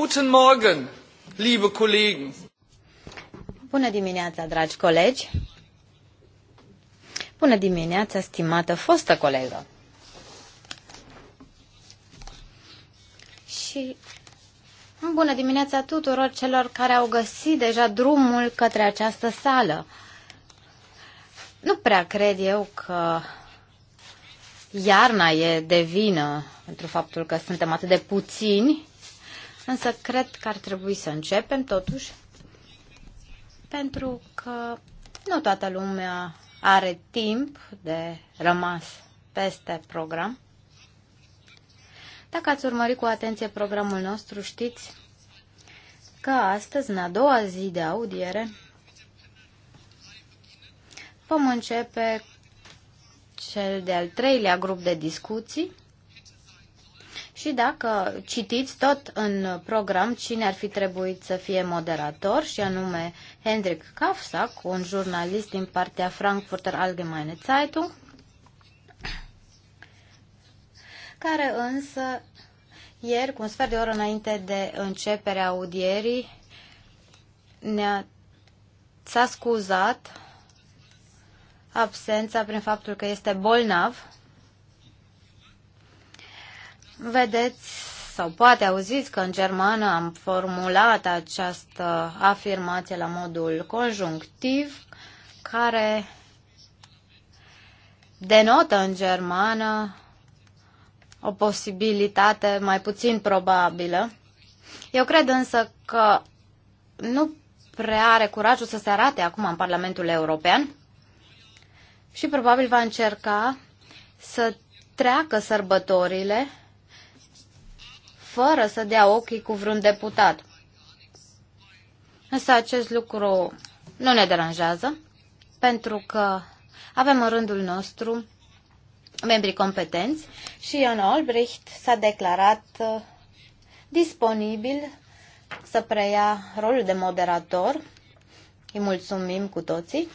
Guten Morgen, liebe Kollegen. Bună dimineața, dragi colegi. Bună dimineața, stimată fostă colegă. Și bună dimineața tuturor celor care au găsit deja drumul către această sală. Nu prea cred eu că iarna e de vină pentru faptul că suntem atât de puțini însă cred că ar trebui să începem totuși, pentru că nu toată lumea are timp de rămas peste program. Dacă ați urmărit cu atenție programul nostru, știți că astăzi, în a doua zi de audiere, vom începe cel de-al treilea grup de discuții și dacă citiți tot în program cine ar fi trebuit să fie moderator, și anume Hendrik Kafsak, un jurnalist din partea Frankfurter Allgemeine Zeitung, care însă ieri, cu un sfert de oră înainte de începerea audierii, ne-a s-a scuzat absența prin faptul că este bolnav Vedeți sau poate auziți că în germană am formulat această afirmație la modul conjunctiv, care denotă în germană o posibilitate mai puțin probabilă. Eu cred însă că nu prea are curajul să se arate acum în Parlamentul European și probabil va încerca să treacă sărbătorile fără să dea ochii cu vreun deputat. Însă acest lucru nu ne deranjează, pentru că avem în rândul nostru membrii competenți și Ion Olbricht s-a declarat uh, disponibil să preia rolul de moderator. Îi mulțumim cu toții.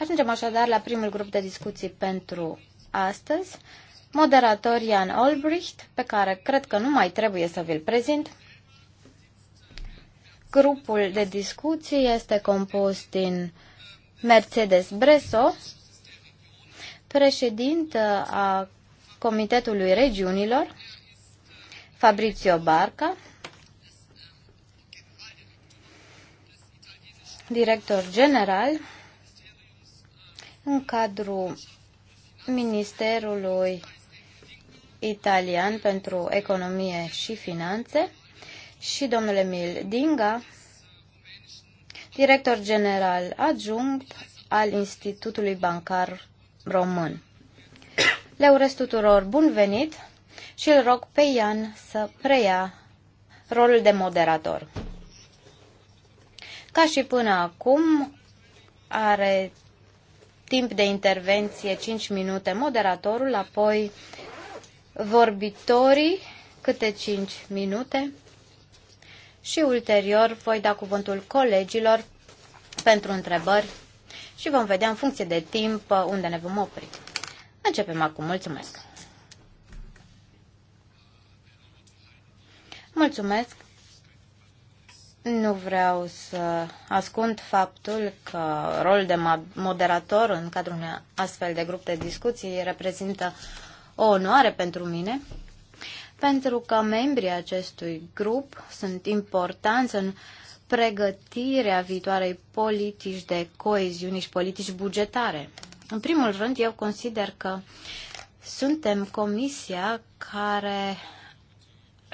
Ajungem așadar la primul grup de discuții pentru astăzi moderator Jan Olbricht, pe care cred că nu mai trebuie să vi-l prezint. Grupul de discuții este compus din Mercedes Bresso, președintă a Comitetului Regiunilor, Fabrizio Barca, director general în cadrul Ministerului italian pentru economie și finanțe, și domnul Emil Dinga, director general adjunct al Institutului Bancar Român. Le urez tuturor bun venit și îl rog pe Ian să preia rolul de moderator. Ca și până acum, are timp de intervenție 5 minute moderatorul, apoi vorbitorii câte 5 minute și ulterior voi da cuvântul colegilor pentru întrebări și vom vedea în funcție de timp uh, unde ne vom opri. Începem acum. Mulțumesc! Mulțumesc! Nu vreau să ascund faptul că rolul de moderator în cadrul unui astfel de grup de discuții reprezintă o onoare pentru mine, pentru că membrii acestui grup sunt importanți în pregătirea viitoarei politici de coeziune și politici bugetare. În primul rând, eu consider că suntem comisia care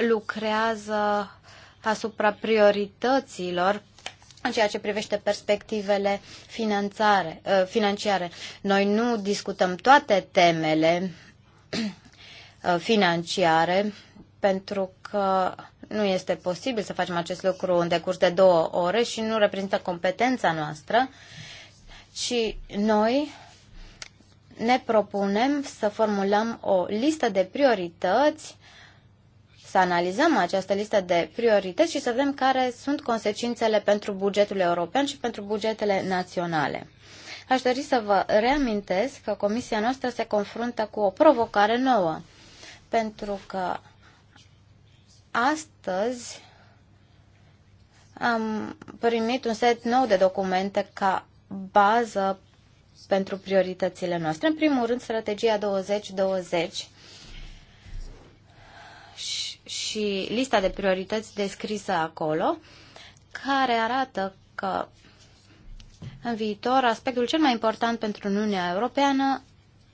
lucrează asupra priorităților în ceea ce privește perspectivele eh, financiare. Noi nu discutăm toate temele Uh, financiare, pentru că nu este posibil să facem acest lucru în decurs de două ore și nu reprezintă competența noastră, ci noi ne propunem să formulăm o listă de priorități, să analizăm această listă de priorități și să vedem care sunt consecințele pentru bugetul european și pentru bugetele naționale. Aș dori să vă reamintesc că comisia noastră se confruntă cu o provocare nouă, pentru că astăzi am primit un set nou de documente ca bază pentru prioritățile noastre. În primul rând, strategia 2020 și, și lista de priorități descrisă acolo, care arată că în viitor, aspectul cel mai important pentru Uniunea Europeană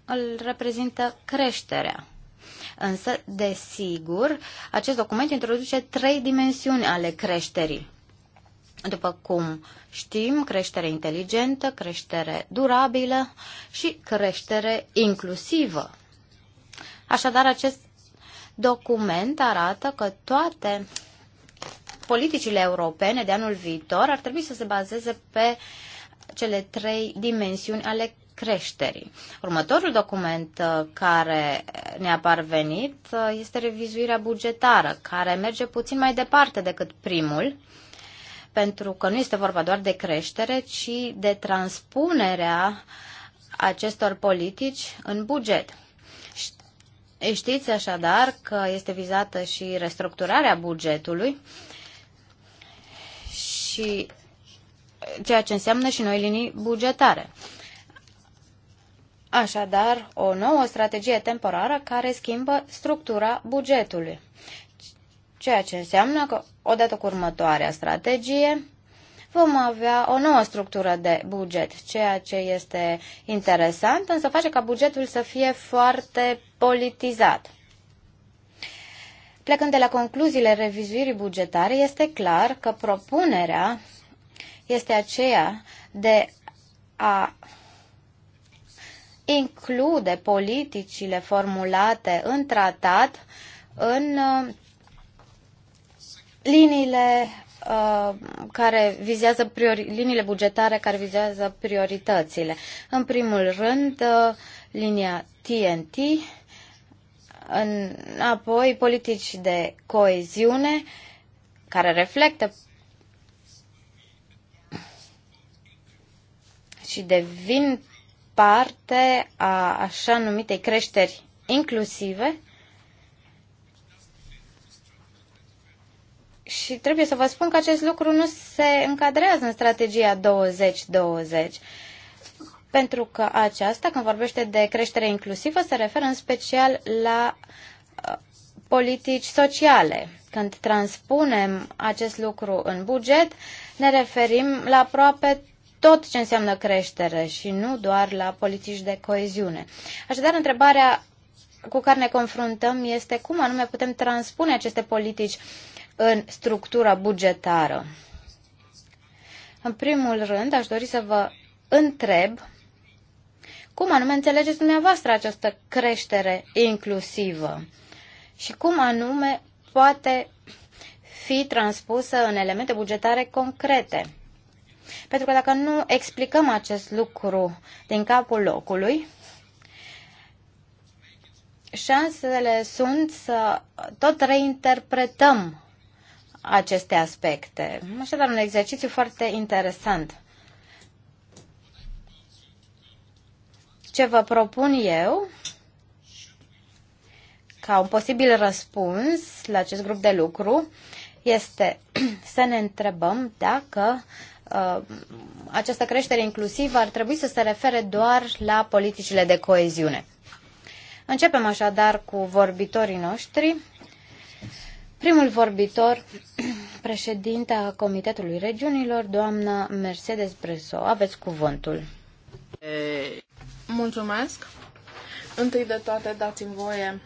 îl reprezintă creșterea. Însă, desigur, acest document introduce trei dimensiuni ale creșterii. După cum știm, creștere inteligentă, creștere durabilă și creștere inclusivă. Așadar, acest document arată că toate politicile europene de anul viitor ar trebui să se bazeze pe uh, cele trei dimensiuni ale creșterii. Următorul document uh, care ne-a parvenit uh, este revizuirea bugetară, care merge puțin mai departe decât primul, pentru că nu este vorba doar de creștere, ci de transpunerea acestor politici în buget. Știți așadar că este vizată și restructurarea bugetului și ceea ce înseamnă și noi linii bugetare. Așadar, o nouă strategie temporară care schimbă structura bugetului, ceea ce înseamnă că odată cu următoarea strategie vom avea o nouă structură de buget, ceea ce este interesant, însă face ca bugetul să fie foarte politizat. Plecând de la concluziile revizuirii bugetare, este clar că propunerea este aceea de a include politicile formulate în tratat în uh, liniile uh, care vizează priori, liniile bugetare care vizează prioritățile. În primul rând, uh, linia TNT, în, apoi politici de coeziune care reflectă și devin parte a așa numitei creșteri inclusive. Și trebuie să vă spun că acest lucru nu se încadrează în strategia 2020, pentru că aceasta, când vorbește de creștere inclusivă, se referă în special la uh, politici sociale. Când transpunem acest lucru în buget, ne referim la aproape tot ce înseamnă creștere și nu doar la politici de coeziune. Așadar, întrebarea cu care ne confruntăm este cum anume putem transpune aceste politici în structura bugetară. În primul rând, aș dori să vă întreb cum anume înțelegeți dumneavoastră această creștere inclusivă și cum anume poate fi transpusă în elemente bugetare concrete. Pentru că dacă nu explicăm acest lucru din capul locului, șansele sunt să tot reinterpretăm aceste aspecte. Așadar, un exercițiu foarte interesant. Ce vă propun eu ca un posibil răspuns la acest grup de lucru este să ne întrebăm dacă Uh, această creștere inclusivă ar trebui să se refere doar la politicile de coeziune. Începem așadar cu vorbitorii noștri. Primul vorbitor, președinta Comitetului Regiunilor, doamna Mercedes Breso. Aveți cuvântul. Mulțumesc. Întâi de toate dați-mi voie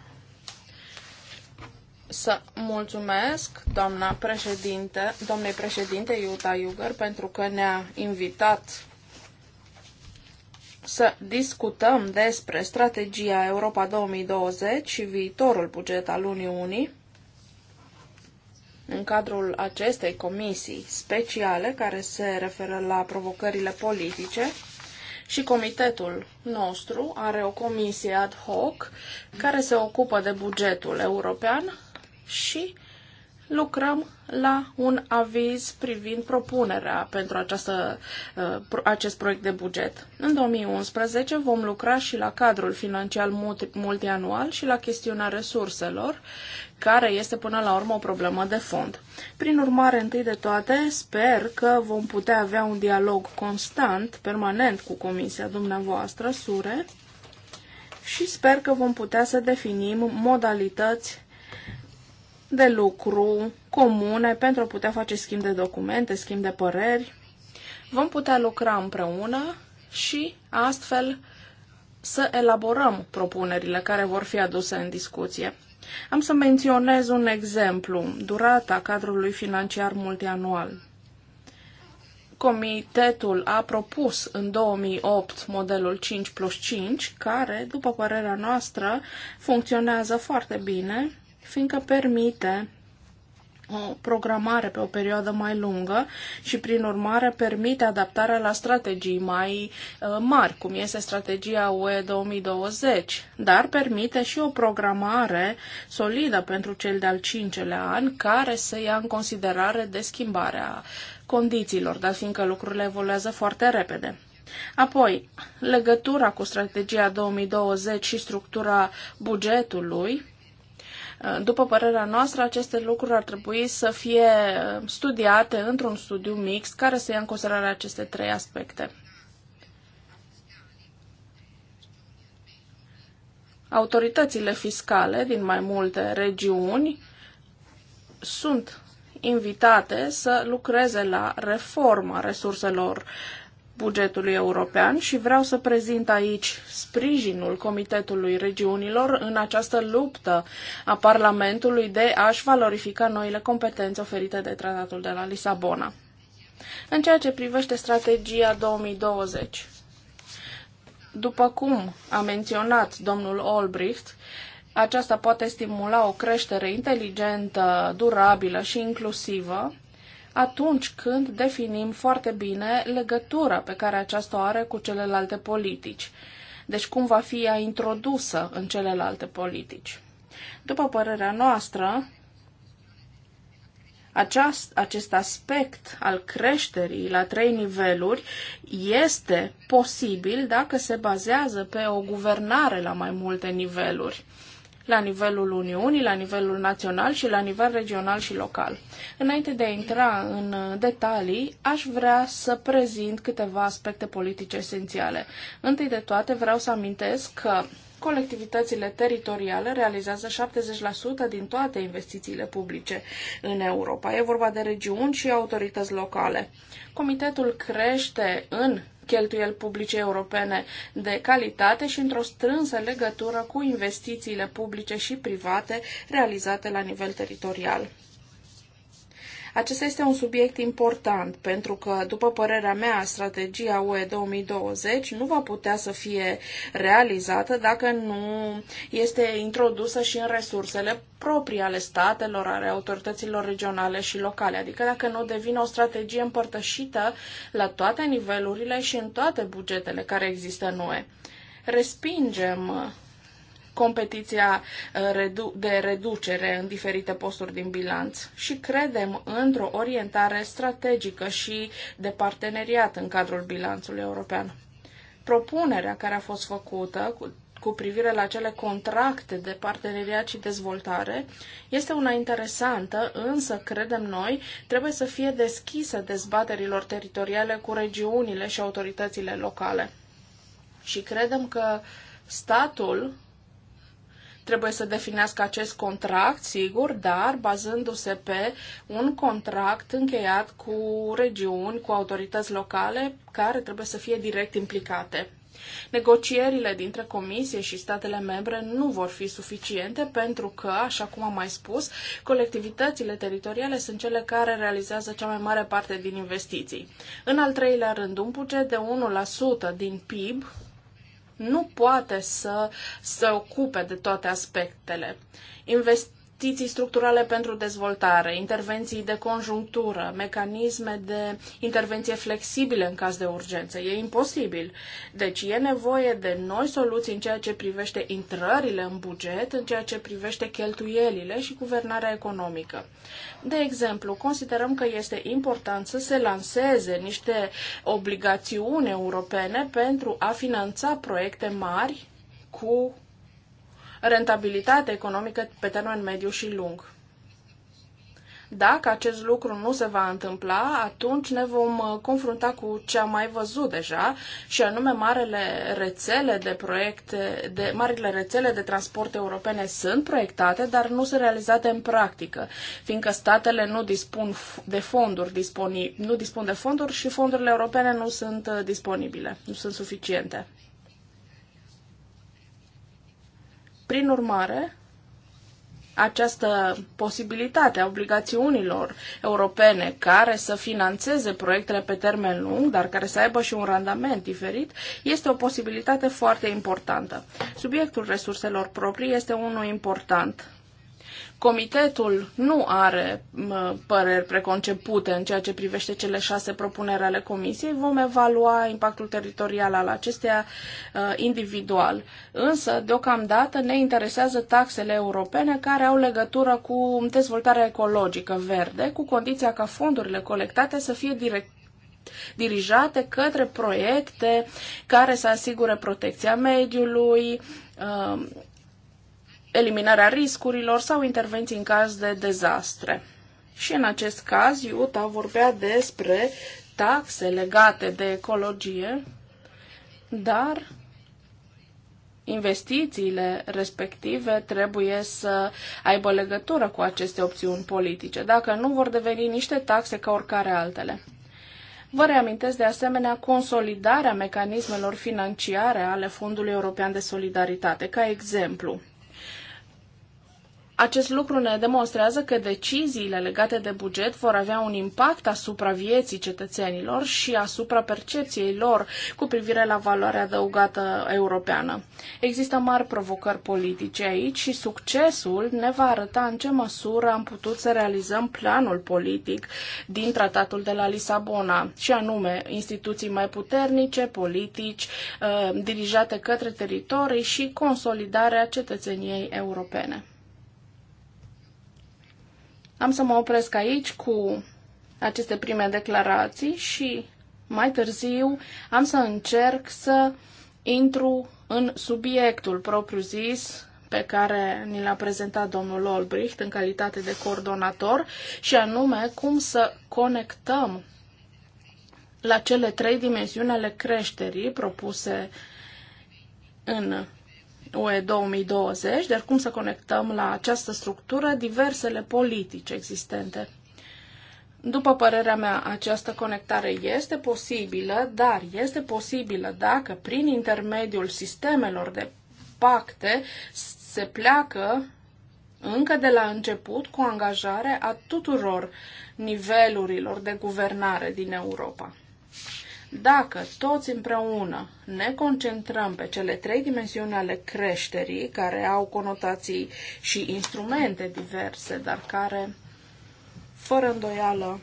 să mulțumesc doamna președinte, domnei președinte Iuta Iugăr pentru că ne-a invitat să discutăm despre strategia Europa 2020 și viitorul buget al Uniunii în cadrul acestei comisii speciale care se referă la provocările politice și comitetul nostru are o comisie ad hoc care se ocupă de bugetul european și lucrăm la un aviz privind propunerea pentru această, uh, acest proiect de buget. În 2011 vom lucra și la cadrul financiar multianual și la chestiunea resurselor, care este până la urmă o problemă de fond. Prin urmare, întâi de toate, sper că vom putea avea un dialog constant, permanent cu Comisia dumneavoastră, SURE, și sper că vom putea să definim modalități de lucru comune pentru a putea face schimb de documente, schimb de păreri. Vom putea lucra împreună și astfel să elaborăm propunerile care vor fi aduse în discuție. Am să menționez un exemplu, durata cadrului financiar multianual. Comitetul a propus în 2008 modelul 5 plus 5, care, după părerea noastră, funcționează foarte bine fiindcă permite o programare pe o perioadă mai lungă și, prin urmare, permite adaptarea la strategii mai uh, mari, cum este strategia UE 2020, dar permite și o programare solidă pentru cel de-al cincelea an, care să ia în considerare de schimbarea condițiilor, dar fiindcă lucrurile evoluează foarte repede. Apoi, legătura cu strategia 2020 și structura bugetului, Uh, după părerea noastră, aceste lucruri ar trebui să fie uh, studiate într-un studiu mixt care să ia în considerare aceste trei aspecte. Autoritățile fiscale din mai multe regiuni sunt invitate să lucreze la reforma resurselor bugetului european și vreau să prezint aici sprijinul Comitetului Regiunilor în această luptă a Parlamentului de a-și valorifica noile competențe oferite de Tratatul de la Lisabona. În ceea ce privește strategia 2020, după cum a menționat domnul Olbricht, aceasta poate stimula o creștere inteligentă, durabilă și inclusivă, atunci când definim foarte bine legătura pe care aceasta o are cu celelalte politici. Deci cum va fi ea introdusă în celelalte politici. După părerea noastră, aceast, acest aspect al creșterii la trei niveluri este posibil dacă se bazează pe o guvernare la mai multe niveluri la nivelul Uniunii, la nivelul național și la nivel regional și local. Înainte de a intra în detalii, aș vrea să prezint câteva aspecte politice esențiale. Întâi de toate, vreau să amintesc că colectivitățile teritoriale realizează 70% din toate investițiile publice în Europa. E vorba de regiuni și autorități locale. Comitetul crește în cheltuieli publice europene de calitate și într-o strânsă legătură cu investițiile publice și private realizate la nivel teritorial. Acesta este un subiect important pentru că, după părerea mea, strategia UE 2020 nu va putea să fie realizată dacă nu este introdusă și în resursele proprii ale statelor, ale autorităților regionale și locale, adică dacă nu devine o strategie împărtășită la toate nivelurile și în toate bugetele care există în UE. Respingem competiția uh, de reducere în diferite posturi din bilanț și credem într-o orientare strategică și de parteneriat în cadrul bilanțului european. Propunerea care a fost făcută cu cu privire la cele contracte de parteneriat și dezvoltare este una interesantă, însă, credem noi, trebuie să fie deschisă dezbaterilor teritoriale cu regiunile și autoritățile locale. Și credem că statul trebuie să definească acest contract, sigur, dar bazându-se pe un contract încheiat cu regiuni, cu autorități locale care trebuie să fie direct implicate. Negocierile dintre Comisie și statele membre nu vor fi suficiente pentru că, așa cum am mai spus, colectivitățile teritoriale sunt cele care realizează cea mai mare parte din investiții. În al treilea rând, un buget de 1% din PIB nu poate să se ocupe de toate aspectele investiții structurale pentru dezvoltare, intervenții de conjunctură, mecanisme de intervenție flexibile în caz de urgență. E imposibil. Deci e nevoie de noi soluții în ceea ce privește intrările în buget, în ceea ce privește cheltuielile și guvernarea economică. De exemplu, considerăm că este important să se lanseze niște obligațiuni europene pentru a finanța proiecte mari cu rentabilitate economică pe termen mediu și lung. Dacă acest lucru nu se va întâmpla, atunci ne vom uh, confrunta cu ce am mai văzut deja, și anume marele rețele de proiecte, de, marile rețele de transport europene sunt proiectate, dar nu sunt realizate în practică, fiindcă statele nu dispun de fonduri, disponi, nu dispun de fonduri și fondurile europene nu sunt uh, disponibile, nu sunt suficiente. Prin urmare, această posibilitate a obligațiunilor europene care să financeze proiectele pe termen lung, dar care să aibă și un randament diferit, este o posibilitate foarte importantă. Subiectul resurselor proprii este unul important Comitetul nu are păreri preconcepute în ceea ce privește cele șase propuneri ale Comisiei. Vom evalua impactul teritorial al acesteia uh, individual. Însă, deocamdată, ne interesează taxele europene care au legătură cu dezvoltarea ecologică verde, cu condiția ca fondurile colectate să fie direct dirijate către proiecte care să asigure protecția mediului, uh, eliminarea riscurilor sau intervenții în caz de dezastre. Și în acest caz, Iuta vorbea despre taxe legate de ecologie, dar investițiile respective trebuie să aibă legătură cu aceste opțiuni politice, dacă nu vor deveni niște taxe ca oricare altele. Vă reamintesc de asemenea consolidarea mecanismelor financiare ale Fondului European de Solidaritate, ca exemplu. Acest lucru ne demonstrează că deciziile legate de buget vor avea un impact asupra vieții cetățenilor și asupra percepției lor cu privire la valoarea adăugată europeană. Există mari provocări politice aici și succesul ne va arăta în ce măsură am putut să realizăm planul politic din tratatul de la Lisabona, și anume instituții mai puternice, politici, uh, dirijate către teritorii și consolidarea cetățeniei europene. Am să mă opresc aici cu aceste prime declarații și mai târziu am să încerc să intru în subiectul propriu-zis pe care ni l-a prezentat domnul Olbricht în calitate de coordonator și anume cum să conectăm la cele trei dimensiuni ale creșterii propuse în UE 2020, dar cum să conectăm la această structură diversele politici existente. După părerea mea, această conectare este posibilă, dar este posibilă dacă prin intermediul sistemelor de pacte se pleacă încă de la început cu angajare a tuturor nivelurilor de guvernare din Europa. Dacă toți împreună ne concentrăm pe cele trei dimensiuni ale creșterii, care au conotații și instrumente diverse, dar care, fără îndoială,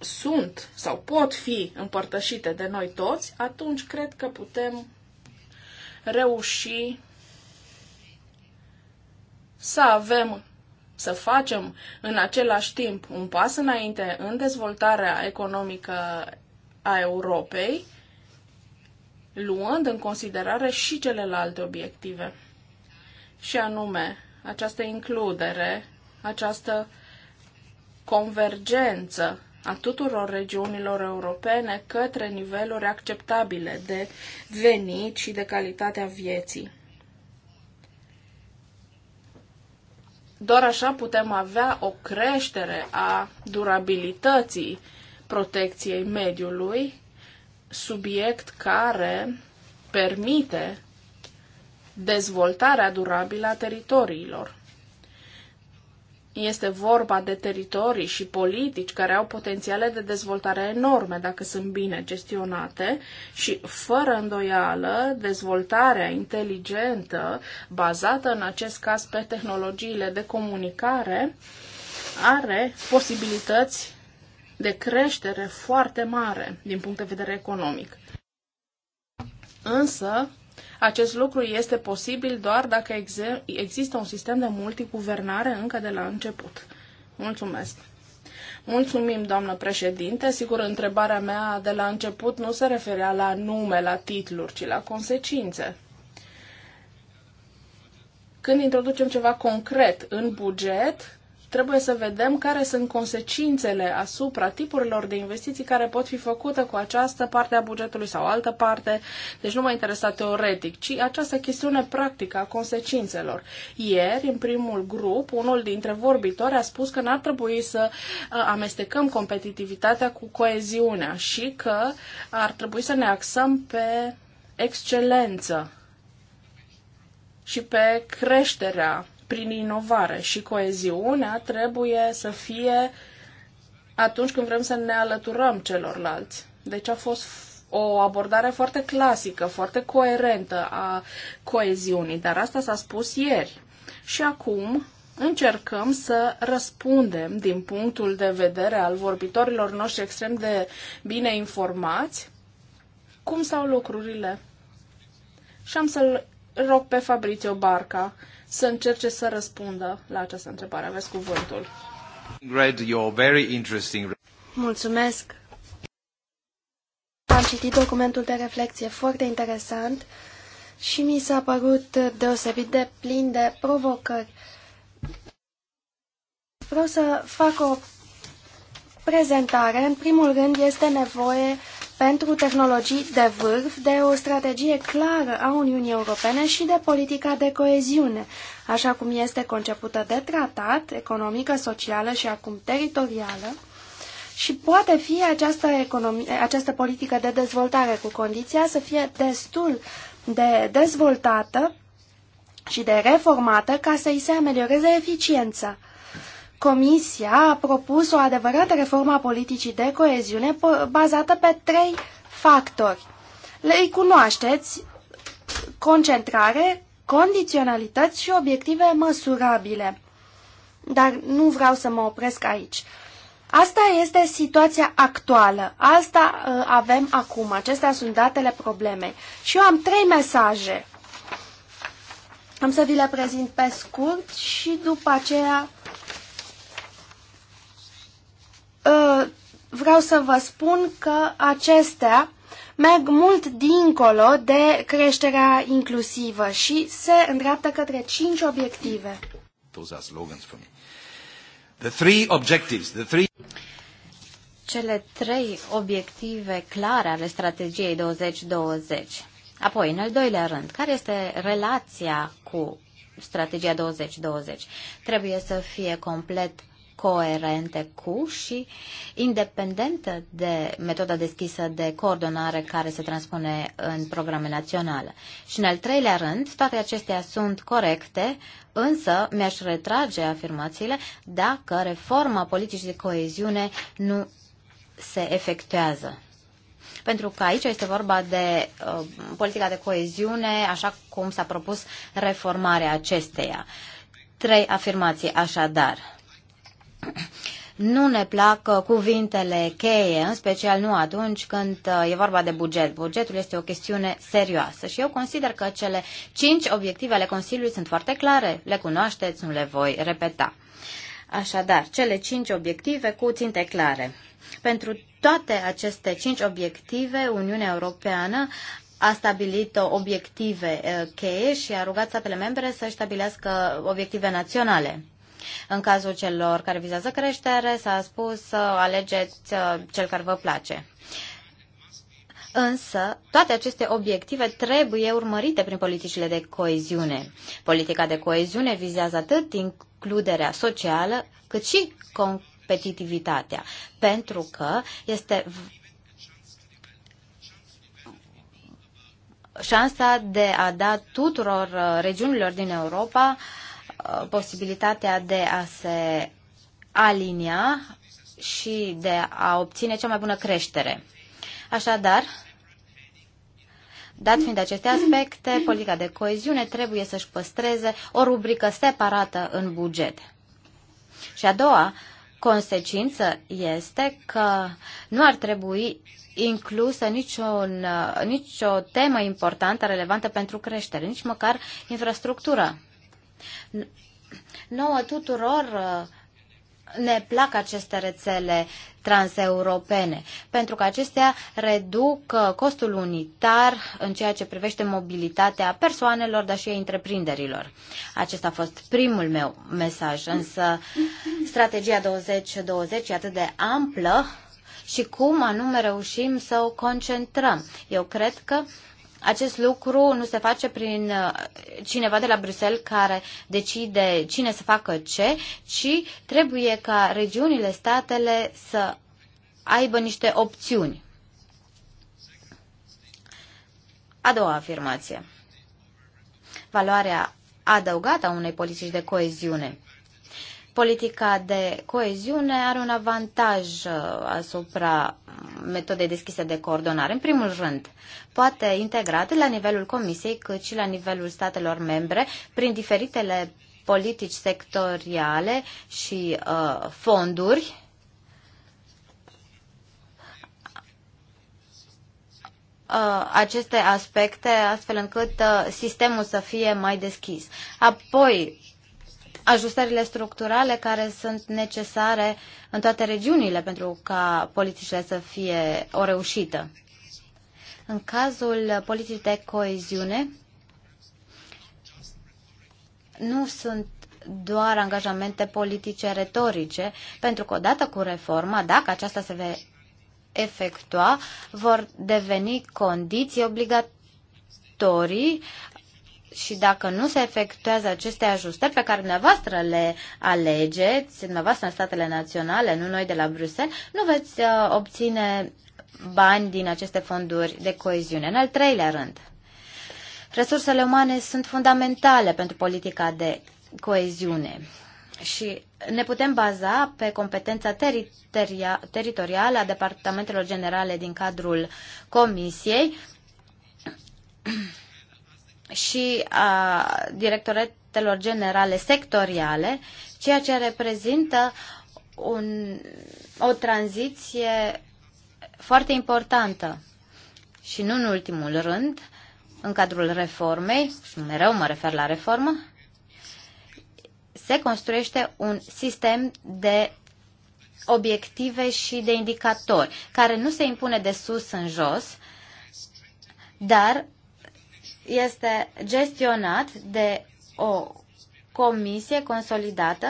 sunt sau pot fi împărtășite de noi toți, atunci cred că putem reuși să avem, să facem în același timp un pas înainte în dezvoltarea economică a Europei, luând în considerare și celelalte obiective. Și anume, această includere, această convergență a tuturor regiunilor europene către niveluri acceptabile de venit și de calitatea vieții. Doar așa putem avea o creștere a durabilității protecției mediului, subiect care permite dezvoltarea durabilă a teritoriilor. Este vorba de teritorii și politici care au potențiale de dezvoltare enorme dacă sunt bine gestionate și, fără îndoială, dezvoltarea inteligentă, bazată în acest caz pe tehnologiile de comunicare, are posibilități de creștere foarte mare din punct de vedere economic. Însă, acest lucru este posibil doar dacă există un sistem de multiguvernare încă de la început. Mulțumesc! Mulțumim, doamnă președinte. Sigur, întrebarea mea de la început nu se referea la nume, la titluri, ci la consecințe. Când introducem ceva concret în buget, trebuie să vedem care sunt consecințele asupra tipurilor de investiții care pot fi făcute cu această parte a bugetului sau altă parte. Deci nu mă interesa teoretic, ci această chestiune practică a consecințelor. Ieri, în primul grup, unul dintre vorbitori a spus că n-ar trebui să uh, amestecăm competitivitatea cu coeziunea și că ar trebui să ne axăm pe excelență și pe creșterea prin inovare și coeziunea trebuie să fie atunci când vrem să ne alăturăm celorlalți. Deci a fost o abordare foarte clasică, foarte coerentă a coeziunii, dar asta s-a spus ieri. Și acum încercăm să răspundem din punctul de vedere al vorbitorilor noștri extrem de bine informați cum stau lucrurile. Și am să-l rog pe Fabrizio Barca să încerce să răspundă la această întrebare. Aveți cuvântul. you're very interesting. Mulțumesc. Am citit documentul de reflexie foarte interesant și mi s-a părut deosebit de plin de provocări. Vreau să fac o prezentare. În primul rând este nevoie pentru tehnologii de vârf, de o strategie clară a Uniunii Europene și de politica de coeziune, așa cum este concepută de tratat, economică, socială și acum teritorială, și poate fi această, economie, această politică de dezvoltare cu condiția să fie destul de dezvoltată și de reformată ca să îi se amelioreze eficiența. Comisia a propus o adevărată reformă a politicii de coeziune bazată pe trei factori. Le cunoașteți concentrare, condiționalități și obiective măsurabile. Dar nu vreau să mă opresc aici. Asta este situația actuală. Asta uh, avem acum. Acestea sunt datele problemei. Și eu am trei mesaje. Am să vi le prezint pe scurt și după aceea Uh, vreau să vă spun că acestea merg mult dincolo de creșterea inclusivă și se îndreaptă către cinci obiective. Those are slogans for me. The three objectives, the three... Cele trei obiective clare ale strategiei 2020. Apoi, în al doilea rând, care este relația cu strategia 2020? Trebuie să fie complet uh, coerente cu și independente de metoda deschisă de coordonare care se transpune în programe naționale. Și în al treilea rând, toate acestea sunt corecte, însă mi-aș retrage afirmațiile dacă reforma politicii de coeziune nu se efectuează pentru că aici este vorba de uh, politica de coeziune, așa cum s-a propus reformarea acesteia. Trei afirmații așadar. Nu ne plac cuvintele cheie, în special nu atunci când uh, e vorba de buget. Bugetul este o chestiune serioasă și eu consider că cele cinci obiective ale Consiliului sunt foarte clare. Le cunoașteți, nu le voi repeta. Așadar, cele cinci obiective cu ținte clare. Pentru toate aceste cinci obiective, Uniunea Europeană a stabilit obiective uh, cheie și a rugat statele membre să stabilească obiective naționale. În cazul celor care vizează creștere, s-a spus alegeți uh, cel care vă place. Însă, toate aceste obiective trebuie urmărite prin politicile de coeziune. Politica de coeziune vizează atât includerea socială, cât și competitivitatea, pentru că este șansa de a da tuturor uh, regiunilor din Europa uh, posibilitatea de a se alinia și de a obține cea mai bună creștere. Așadar, dat fiind aceste aspecte, politica de coeziune trebuie să-și păstreze o rubrică separată în buget. Și a doua consecință este că nu ar trebui inclusă niciun, nicio temă importantă, relevantă pentru creștere, nici măcar infrastructură. Nouă tuturor uh, ne plac aceste rețele transeuropene, pentru că acestea reduc uh, costul unitar în ceea ce privește mobilitatea persoanelor, dar și a întreprinderilor. Acesta a fost primul meu mesaj, însă strategia 2020 e atât de amplă și cum anume reușim să o concentrăm. Eu cred că acest lucru nu se face prin uh, cineva de la Bruxelles care decide cine să facă ce, ci trebuie ca regiunile, statele să aibă niște opțiuni. A doua afirmație. Valoarea adăugată a unei politici de coeziune politica de coeziune are un avantaj uh, asupra metodei deschise de coordonare. În primul rând, poate integra atât la nivelul Comisiei cât și la nivelul statelor membre prin diferitele politici sectoriale și uh, fonduri uh, aceste aspecte astfel încât uh, sistemul să fie mai deschis. Apoi, ajustările structurale care sunt necesare în toate regiunile pentru ca politicile să fie o reușită. În cazul politicii de coeziune, nu sunt doar angajamente politice retorice, pentru că odată cu reforma, dacă aceasta se va efectua, vor deveni condiții obligatorii și dacă nu se efectuează aceste ajustări pe care dumneavoastră le alegeți, dumneavoastră în statele naționale, nu noi de la Bruxelles, nu veți uh, obține bani din aceste fonduri de coeziune. În al treilea rând, resursele umane sunt fundamentale pentru politica de coeziune și ne putem baza pe competența teritorială a departamentelor generale din cadrul Comisiei și a directoratelor generale sectoriale, ceea ce reprezintă un, o tranziție foarte importantă. Și nu în ultimul rând, în cadrul reformei, mereu mă refer la reformă, se construiește un sistem de obiective și de indicatori, care nu se impune de sus în jos, dar este gestionat de o comisie consolidată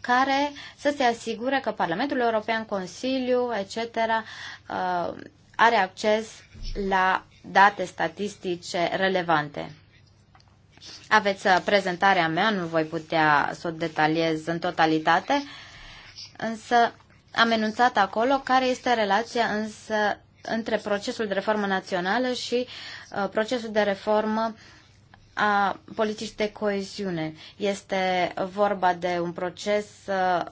care să se asigure că Parlamentul European, Consiliu, etc. Uh, are acces la date statistice relevante. Aveți uh, prezentarea mea, nu voi putea să o detaliez în totalitate, însă am enunțat acolo care este relația însă între procesul de reformă națională și Uh, procesul de reformă a politicii de coeziune. Este vorba de un proces uh,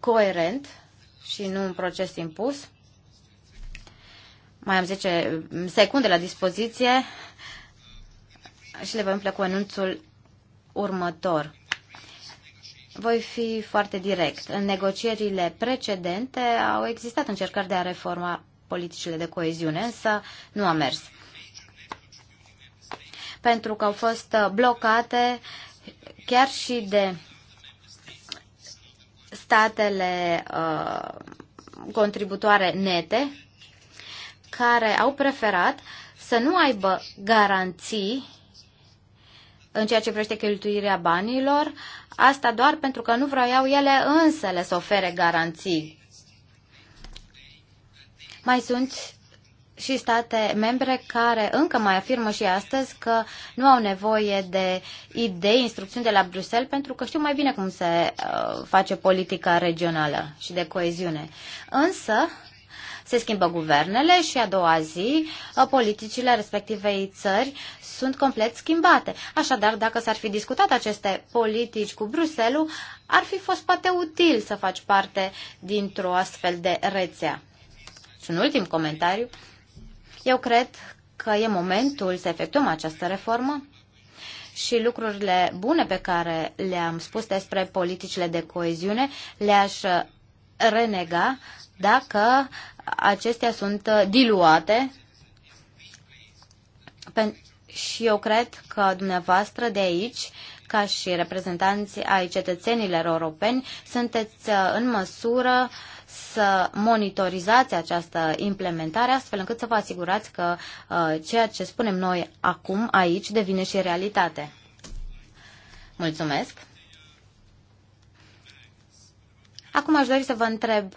coerent și nu un proces impus. Mai am 10 secunde la dispoziție și le voi împlă cu anunțul următor. Voi fi foarte direct. În negocierile precedente au existat încercări de a reforma politicile de coeziune, însă nu a mers pentru că au fost uh, blocate chiar și de statele uh, contributoare nete care au preferat să nu aibă garanții în ceea ce privește cheltuirea banilor, asta doar pentru că nu vroiau ele însele să ofere garanții. Mai sunt și state membre care încă mai afirmă și astăzi că nu au nevoie de idei, instrucțiuni de la Bruxelles, pentru că știu mai bine cum se uh, face politica regională și de coeziune. Însă, se schimbă guvernele și a doua zi uh, politicile respectivei țări sunt complet schimbate. Așadar, dacă s-ar fi discutat aceste politici cu Bruselul, ar fi fost poate util să faci parte dintr-o astfel de rețea. Și un ultim comentariu. Eu cred că e momentul să efectuăm această reformă și lucrurile bune pe care le-am spus despre politicile de coeziune le-aș renega dacă acestea sunt diluate și eu cred că dumneavoastră de aici ca și reprezentanți ai cetățenilor europeni, sunteți uh, în măsură să monitorizați această implementare astfel încât să vă asigurați că uh, ceea ce spunem noi acum aici devine și realitate. Mulțumesc! Acum aș dori să vă întreb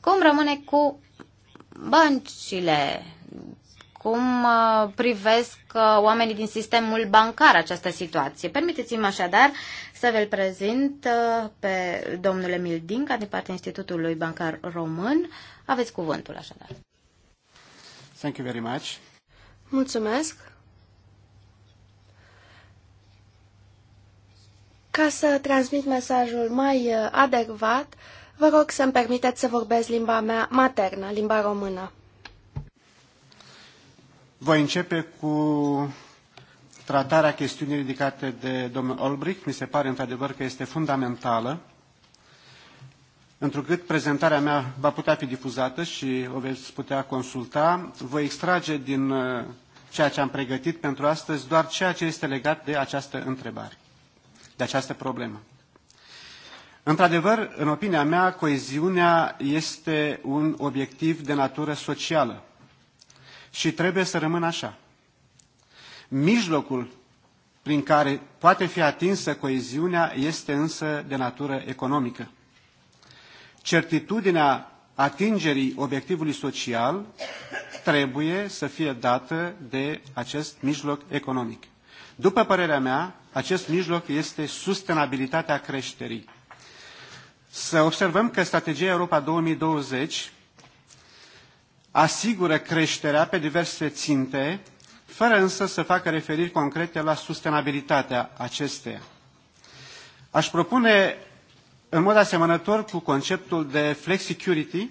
cum rămâne cu băncile cum uh, privesc uh, oamenii din sistemul bancar această situație. Permiteți-mi așadar să vă prezint uh, pe domnul Emil Dinca din partea Institutului Bancar Român. Aveți cuvântul așadar. Thank you very much. Mulțumesc. Ca să transmit mesajul mai adecvat, vă rog să-mi permiteți să vorbesc limba mea maternă, limba română. Voi începe cu tratarea chestiunii ridicate de domnul Olbrich. Mi se pare într-adevăr că este fundamentală, întrucât prezentarea mea va putea fi difuzată și o veți putea consulta. Voi extrage din uh, ceea ce am pregătit pentru astăzi doar ceea ce este legat de această întrebare, de această problemă. Într-adevăr, în opinia mea, coeziunea este un obiectiv de natură socială și trebuie să rămână așa. Mijlocul prin care poate fi atinsă coeziunea este însă de natură economică. Certitudinea atingerii obiectivului social trebuie să fie dată de acest mijloc economic. După părerea mea, acest mijloc este sustenabilitatea creșterii. Să observăm că strategia Europa 2020 asigură creșterea pe diverse ținte, fără însă să facă referiri concrete la sustenabilitatea acesteia. Aș propune în mod asemănător cu conceptul de flexicurity,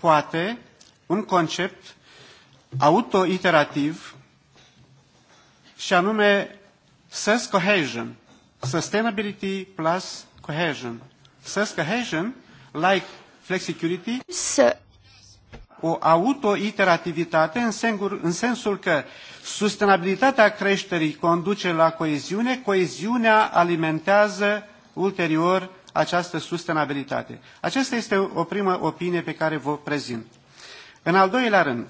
poate un concept autoiterativ și anume SES cohesion, sustainability plus cohesion. SES cohesion, like flexicurity o autoiterativitate în, sengur, în sensul că sustenabilitatea creșterii conduce la coeziune, coeziunea alimentează ulterior această sustenabilitate. Aceasta este o primă opinie pe care vă prezint. În al doilea rând,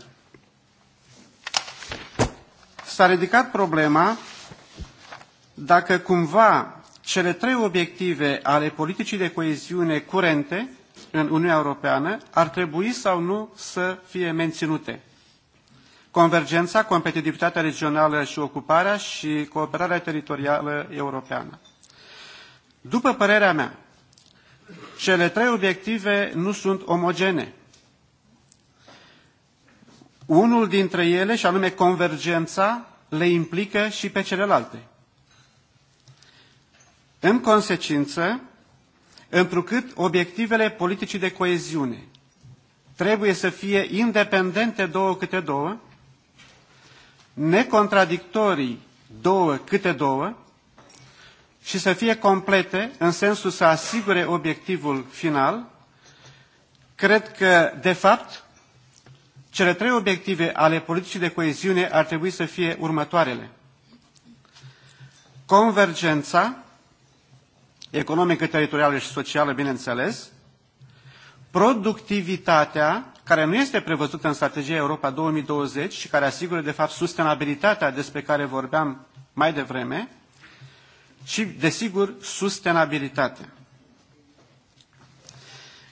s-a ridicat problema dacă cumva cele trei obiective ale politicii de coeziune curente în Uniunea Europeană ar trebui sau nu să fie menținute. Convergența, competitivitatea regională și ocuparea și cooperarea teritorială europeană. După părerea mea, cele trei obiective nu sunt omogene. Unul dintre ele, și anume convergența, le implică și pe celelalte. În consecință, întrucât obiectivele politicii de coeziune trebuie să fie independente două câte două, necontradictorii două câte două și să fie complete în sensul să asigure obiectivul final, cred că, de fapt, cele trei obiective ale politicii de coeziune ar trebui să fie următoarele. Convergența, economică, teritorială și socială, bineînțeles, productivitatea, care nu este prevăzută în strategia Europa 2020 și care asigură, de fapt, sustenabilitatea despre care vorbeam mai devreme, și, desigur, sustenabilitatea.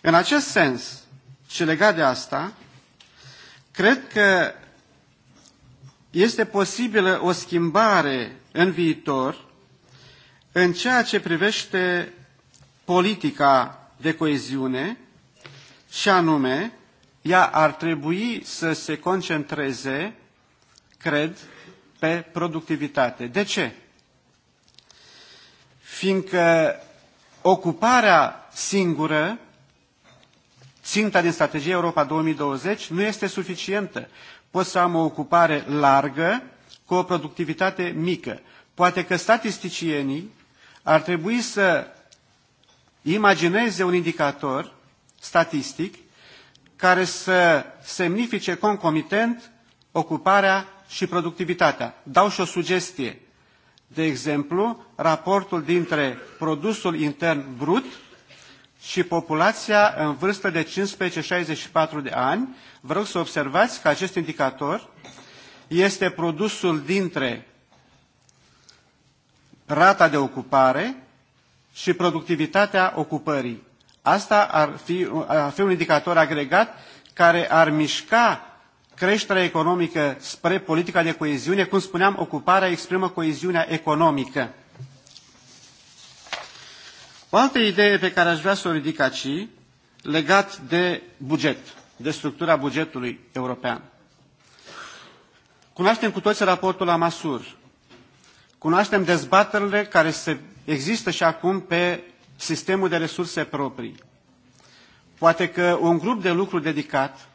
În acest sens și legat de asta, cred că este posibilă o schimbare în viitor în ceea ce privește politica de coeziune, și anume, ea ar trebui să se concentreze, cred, pe productivitate. De ce? Fiindcă ocuparea singură, ținta din strategia Europa 2020, nu este suficientă. Poți să am o ocupare largă cu o productivitate mică. Poate că statisticienii ar trebui să imagineze un indicator statistic care să semnifice concomitent ocuparea și productivitatea. Dau și o sugestie. De exemplu, raportul dintre produsul intern brut și populația în vârstă de 15-64 de ani, vă rog să observați că acest indicator este produsul dintre rata de ocupare și productivitatea ocupării. Asta ar fi, ar fi un indicator agregat care ar mișca creșterea economică spre politica de coeziune. Cum spuneam, ocuparea exprimă coeziunea economică. O altă idee pe care aș vrea să o ridic aici, legat de buget, de structura bugetului european. Cunoaștem cu toți raportul la Masur, Cunoaștem dezbaterile care se, există și acum pe sistemul de resurse proprii. Poate că un grup de lucru dedicat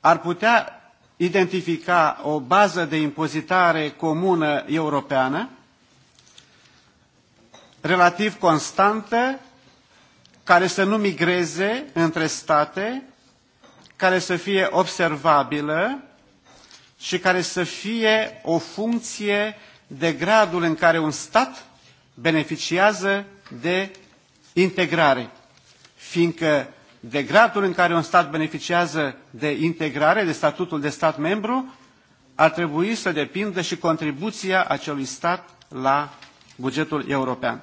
ar putea identifica o bază de impozitare comună europeană, relativ constantă, care să nu migreze între state, care să fie observabilă și care să fie o funcție de gradul în care un stat beneficiază de integrare. Fiindcă de gradul în care un stat beneficiază de integrare, de statutul de stat membru, ar trebui să depindă și contribuția acelui stat la bugetul european.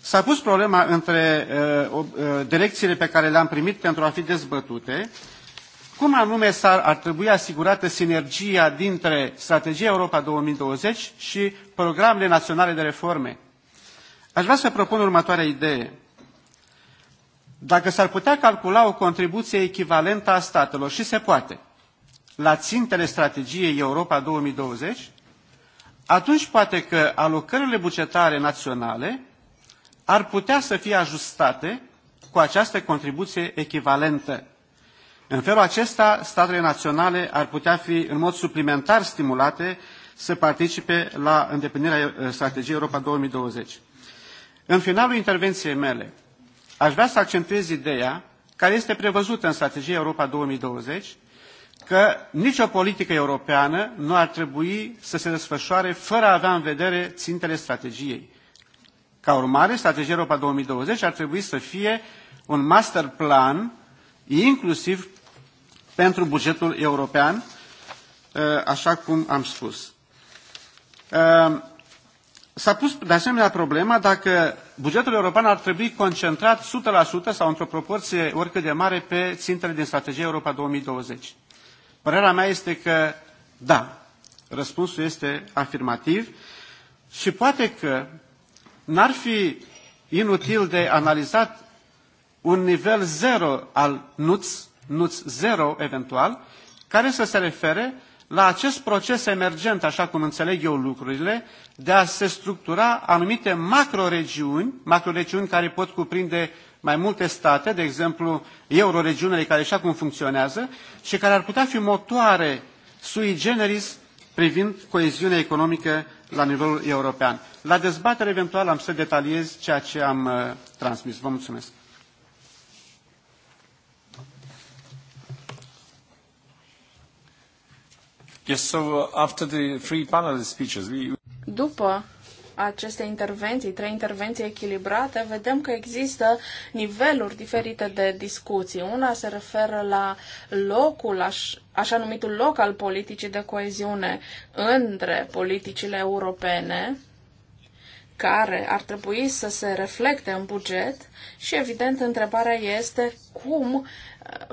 S-a pus problema între uh, uh, direcțiile pe care le-am primit pentru a fi dezbătute cum anume ar ar trebui asigurată sinergia dintre strategia Europa 2020 și programele naționale de reforme. Aș vrea să propun următoarea idee. Dacă s-ar putea calcula o contribuție echivalentă a statelor, și se poate, la țintele strategiei Europa 2020, atunci poate că alocările bugetare naționale ar putea să fie ajustate cu această contribuție echivalentă în felul acesta, statele naționale ar putea fi în mod suplimentar stimulate să participe la îndeplinirea eh, strategiei Europa 2020. În finalul intervenției mele, aș vrea să accentuez ideea care este prevăzută în strategia Europa 2020, că nicio politică europeană nu ar trebui să se desfășoare fără a avea în vedere țintele strategiei. Ca urmare, strategia Europa 2020 ar trebui să fie un master plan, inclusiv pentru bugetul european, uh, așa cum am spus. Uh, s-a pus de asemenea problema dacă bugetul european ar trebui concentrat 100% sau într-o proporție oricât de mare pe țintele din strategia Europa 2020. Părerea mea este că da, răspunsul este afirmativ și poate că n-ar fi inutil de analizat un nivel zero al NUTS NUTS 0 eventual, care să se refere la acest proces emergent, așa cum înțeleg eu lucrurile, de a se structura anumite macroregiuni, macroregiuni care pot cuprinde mai multe state, de exemplu euroregiunile care așa cum funcționează și care ar putea fi motoare sui generis privind coeziunea economică la nivelul european. La dezbatere eventual am să detaliez ceea ce am uh, transmis. Vă mulțumesc. Yes, so uh, after the three panel speeches, we... După aceste intervenții, trei intervenții echilibrate, vedem că există niveluri diferite de discuții. Una se referă la locul, aș, așa numitul loc al politicii de coeziune între politicile europene, care ar trebui să se reflecte în buget și, evident, întrebarea este cum uh,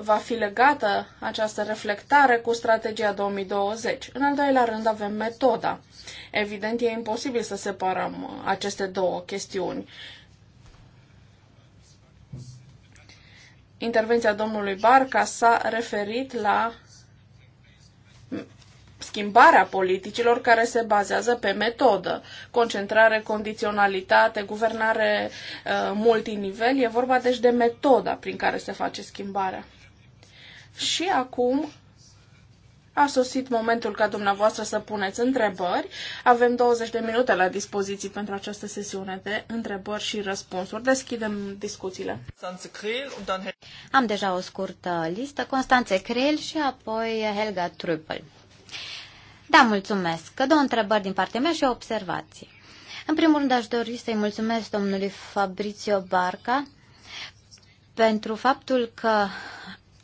va fi legată această reflectare cu strategia 2020. În al doilea rând avem metoda. Evident, e imposibil să separăm uh, aceste două chestiuni. Intervenția domnului Barca s-a referit la schimbarea politicilor care se bazează pe metodă. Concentrare, condiționalitate, guvernare uh, multinivel, e vorba deci de metoda prin care se face schimbarea. Și acum a sosit momentul ca dumneavoastră să puneți întrebări. Avem 20 de minute la dispoziție pentru această sesiune de întrebări și răspunsuri. Deschidem discuțiile. Am deja o scurtă listă. Constanțe Creel și apoi Helga Trüppel. Da, mulțumesc. Că două întrebări din partea mea și o observație. În primul rând aș dori să-i mulțumesc domnului Fabrizio Barca pentru faptul că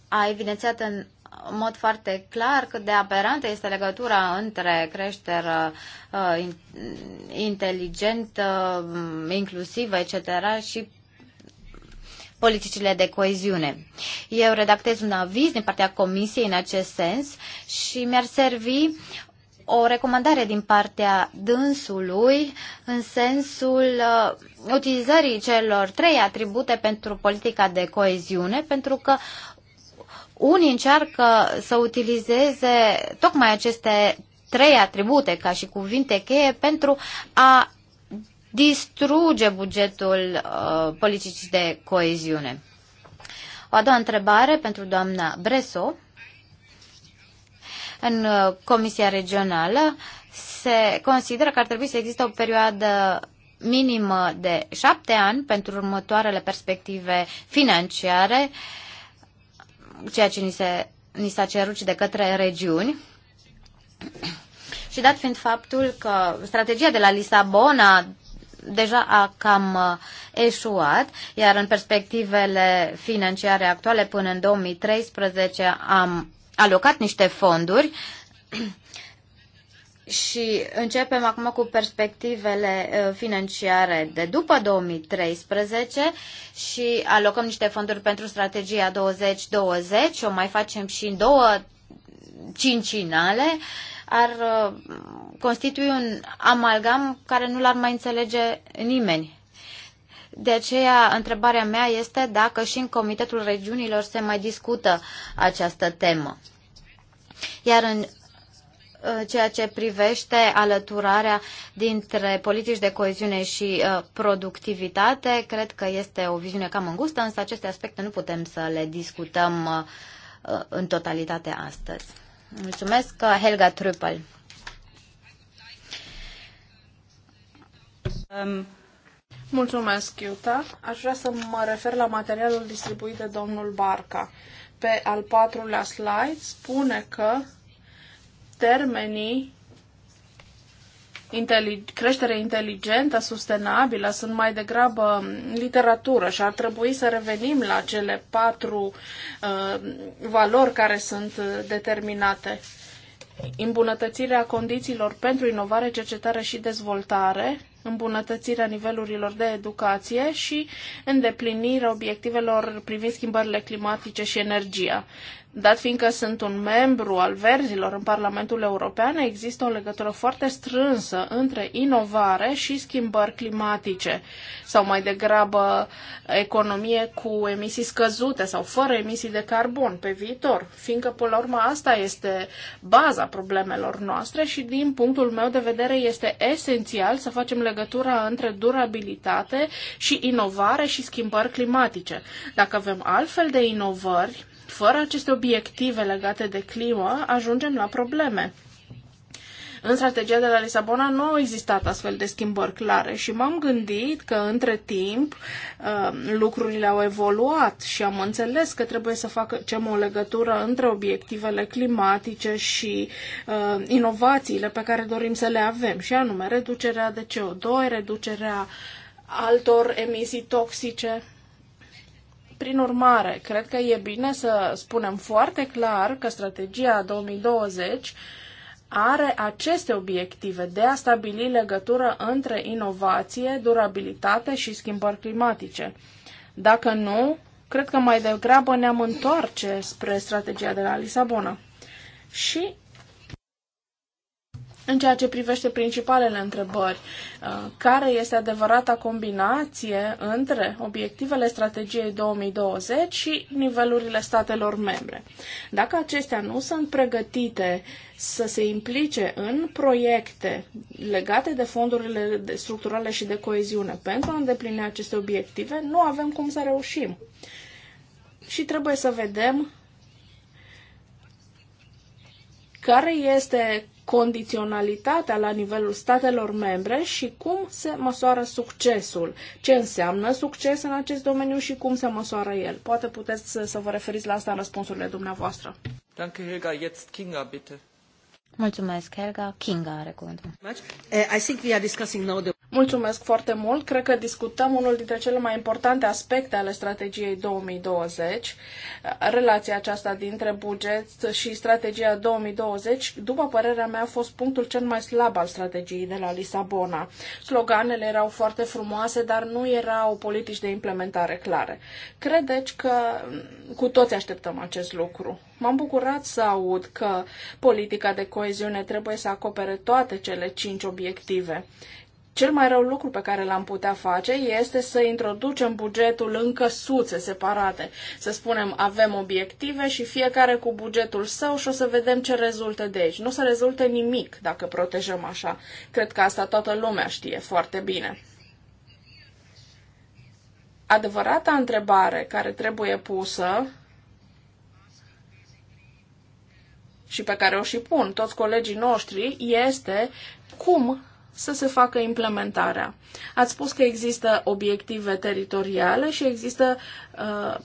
a evidențiat în mod foarte clar cât de aberantă este legătura între creșterea uh, inteligentă, uh, inclusivă, etc. și politicile de coeziune. Eu redactez un aviz din partea Comisiei în acest sens și mi-ar servi o recomandare din partea dânsului în sensul uh, utilizării celor trei atribute pentru politica de coeziune, pentru că unii încearcă să utilizeze tocmai aceste trei atribute ca și cuvinte cheie pentru a distruge bugetul uh, politicii de coeziune. O a doua întrebare pentru doamna Breso în uh, Comisia Regională, se consideră că ar trebui să existe o perioadă minimă de șapte ani pentru următoarele perspective financiare, ceea ce ni, se, ni s-a cerut și de către regiuni. Și dat fiind faptul că strategia de la Lisabona deja a cam uh, eșuat, iar în perspectivele financiare actuale până în 2013 am alocat niște fonduri și începem acum cu perspectivele uh, financiare de după 2013 și alocăm niște fonduri pentru strategia 2020, o mai facem și în două cincinale, ar uh, constitui un amalgam care nu l-ar mai înțelege nimeni. De aceea, întrebarea mea este dacă și în Comitetul Regiunilor se mai discută această temă. Iar în uh, ceea ce privește alăturarea dintre politici de coeziune și uh, productivitate, cred că este o viziune cam îngustă, însă aceste aspecte nu putem să le discutăm uh, în totalitate astăzi. Mulțumesc, Helga Trüppel. Um, mulțumesc, Iuta. Aș vrea să mă refer la materialul distribuit de domnul Barca pe al patrulea slide spune că termenii intelig- creștere inteligentă, sustenabilă, sunt mai degrabă literatură și ar trebui să revenim la cele patru uh, valori care sunt uh, determinate. Îmbunătățirea condițiilor pentru inovare, cercetare și dezvoltare, îmbunătățirea nivelurilor de educație și îndeplinirea obiectivelor privind schimbările climatice și energia. Dat fiindcă sunt un membru al verzilor în Parlamentul European, există o legătură foarte strânsă între inovare și schimbări climatice, sau mai degrabă economie cu emisii scăzute sau fără emisii de carbon pe viitor, fiindcă, până la urmă, asta este baza problemelor noastre și, din punctul meu de vedere, este esențial să facem legătura între durabilitate și inovare și schimbări climatice. Dacă avem altfel de inovări, fără aceste obiective legate de climă, ajungem la probleme. În strategia de la Lisabona nu au existat astfel de schimbări clare și m-am gândit că între timp um, lucrurile au evoluat și am înțeles că trebuie să facem o legătură între obiectivele climatice și um, inovațiile pe care dorim să le avem, și anume reducerea de CO2, reducerea altor emisii toxice prin urmare, cred că e bine să spunem foarte clar că strategia 2020 are aceste obiective de a stabili legătură între inovație, durabilitate și schimbări climatice. Dacă nu, cred că mai degrabă ne-am întoarce spre strategia de la Lisabona. Și în ceea ce privește principalele întrebări, uh, care este adevărata combinație între obiectivele strategiei 2020 și nivelurile statelor membre? Dacă acestea nu sunt pregătite să se implice în proiecte legate de fondurile structurale și de coeziune pentru a îndeplini aceste obiective, nu avem cum să reușim. Și trebuie să vedem care este condiționalitatea la nivelul statelor membre și cum se măsoară succesul. Ce înseamnă succes în acest domeniu și cum se măsoară el. Poate puteți să vă referiți la asta în răspunsurile dumneavoastră. Danke Helga, jetzt Kinga bitte. Mulțumesc, Helga. Kinga are cuvântul. Eh, Mulțumesc foarte mult. Cred că discutăm unul dintre cele mai importante aspecte ale strategiei 2020, relația aceasta dintre buget și strategia 2020. După părerea mea, a fost punctul cel mai slab al strategiei de la Lisabona. Sloganele erau foarte frumoase, dar nu erau politici de implementare clare. Credeți că cu toți așteptăm acest lucru. M-am bucurat să aud că politica de coeziune trebuie să acopere toate cele cinci obiective. Cel mai rău lucru pe care l-am putea face este să introducem bugetul în căsuțe separate. Să spunem, avem obiective și fiecare cu bugetul său și o să vedem ce rezultă de aici. Nu o să rezulte nimic dacă protejăm așa. Cred că asta toată lumea știe foarte bine. Adevărata întrebare care trebuie pusă și pe care o și pun toți colegii noștri este cum să se facă implementarea. Ați spus că există obiective teritoriale și există uh,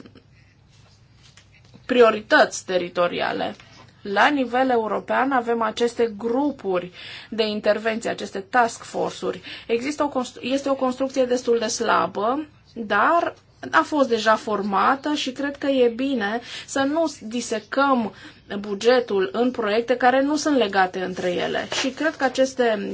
priorități teritoriale. La nivel european avem aceste grupuri de intervenție, aceste task force-uri. Există o este o construcție destul de slabă, dar a fost deja formată și cred că e bine să nu disecăm bugetul în proiecte care nu sunt legate între ele. Și cred că aceste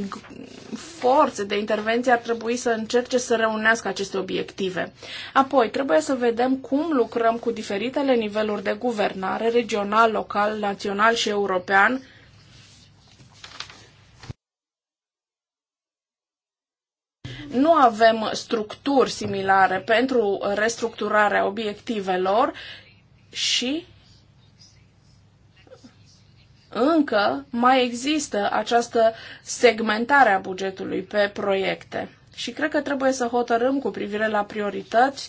forțe de intervenție ar trebui să încerce să reunească aceste obiective. Apoi, trebuie să vedem cum lucrăm cu diferitele niveluri de guvernare, regional, local, național și european, nu avem structuri similare pentru restructurarea obiectivelor și încă mai există această segmentare a bugetului pe proiecte. Și cred că trebuie să hotărâm cu privire la priorități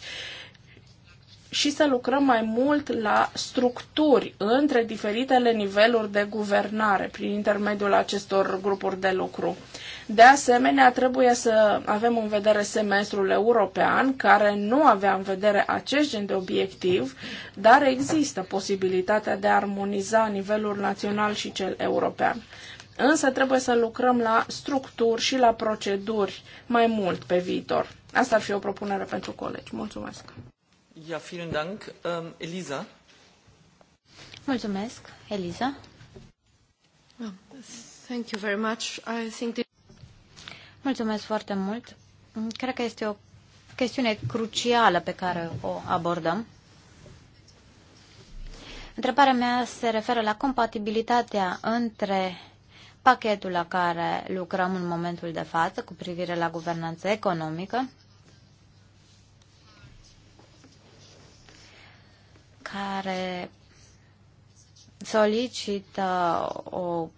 și să lucrăm mai mult la structuri între diferitele niveluri de guvernare prin intermediul acestor grupuri de lucru. De asemenea, trebuie să avem în vedere semestrul european, care nu avea în vedere acest gen de obiectiv, dar există posibilitatea de a armoniza nivelul național și cel european. Însă trebuie să lucrăm la structuri și la proceduri mai mult pe viitor. Asta ar fi o propunere pentru colegi. Mulțumesc. Ja, vielen Dank. Um, Elisa? Mulțumesc, Oh, Thank you very much. I think Mulțumesc foarte mult. Cred că este o chestiune crucială pe care o abordăm. Întrebarea mea se referă la compatibilitatea între pachetul la care lucrăm în momentul de față cu privire la guvernanță economică, care solicită o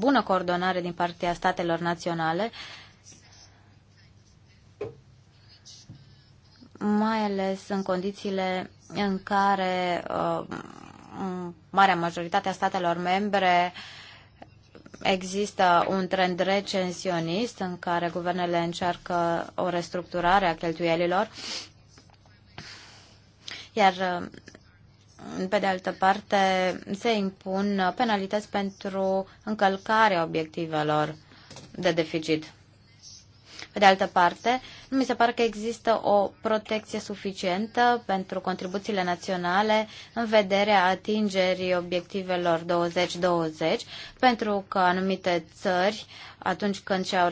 bună coordonare din partea statelor naționale, mai ales în condițiile în care uh, marea majoritate a statelor membre există un trend recensionist în care guvernele încearcă o restructurare a cheltuielilor, iar uh, pe de altă parte, se impun penalități pentru încălcarea obiectivelor de deficit. Pe de altă parte, nu mi se pare că există o protecție suficientă pentru contribuțiile naționale în vederea atingerii obiectivelor 20-20, pentru că anumite țări, atunci când și-au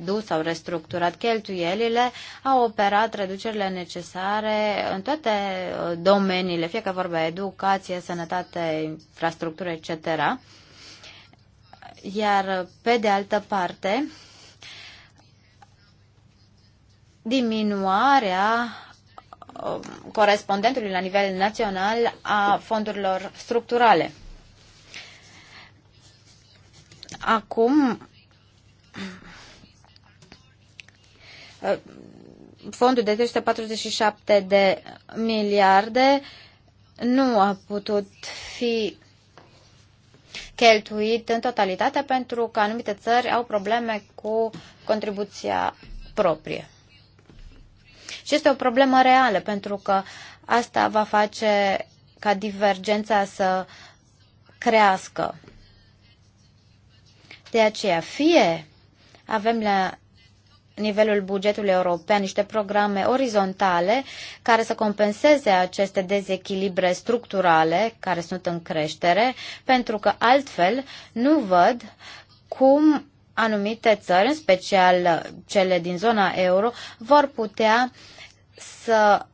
redus sau restructurat cheltuielile, au operat reducerile necesare în toate uh, domeniile, fie că vorba educație, sănătate, infrastructură, etc. Iar uh, pe de altă parte, diminuarea um, corespondentului la nivel național a fondurilor structurale. Acum, Uh, fondul de 347 de miliarde nu a putut fi cheltuit în totalitate pentru că anumite țări au probleme cu contribuția proprie. Și este o problemă reală pentru că asta va face ca divergența să crească. De aceea, fie avem la nivelul bugetului european niște programe orizontale care să compenseze aceste dezechilibre structurale care sunt în creștere, pentru că altfel nu văd cum anumite țări, în special cele din zona euro, vor putea să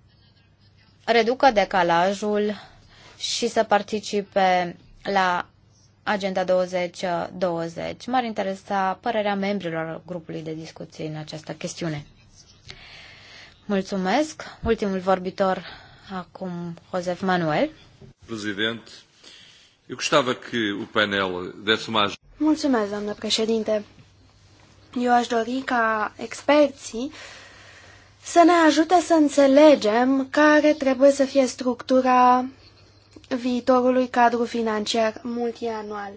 reducă decalajul și să participe la Agenda 2020. M-ar interesa părerea membrilor grupului de discuție în această chestiune. Mulțumesc. Ultimul vorbitor acum, Josef Manuel. Președinte, eu gostava că o panel desse mais... Mulțumesc, doamnă președinte. Eu aș dori ca experții să ne ajute să înțelegem care trebuie să fie structura viitorului cadru financiar multianual.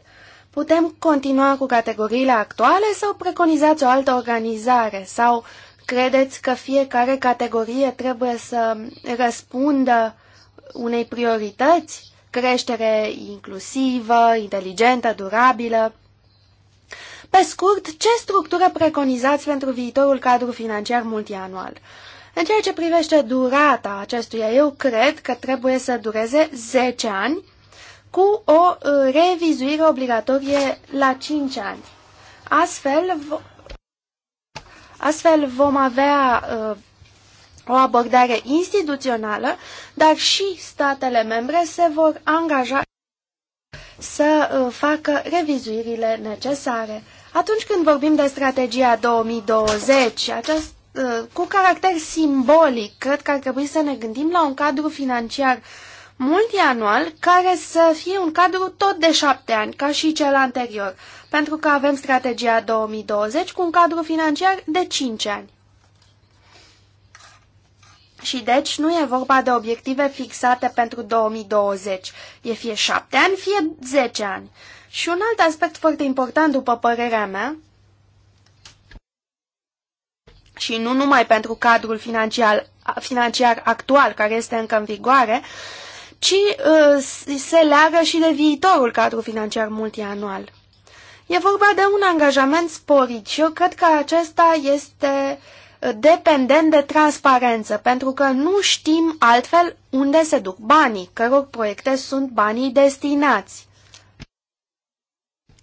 Putem continua cu categoriile actuale sau preconizați o altă organizare? Sau credeți că fiecare categorie trebuie să răspundă unei priorități? Creștere inclusivă, inteligentă, durabilă? Pe scurt, ce structură preconizați pentru viitorul cadru financiar multianual? În ceea ce privește durata acestuia, eu cred că trebuie să dureze 10 ani cu o uh, revizuire obligatorie la 5 ani. Astfel, astfel vom avea uh, o abordare instituțională, dar și statele membre se vor angaja să uh, facă revizuirile necesare. Atunci când vorbim de strategia 2020, acest Uh, cu caracter simbolic, cred că ar trebui să ne gândim la un cadru financiar multianual care să fie un cadru tot de șapte ani, ca și cel anterior, pentru că avem strategia 2020 cu un cadru financiar de cinci ani. Și deci nu e vorba de obiective fixate pentru 2020. E fie șapte ani, fie zece ani. Și un alt aspect foarte important, după părerea mea, și nu numai pentru cadrul financiar, financiar actual, care este încă în vigoare, ci uh, se leagă și de viitorul cadru financiar multianual. E vorba de un angajament sporit și eu cred că acesta este uh, dependent de transparență, pentru că nu știm altfel unde se duc banii, căror proiecte sunt banii destinați.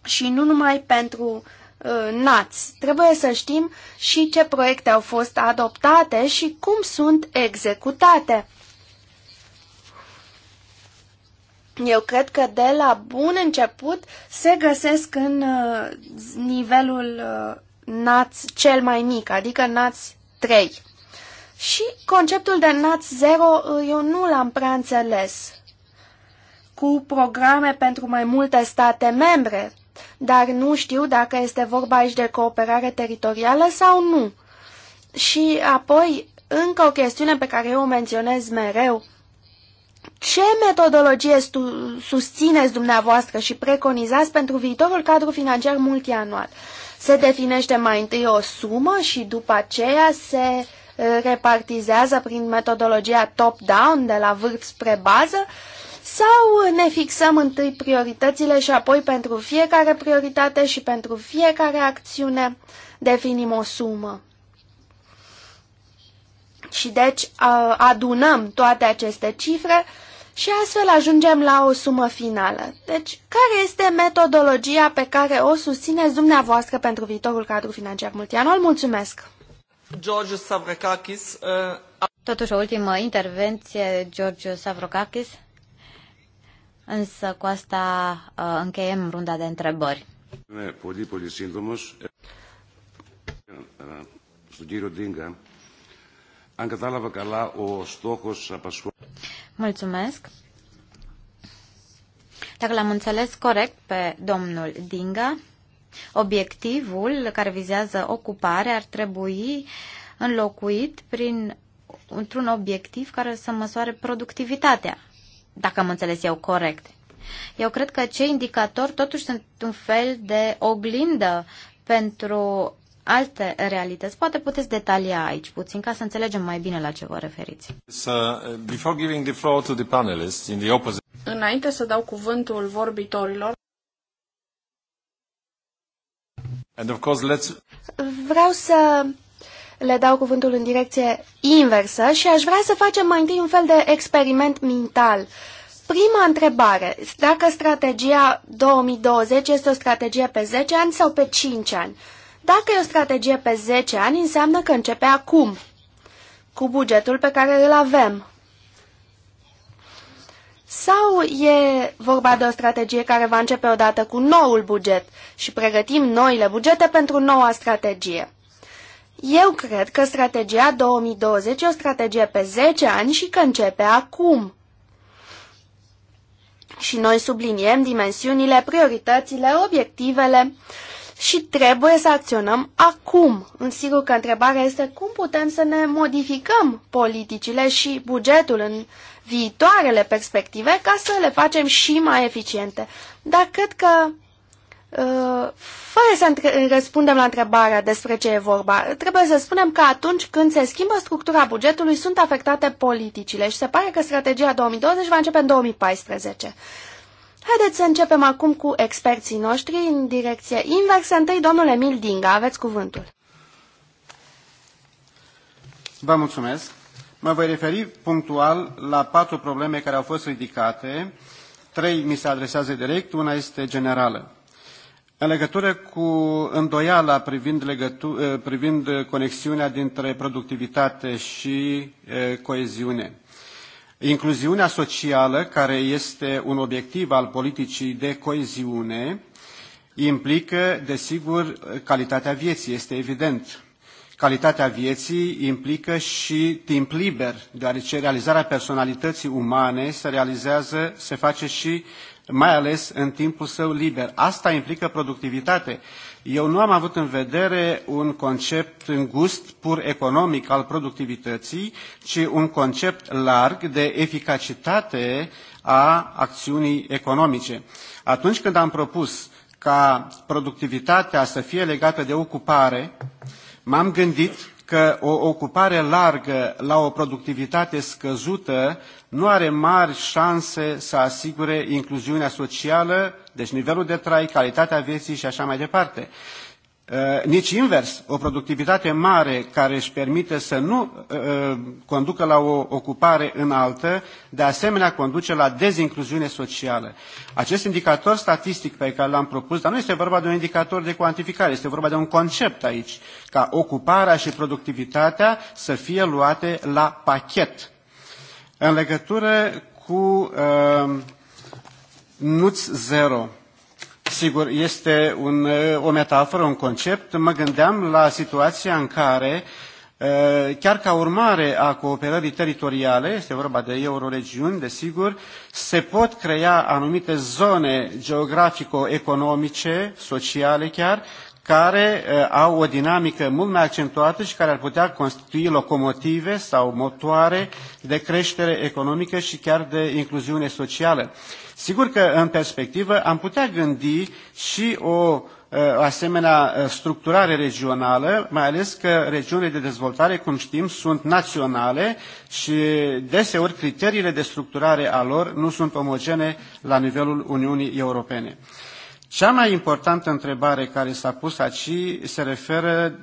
Și nu numai pentru Uh, nați. Trebuie să știm și ce proiecte au fost adoptate și cum sunt executate. Eu cred că de la bun început se găsesc în uh, nivelul uh, NATS cel mai mic, adică NATS 3. Și conceptul de NATS 0 eu nu l-am prea înțeles. Cu programe pentru mai multe state membre, dar nu știu dacă este vorba aici de cooperare teritorială sau nu. Și apoi, încă o chestiune pe care eu o menționez mereu. Ce metodologie susțineți dumneavoastră și preconizați pentru viitorul cadru financiar multianual? Se definește mai întâi o sumă și după aceea se eh, repartizează prin metodologia top-down, de la vârf spre bază, sau ne fixăm întâi prioritățile și apoi pentru fiecare prioritate și pentru fiecare acțiune definim o sumă. Și deci adunăm toate aceste cifre și astfel ajungem la o sumă finală. Deci, care este metodologia pe care o susțineți dumneavoastră pentru viitorul cadru financiar multianual? Mulțumesc! George Savrakakis. Uh... Totuși, o ultimă intervenție, George Savrakakis. Însă cu asta uh, încheiem runda de întrebări. Uh, Mulțumesc. Dacă l-am înțeles corect pe domnul Dinga, obiectivul care vizează ocupare ar trebui înlocuit prin, într-un obiectiv care să măsoare productivitatea dacă am înțeles eu corect. Eu cred că cei indicatori totuși sunt un fel de oglindă pentru alte realități. Poate puteți detalia aici puțin ca să înțelegem mai bine la ce vă referiți. Uh, Înainte să dau cuvântul vorbitorilor, And of course, let's... Vreau să le dau cuvântul în direcție inversă și aș vrea să facem mai întâi un fel de experiment mental. Prima întrebare, dacă strategia 2020 este o strategie pe 10 ani sau pe 5 ani? Dacă e o strategie pe 10 ani, înseamnă că începe acum, cu bugetul pe care îl avem. Sau e vorba de o strategie care va începe odată cu noul buget și pregătim noile bugete pentru noua strategie? Eu cred că strategia 2020 e o strategie pe 10 ani și că începe acum. Și noi subliniem dimensiunile, prioritățile, obiectivele și trebuie să acționăm acum. În sigur că întrebarea este cum putem să ne modificăm politicile și bugetul în viitoarele perspective ca să le facem și mai eficiente. Dar cred că fără să răspundem la întrebarea despre ce e vorba, trebuie să spunem că atunci când se schimbă structura bugetului, sunt afectate politicile și se pare că strategia 2020 va începe în 2014. Haideți să începem acum cu experții noștri în direcție inversă. Întâi, domnule Emil Dinga, aveți cuvântul. Vă mulțumesc. Mă voi referi punctual la patru probleme care au fost ridicate. Trei mi se adresează direct, una este generală. În legătură cu îndoiala privind, legătu- eh, privind conexiunea dintre productivitate și eh, coeziune, incluziunea socială, care este un obiectiv al politicii de coeziune, implică, desigur, calitatea vieții, este evident. Calitatea vieții implică și timp liber, deoarece realizarea personalității umane se realizează, se face și mai ales în timpul său liber. Asta implică productivitate. Eu nu am avut în vedere un concept îngust, pur economic al productivității, ci un concept larg de eficacitate a acțiunii economice. Atunci când am propus ca productivitatea să fie legată de ocupare, m-am gândit că o ocupare largă la o productivitate scăzută nu are mari șanse să asigure incluziunea socială, deci nivelul de trai, calitatea vieții și așa mai departe. Uh, nici invers, o productivitate mare care își permite să nu uh, uh, conducă la o ocupare înaltă, de asemenea conduce la dezincluziune socială. Acest indicator statistic pe care l-am propus, dar nu este vorba de un indicator de cuantificare, este vorba de un concept aici, ca ocuparea și productivitatea să fie luate la pachet în legătură cu uh, nuț zero. sigur, este un, uh, o metaforă, un concept, mă gândeam la situația în care uh, Chiar ca urmare a cooperării teritoriale, este vorba de euroregiuni, desigur, se pot crea anumite zone geografico-economice, sociale chiar, care uh, au o dinamică mult mai accentuată și care ar putea constitui locomotive sau motoare de creștere economică și chiar de incluziune socială. Sigur că în perspectivă am putea gândi și o uh, asemenea uh, structurare regională, mai ales că regiunile de dezvoltare, cum știm, sunt naționale și deseori criteriile de structurare a lor nu sunt omogene la nivelul Uniunii Europene. Cea mai importantă întrebare care s-a pus aici se referă,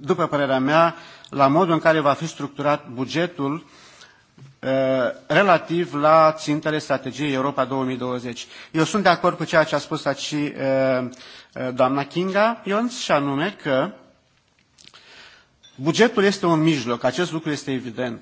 după părerea mea, la modul în care va fi structurat bugetul uh, relativ la țintele strategiei Europa 2020. Eu sunt de acord cu ceea ce a spus aici uh, uh, doamna Kinga Ionț și anume că bugetul este un mijloc, acest lucru este evident.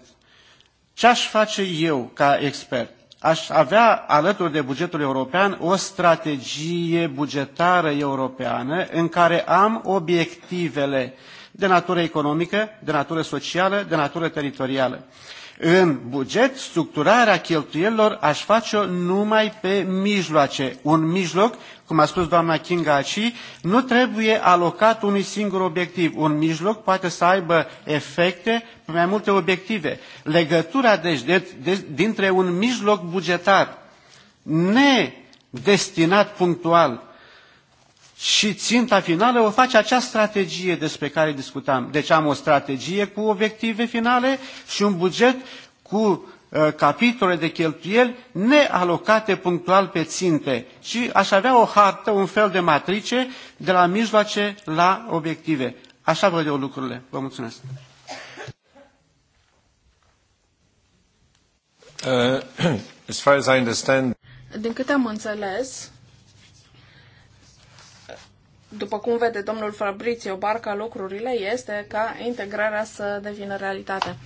Ce aș face eu ca expert? aș avea alături de bugetul european o strategie bugetară europeană în care am obiectivele de natură economică, de natură socială, de natură teritorială. În buget, structurarea cheltuielor aș face-o numai pe mijloace. Un mijloc, cum a spus doamna Kinga aici, nu trebuie alocat unui singur obiectiv. Un mijloc poate să aibă efecte pe mai multe obiective. Legătura, deci, de, de, dintre un mijloc bugetar nedestinat punctual și ținta finală o face acea strategie despre care discutam. Deci am o strategie cu obiective finale și un buget cu uh, capitole de cheltuieli nealocate punctual pe ținte. Și aș avea o hartă, un fel de matrice, de la mijloace la obiective. Așa văd eu lucrurile. Vă mulțumesc. Uh, as far as I understand... Din câte am înțeles, după cum vede domnul Fabrizio Barca lucrurile, este ca integrarea să devină realitate.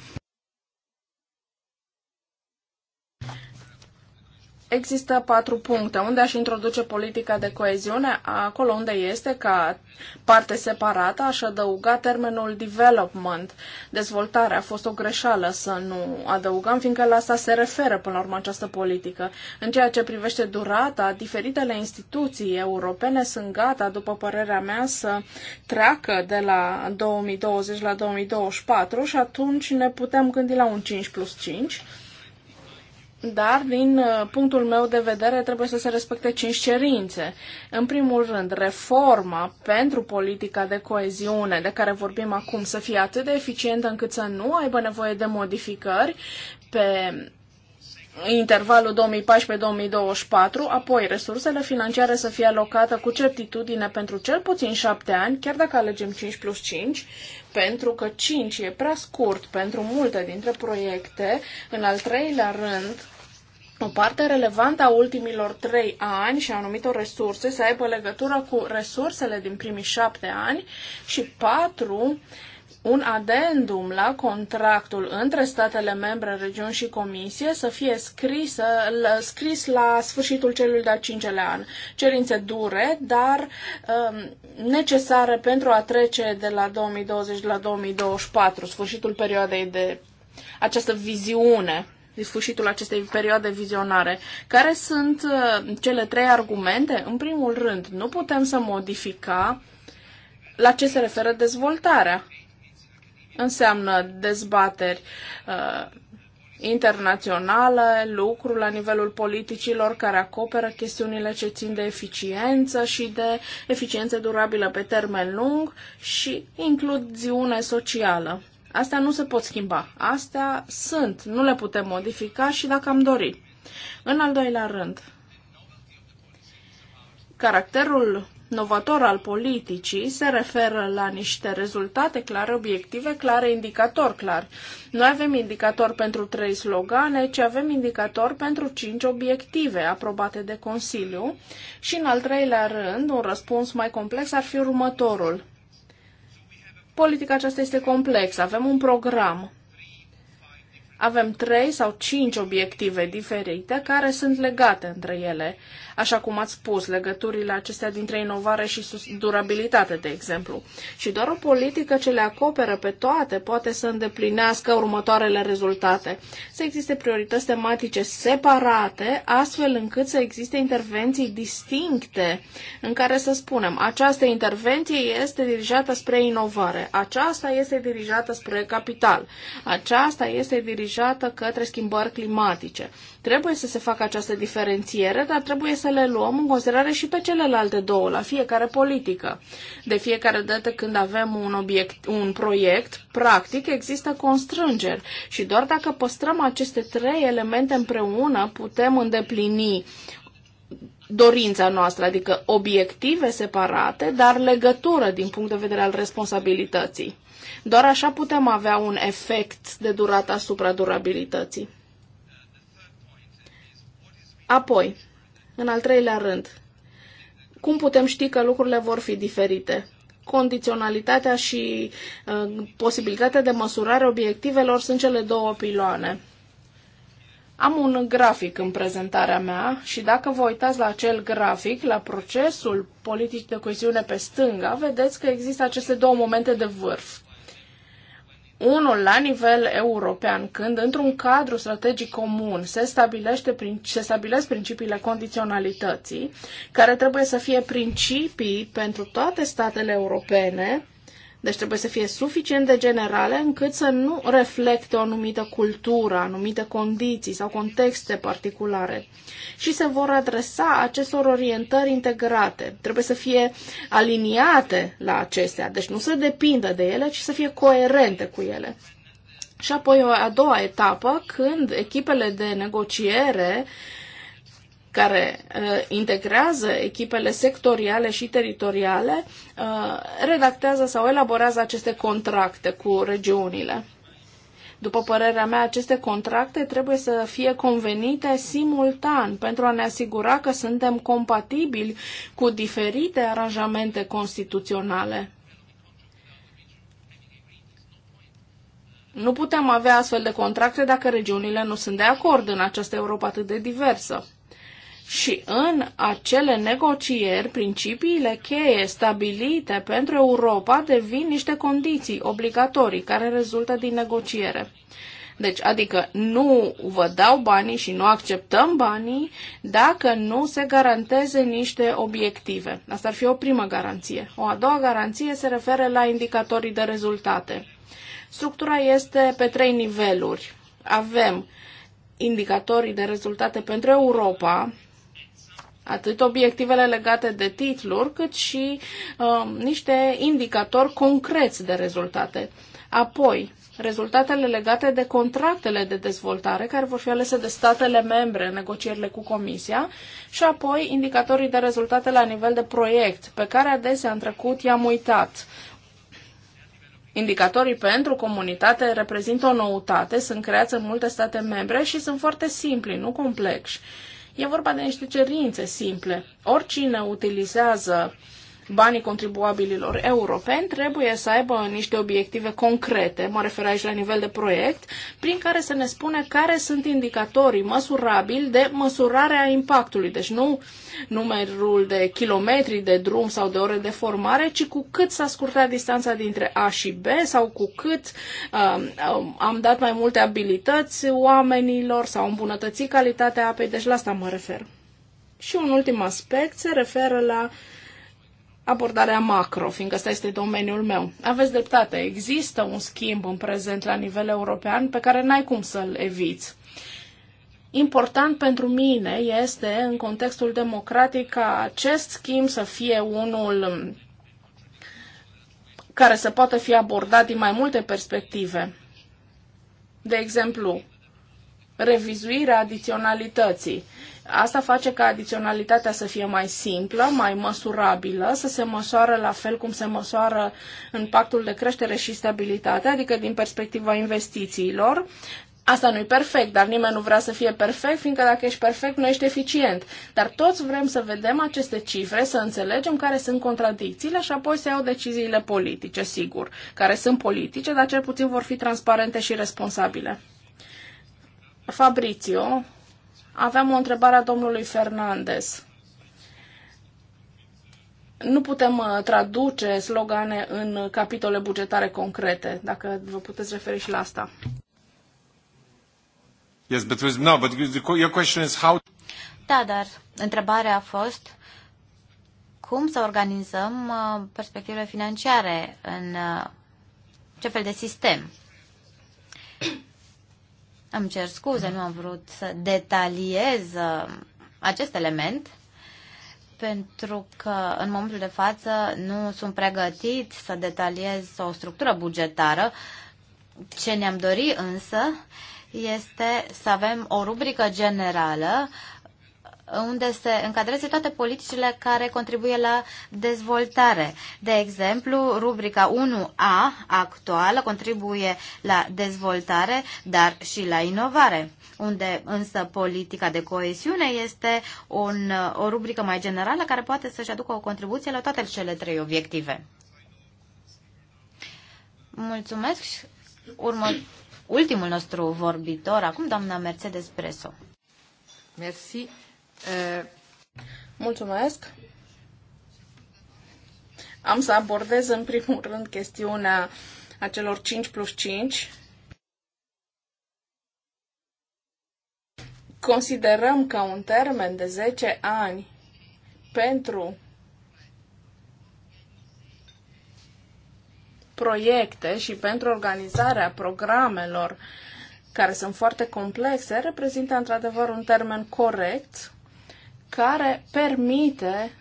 există patru puncte. Unde aș introduce politica de coeziune? Acolo unde este, ca parte separată, aș adăuga termenul development. Dezvoltarea a fost o greșeală să nu adăugăm, fiindcă la asta se referă până la urmă această politică. În ceea ce privește durata, diferitele instituții europene sunt gata, după părerea mea, să treacă de la 2020 la 2024 și atunci ne putem gândi la un 5 plus 5 dar, din uh, punctul meu de vedere, trebuie să se respecte cinci cerințe. În primul rând, reforma pentru politica de coeziune, de care vorbim acum, să fie atât de eficientă încât să nu aibă nevoie de modificări pe intervalul 2014-2024, apoi resursele financiare să fie alocate cu certitudine pentru cel puțin șapte ani, chiar dacă alegem 5 plus 5, pentru că 5 e prea scurt pentru multe dintre proiecte. În al treilea rând, o parte relevantă a ultimilor trei ani și a o resurse să aibă legătură cu resursele din primii șapte ani și patru, un adendum la contractul între statele membre, regiuni și comisie să fie scris, scris la sfârșitul celui de-al cincelea an. Cerințe dure, dar um, necesare pentru a trece de la 2020 la 2024, sfârșitul perioadei de această viziune sfârșitul acestei perioade vizionare. Care sunt uh, cele trei argumente? În primul rând, nu putem să modifica la ce se referă dezvoltarea. Înseamnă dezbateri uh, internaționale, lucruri la nivelul politicilor care acoperă chestiunile ce țin de eficiență și de eficiență durabilă pe termen lung și includziune socială. Astea nu se pot schimba. Astea sunt, nu le putem modifica și dacă am dori. În al doilea rând, caracterul novator al politicii se referă la niște rezultate clare, obiective clare, indicator clar. Noi avem indicator pentru trei slogane, ci avem indicator pentru cinci obiective aprobate de Consiliu. Și în al treilea rând, un răspuns mai complex ar fi următorul politica aceasta este complexă. Avem un program. Avem trei sau cinci obiective diferite care sunt legate între ele așa cum ați spus, legăturile acestea dintre inovare și durabilitate, de exemplu. Și doar o politică ce le acoperă pe toate poate să îndeplinească următoarele rezultate. Să existe priorități tematice separate, astfel încât să existe intervenții distincte în care să spunem, această intervenție este dirijată spre inovare, aceasta este dirijată spre capital, aceasta este dirijată către schimbări climatice. Trebuie să se facă această diferențiere, dar trebuie să le luăm în considerare și pe celelalte două, la fiecare politică. De fiecare dată când avem un, obiect, un proiect, practic există constrângeri și doar dacă păstrăm aceste trei elemente împreună, putem îndeplini dorința noastră, adică obiective separate, dar legătură din punct de vedere al responsabilității. Doar așa putem avea un efect de durată asupra durabilității. Apoi, în al treilea rând, cum putem ști că lucrurile vor fi diferite? Condiționalitatea și uh, posibilitatea de măsurare obiectivelor sunt cele două piloane. Am un grafic în prezentarea mea și dacă vă uitați la acel grafic, la procesul politic de coeziune pe stânga, vedeți că există aceste două momente de vârf unul la nivel european, când într-un cadru strategic comun se, stabilește, se stabilesc principiile condiționalității, care trebuie să fie principii pentru toate statele europene, deci trebuie să fie suficient de generale încât să nu reflecte o anumită cultură, anumite condiții sau contexte particulare și se vor adresa acestor orientări integrate. Trebuie să fie aliniate la acestea, deci nu să depindă de ele, ci să fie coerente cu ele. Și apoi o a doua etapă, când echipele de negociere uh, care uh, integrează echipele sectoriale și teritoriale, uh, redactează sau elaborează aceste contracte cu regiunile. După părerea mea, aceste contracte trebuie să fie convenite simultan pentru a ne asigura că suntem compatibili cu diferite aranjamente constituționale. Nu putem avea astfel de contracte dacă regiunile nu sunt de acord în această Europa atât de diversă. Și în acele negocieri, principiile cheie stabilite pentru Europa devin niște condiții obligatorii care rezultă din negociere. Deci, adică nu vă dau banii și nu acceptăm banii dacă nu se garanteze niște obiective. Asta ar fi o primă garanție. O a doua garanție se referă la indicatorii de rezultate. Structura este pe trei niveluri. Avem indicatorii de rezultate pentru Europa, atât obiectivele legate de titluri, cât și uh, niște indicatori concreți de rezultate. Apoi, rezultatele legate de contractele de dezvoltare care vor fi alese de statele membre în negocierile cu Comisia și apoi indicatorii de rezultate la nivel de proiect, pe care adesea în trecut i-am uitat. Indicatorii pentru comunitate reprezintă o noutate, sunt creați în multe state membre și sunt foarte simpli, nu complexi E vorba de niște cerințe simple. Oricine utilizează uh, banii contribuabililor europeni, trebuie să aibă niște obiective concrete, mă refer aici la nivel de proiect, prin care să ne spune care sunt indicatorii măsurabili de măsurare a impactului. Deci nu numărul de kilometri de drum sau de ore de formare, ci cu cât s-a scurtat distanța dintre A și B sau cu cât um, um am dat mai multe abilități oamenilor sau îmbunătățit calitatea apei. Deci la asta mă refer. Și un ultim aspect se referă la abordarea macro, fiindcă ăsta este domeniul meu. Aveți dreptate, există un schimb în prezent la nivel european pe care n-ai cum să-l eviți. Important pentru mine este, în contextul democratic, ca acest schimb să fie unul care să poată fi abordat din mai multe perspective. De exemplu, revizuirea adiționalității Asta face ca adiționalitatea să fie mai simplă, mai măsurabilă, să se măsoară la fel cum se măsoară în pactul de creștere și stabilitate, adică din perspectiva investițiilor. Asta nu e perfect, dar nimeni nu vrea să fie perfect, fiindcă dacă ești perfect, nu ești eficient. Dar toți vrem să vedem aceste cifre, să înțelegem care sunt contradicțiile și apoi să iau deciziile politice, sigur, care sunt politice, dar cel puțin vor fi transparente și responsabile. Fabrizio, Aveam o întrebare a domnului Fernandez. Nu putem uh, traduce slogane în capitole bugetare concrete, dacă vă puteți referi și la asta. Yes, but was, no, but your question is how... Da, dar întrebarea a fost cum să organizăm uh, perspectivele financiare în uh, ce fel de sistem. Îmi cer scuze, nu am vrut să detaliez uh, acest element pentru că în momentul de față nu sunt pregătit să detaliez o structură bugetară. Ce ne-am dorit însă este să avem o rubrică generală unde se încadreze toate politicile care contribuie la dezvoltare. De exemplu, rubrica 1A actuală contribuie la dezvoltare, dar și la inovare, unde însă politica de coesiune este un, o rubrică mai generală care poate să-și aducă o contribuție la toate cele trei obiective. Mulțumesc. Urmă, ultimul nostru vorbitor, acum doamna Mercedes Preso. Mersi. Mulțumesc! Am să abordez în primul rând chestiunea acelor 5 plus 5. Considerăm că un termen de 10 ani pentru proiecte și pentru organizarea programelor care sunt foarte complexe reprezintă într-adevăr un termen corect care permite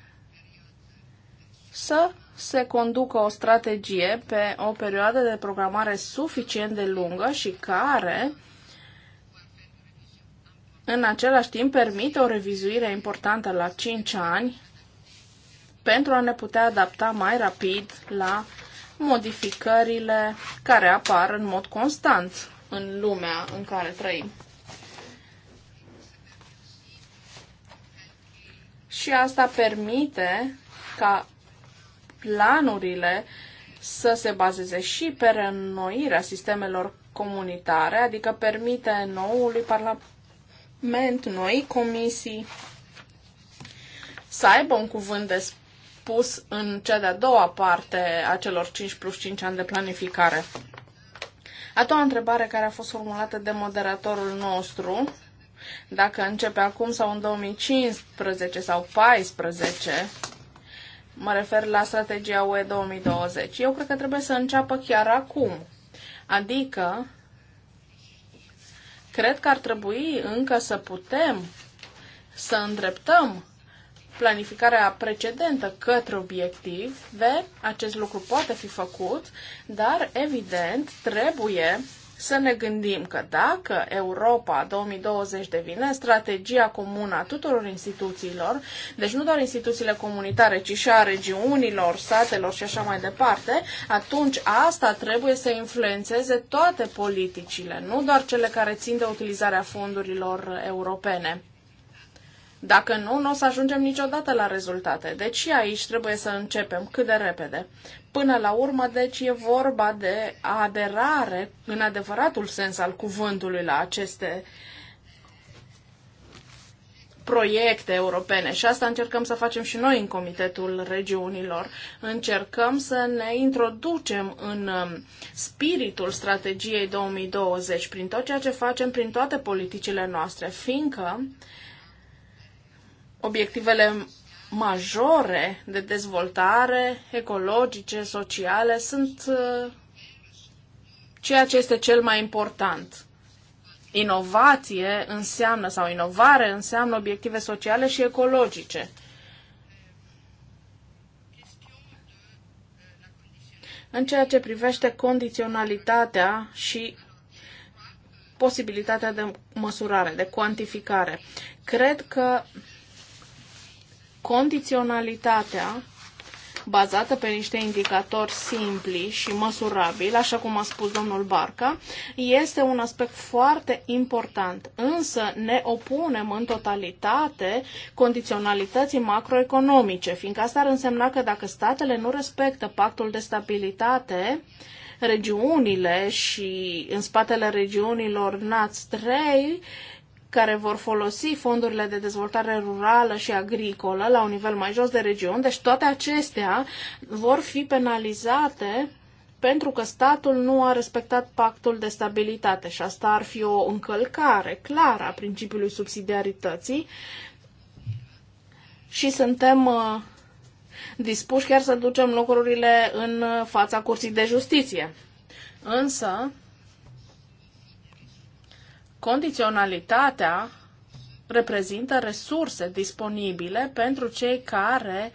să se conducă o strategie pe o perioadă de programare suficient de lungă și care în același timp permite o revizuire importantă la 5 ani pentru a ne putea adapta mai rapid la modificările care apar în mod constant în lumea în care trăim. și asta permite ca planurile să se bazeze și pe reînnoirea sistemelor comunitare, adică permite noului Parlament, noi comisii să aibă un cuvânt de spus în cea de-a doua parte a celor 5 plus 5 ani de planificare. A doua întrebare care a fost formulată de moderatorul nostru dacă începe acum sau în 2015 sau 2014, mă refer la strategia UE 2020, eu cred că trebuie să înceapă chiar acum. Adică, cred că ar trebui încă să putem să îndreptăm planificarea precedentă către obiectiv. de acest lucru poate fi făcut, dar evident trebuie să ne gândim că dacă Europa 2020 devine strategia comună a tuturor instituțiilor, deci nu doar instituțiile comunitare, ci și a regiunilor, statelor și așa mai departe, atunci asta trebuie să influențeze toate politicile, nu doar cele care țin de utilizarea fondurilor europene. Dacă nu, nu o să ajungem niciodată la rezultate. Deci și aici trebuie să începem cât de repede. Până la urmă, deci, e vorba de aderare în adevăratul sens al cuvântului la aceste proiecte europene și asta încercăm să facem și noi în Comitetul Regiunilor. Încercăm să ne introducem în um, spiritul strategiei 2020 prin tot ceea ce facem, prin toate politicile noastre, fiindcă obiectivele majore de dezvoltare ecologice, sociale, sunt uh, ceea ce este cel mai important. Inovație înseamnă, sau inovare înseamnă obiective sociale și ecologice. În ceea ce privește condiționalitatea și posibilitatea de măsurare, de cuantificare, cred că Condiționalitatea bazată pe niște indicatori simpli și măsurabili, așa cum a spus domnul Barca, este un aspect foarte important, însă ne opunem în totalitate condiționalității macroeconomice, fiindcă asta ar însemna că dacă statele nu respectă pactul de stabilitate, regiunile și în spatele regiunilor NATS 3 care vor folosi fondurile de dezvoltare rurală și agricolă la un nivel mai jos de region. deci toate acestea vor fi penalizate pentru că statul nu a respectat pactul de stabilitate și asta ar fi o încălcare clară a principiului subsidiarității și suntem uh, dispuși chiar să ducem lucrurile în uh, fața curții de justiție. Însă, Condiționalitatea reprezintă resurse disponibile pentru cei care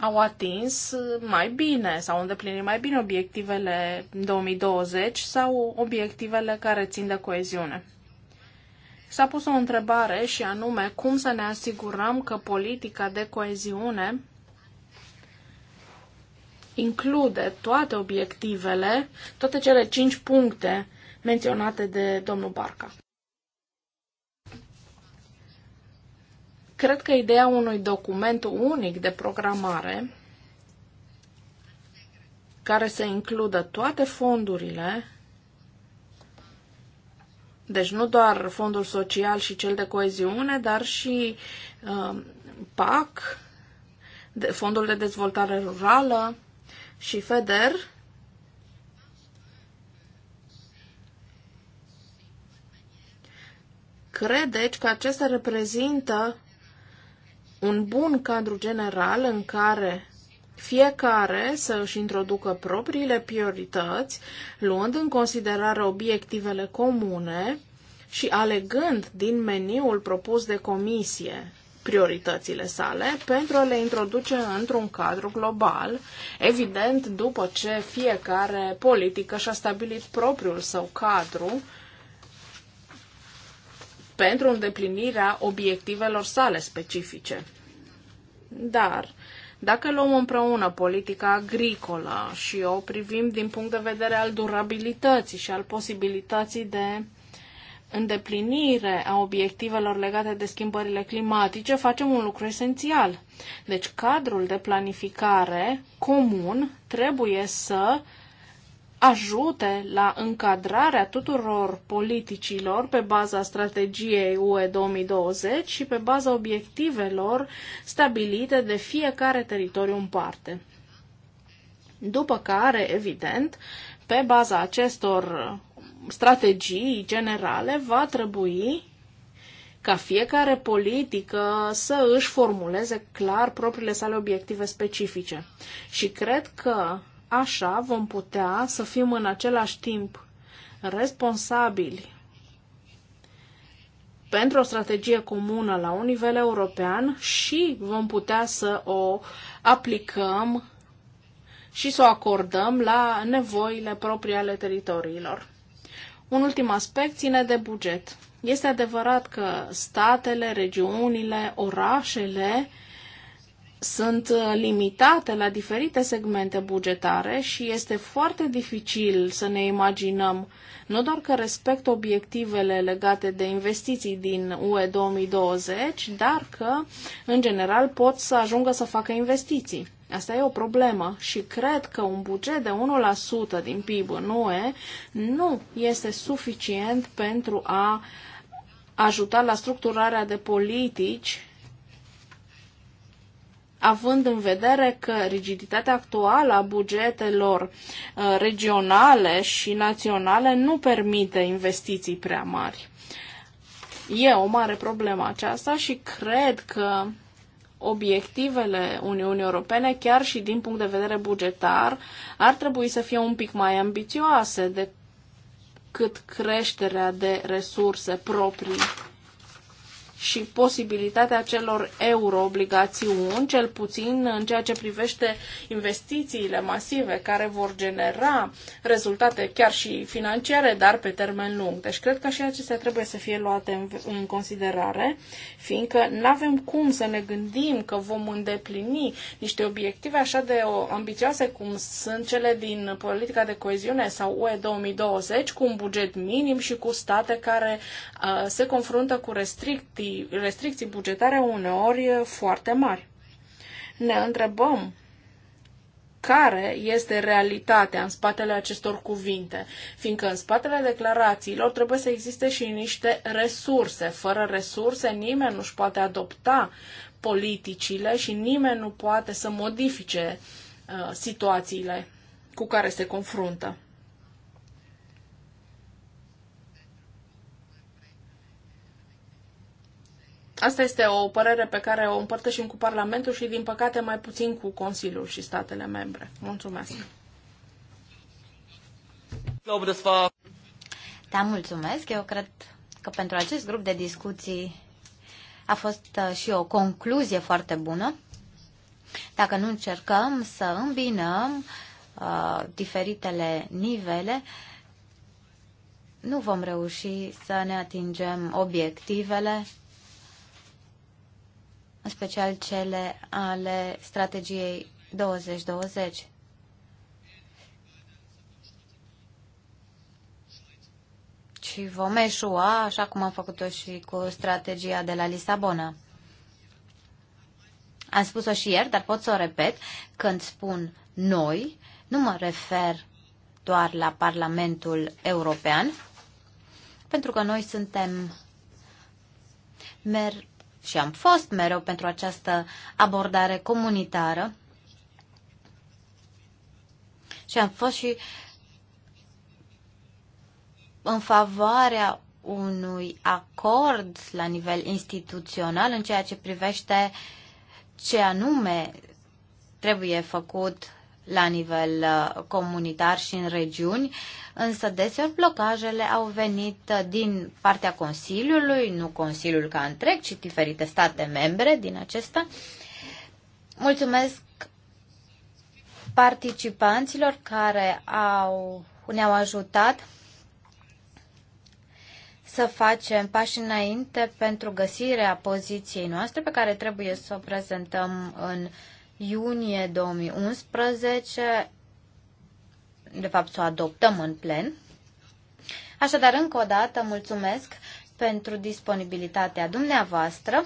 au atins mai bine sau îndeplinit mai bine obiectivele 2020 sau obiectivele care țin de coeziune. S-a pus o întrebare și anume cum să ne asigurăm că politica de coeziune include toate obiectivele, toate cele cinci puncte menționate de domnul Barca. Cred că ideea unui document unic de programare care să includă toate fondurile, deci nu doar fondul social și cel de coeziune, dar și uh, PAC, de, fondul de dezvoltare rurală și FEDER, Credeți deci, că acesta reprezintă un bun cadru general în care fiecare să își introducă propriile priorități, luând în considerare obiectivele comune și alegând din meniul propus de comisie prioritățile sale pentru a le introduce într-un cadru global, evident după ce fiecare politică și-a stabilit propriul său cadru pentru îndeplinirea obiectivelor sale specifice. Dar dacă luăm împreună politica agricolă și o privim din punct de vedere al durabilității și al posibilității de îndeplinire a obiectivelor legate de schimbările climatice, facem un lucru esențial. Deci cadrul de planificare comun trebuie să ajute la încadrarea tuturor politicilor pe baza strategiei UE 2020 și pe baza obiectivelor stabilite de fiecare teritoriu în parte. După care, evident, pe baza acestor strategii generale va trebui ca fiecare politică să își formuleze clar propriile sale obiective specifice. Și cred că Așa vom putea să fim în același timp responsabili pentru o strategie comună la un nivel european și vom putea să o aplicăm și să o acordăm la nevoile proprii ale teritoriilor. Un ultim aspect ține de buget. Este adevărat că statele, regiunile, orașele sunt uh, limitate la diferite segmente bugetare și este foarte dificil să ne imaginăm nu doar că respect obiectivele legate de investiții din UE 2020, dar că, în general, pot să ajungă să facă investiții. Asta e o problemă și cred că un buget de 1% din PIB în UE nu este suficient pentru a ajuta la structurarea de politici având în vedere că rigiditatea actuală a bugetelor uh, regionale și naționale nu permite investiții prea mari. E o mare problemă aceasta și cred că obiectivele Uniunii Europene, chiar și din punct de vedere bugetar, ar trebui să fie un pic mai ambițioase decât creșterea de resurse proprii și posibilitatea celor euroobligațiuni, cel puțin în ceea ce privește investițiile masive care vor genera rezultate chiar și financiare, dar pe termen lung. Deci cred că și acestea trebuie să fie luate în, în considerare, fiindcă nu avem cum să ne gândim că vom îndeplini niște obiective așa de ambițioase cum sunt cele din politica de coeziune sau UE 2020, cu un buget minim și cu state care uh, se confruntă cu restricții restricții bugetare uneori foarte mari. Ne întrebăm care este realitatea în spatele acestor cuvinte, fiindcă în spatele declarațiilor trebuie să existe și niște resurse. Fără resurse nimeni nu-și poate adopta politicile și nimeni nu poate să modifice uh, situațiile cu care se confruntă. Asta este o părere pe care o împărtășim cu Parlamentul și, din păcate, mai puțin cu Consiliul și statele membre. Mulțumesc! Da, mulțumesc. Eu cred că pentru acest grup de discuții a fost uh, și o concluzie foarte bună. Dacă nu încercăm să îmbinăm uh, diferitele nivele, nu vom reuși să ne atingem obiectivele în special cele ale strategiei 2020. Și vom eșua, așa cum am făcut-o și cu strategia de la Lisabona. Am spus-o și ieri, dar pot să o repet. Când spun noi, nu mă refer doar la Parlamentul European, pentru că noi suntem mer- și am fost mereu pentru această abordare comunitară și am fost și în favoarea unui acord la nivel instituțional în ceea ce privește ce anume trebuie făcut la nivel uh, comunitar și în regiuni, însă deseori blocajele au venit uh, din partea Consiliului, nu Consiliul ca întreg, ci diferite state membre din acesta. Mulțumesc participanților care au, ne-au ajutat să facem pași înainte pentru găsirea poziției noastre pe care trebuie să o prezentăm în iunie 2011, de fapt să o adoptăm în plen. Așadar, încă o dată, mulțumesc pentru disponibilitatea dumneavoastră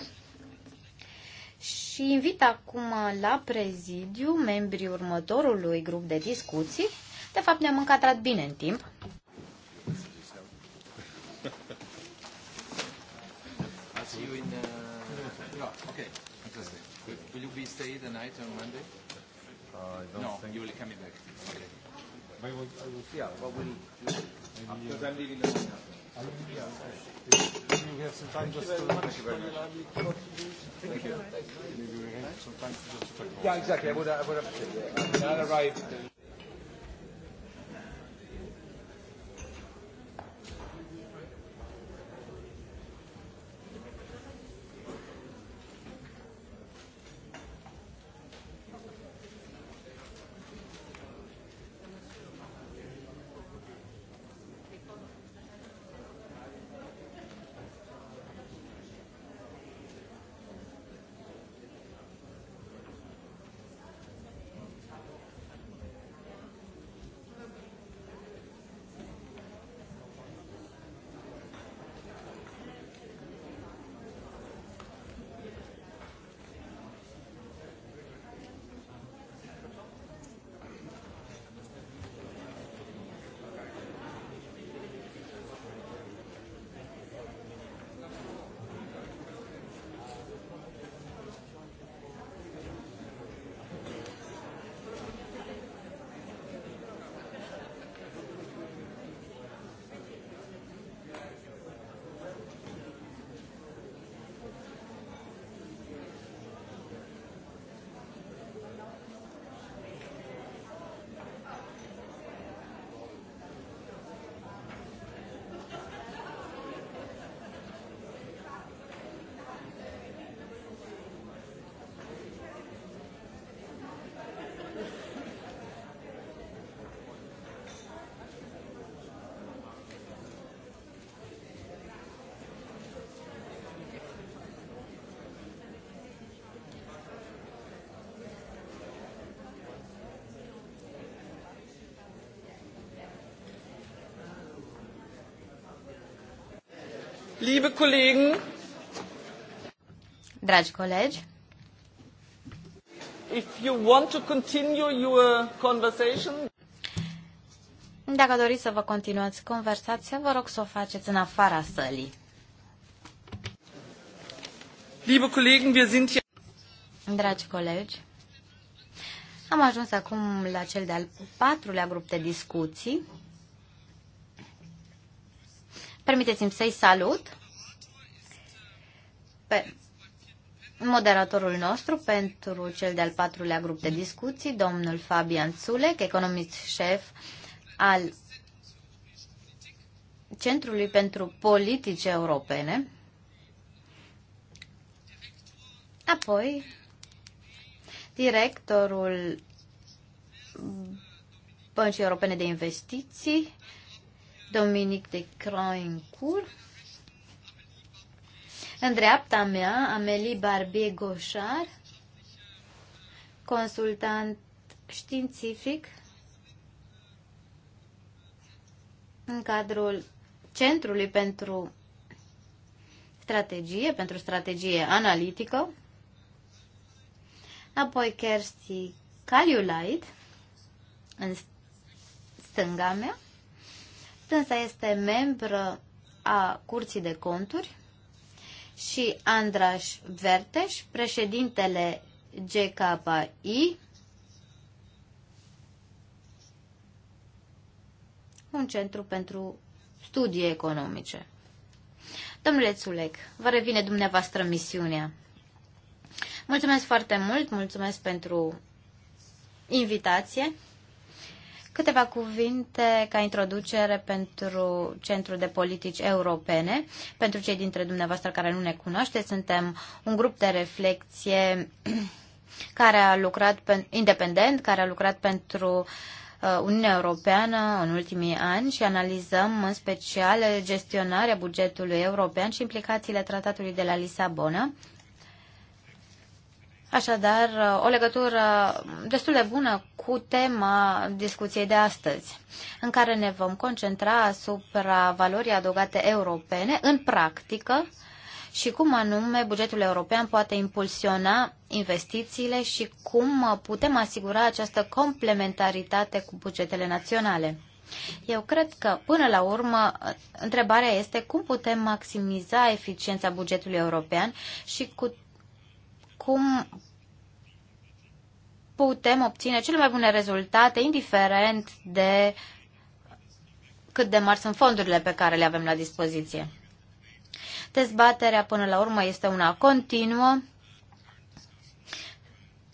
și invit acum la prezidiu membrii următorului grup de discuții. De fapt, ne-am încadrat bine în timp. will be stay the night on Monday? Uh, I don't no, think you will come back. Okay. I will, I will yeah, but we'll. Uh, uh, because I'm leaving the morning yeah. Uh, you have some time just Thank you very much. Thank you. Maybe we have some time just to talk. Yeah, exactly. I would. I would have. I arrived. Liebe Kollegen, Dragi colegi, if you want to continue your conversation, dacă doriți să vă continuați conversația, vă rog să o faceți în afara sălii. Liebe Kollegen, wir sind hier. Dragi colegi, am ajuns acum la cel de-al patrulea grup de discuții Permiteți-mi să-i salut pe moderatorul nostru pentru cel de-al patrulea grup de discuții, domnul Fabian Zulek, economist șef al Centrului pentru Politici Europene. Apoi, directorul Băncii Europene de Investiții, Dominic de Croincourt. În dreapta mea, Amelie Barbier Goșar, consultant științific în cadrul Centrului pentru Strategie, pentru Strategie Analitică, apoi Kersti Caliulait, în stânga mea, Dânsa este membră a Curții de Conturi și Andraș Verteș, președintele GKI, un centru pentru studii economice. Domnule Țulec, vă revine dumneavoastră misiunea. Mulțumesc foarte mult, mulțumesc pentru invitație. Câteva cuvinte ca introducere pentru Centrul de Politici Europene. Pentru cei dintre dumneavoastră care nu ne cunoaște, suntem un grup de reflexie care a lucrat pe, independent, care a lucrat pentru uh, Uniunea Europeană în ultimii ani și analizăm în special gestionarea bugetului european și implicațiile tratatului de la Lisabona Așadar, o legătură destul de bună cu tema discuției de astăzi, în care ne vom concentra asupra valorii adăugate europene în practică și cum anume bugetul european poate impulsiona investițiile și cum putem asigura această complementaritate cu bugetele naționale. Eu cred că, până la urmă, întrebarea este cum putem maximiza eficiența bugetului european și cu cum putem obține cele mai bune rezultate, indiferent de cât de mari sunt fondurile pe care le avem la dispoziție. Dezbaterea până la urmă este una continuă.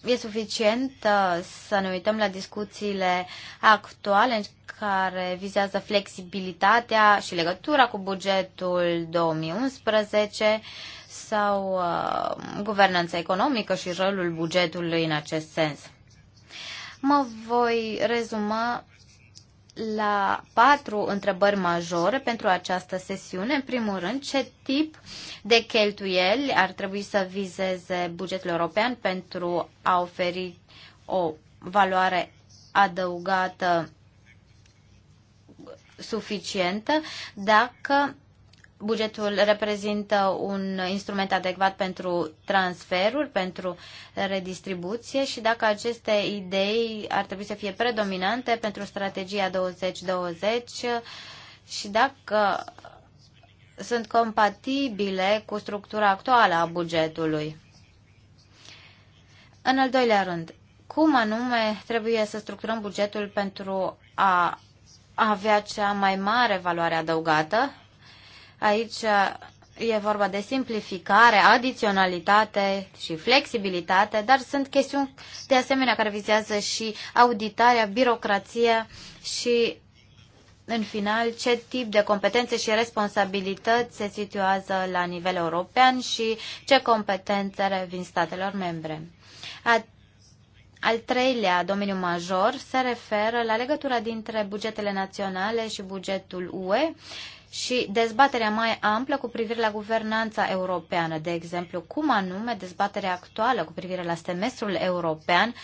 E suficient uh, să ne uităm la discuțiile actuale care vizează flexibilitatea și legătura cu bugetul 2011 sau uh, guvernanța economică și rolul bugetului în acest sens. Mă voi rezuma la patru întrebări majore pentru această sesiune. În primul rând, ce tip de cheltuieli ar trebui să vizeze bugetul european pentru a oferi o valoare adăugată suficientă dacă Bugetul reprezintă un instrument adecvat pentru transferuri, pentru redistribuție și dacă aceste idei ar trebui să fie predominante pentru strategia 2020 și dacă sunt compatibile cu structura actuală a bugetului. În al doilea rând, cum anume trebuie să structurăm bugetul pentru a avea cea mai mare valoare adăugată Aici uh, e vorba de simplificare, adiționalitate și flexibilitate, dar sunt chestiuni de asemenea care vizează și auditarea, birocrația și în final, ce tip de competențe și responsabilități se situează la nivel european și ce competențe revin statelor membre. A, al treilea domeniu major se referă la legătura dintre bugetele naționale și bugetul UE și dezbaterea mai amplă cu privire la guvernanța europeană, de exemplu, cum anume dezbaterea actuală cu privire la semestrul european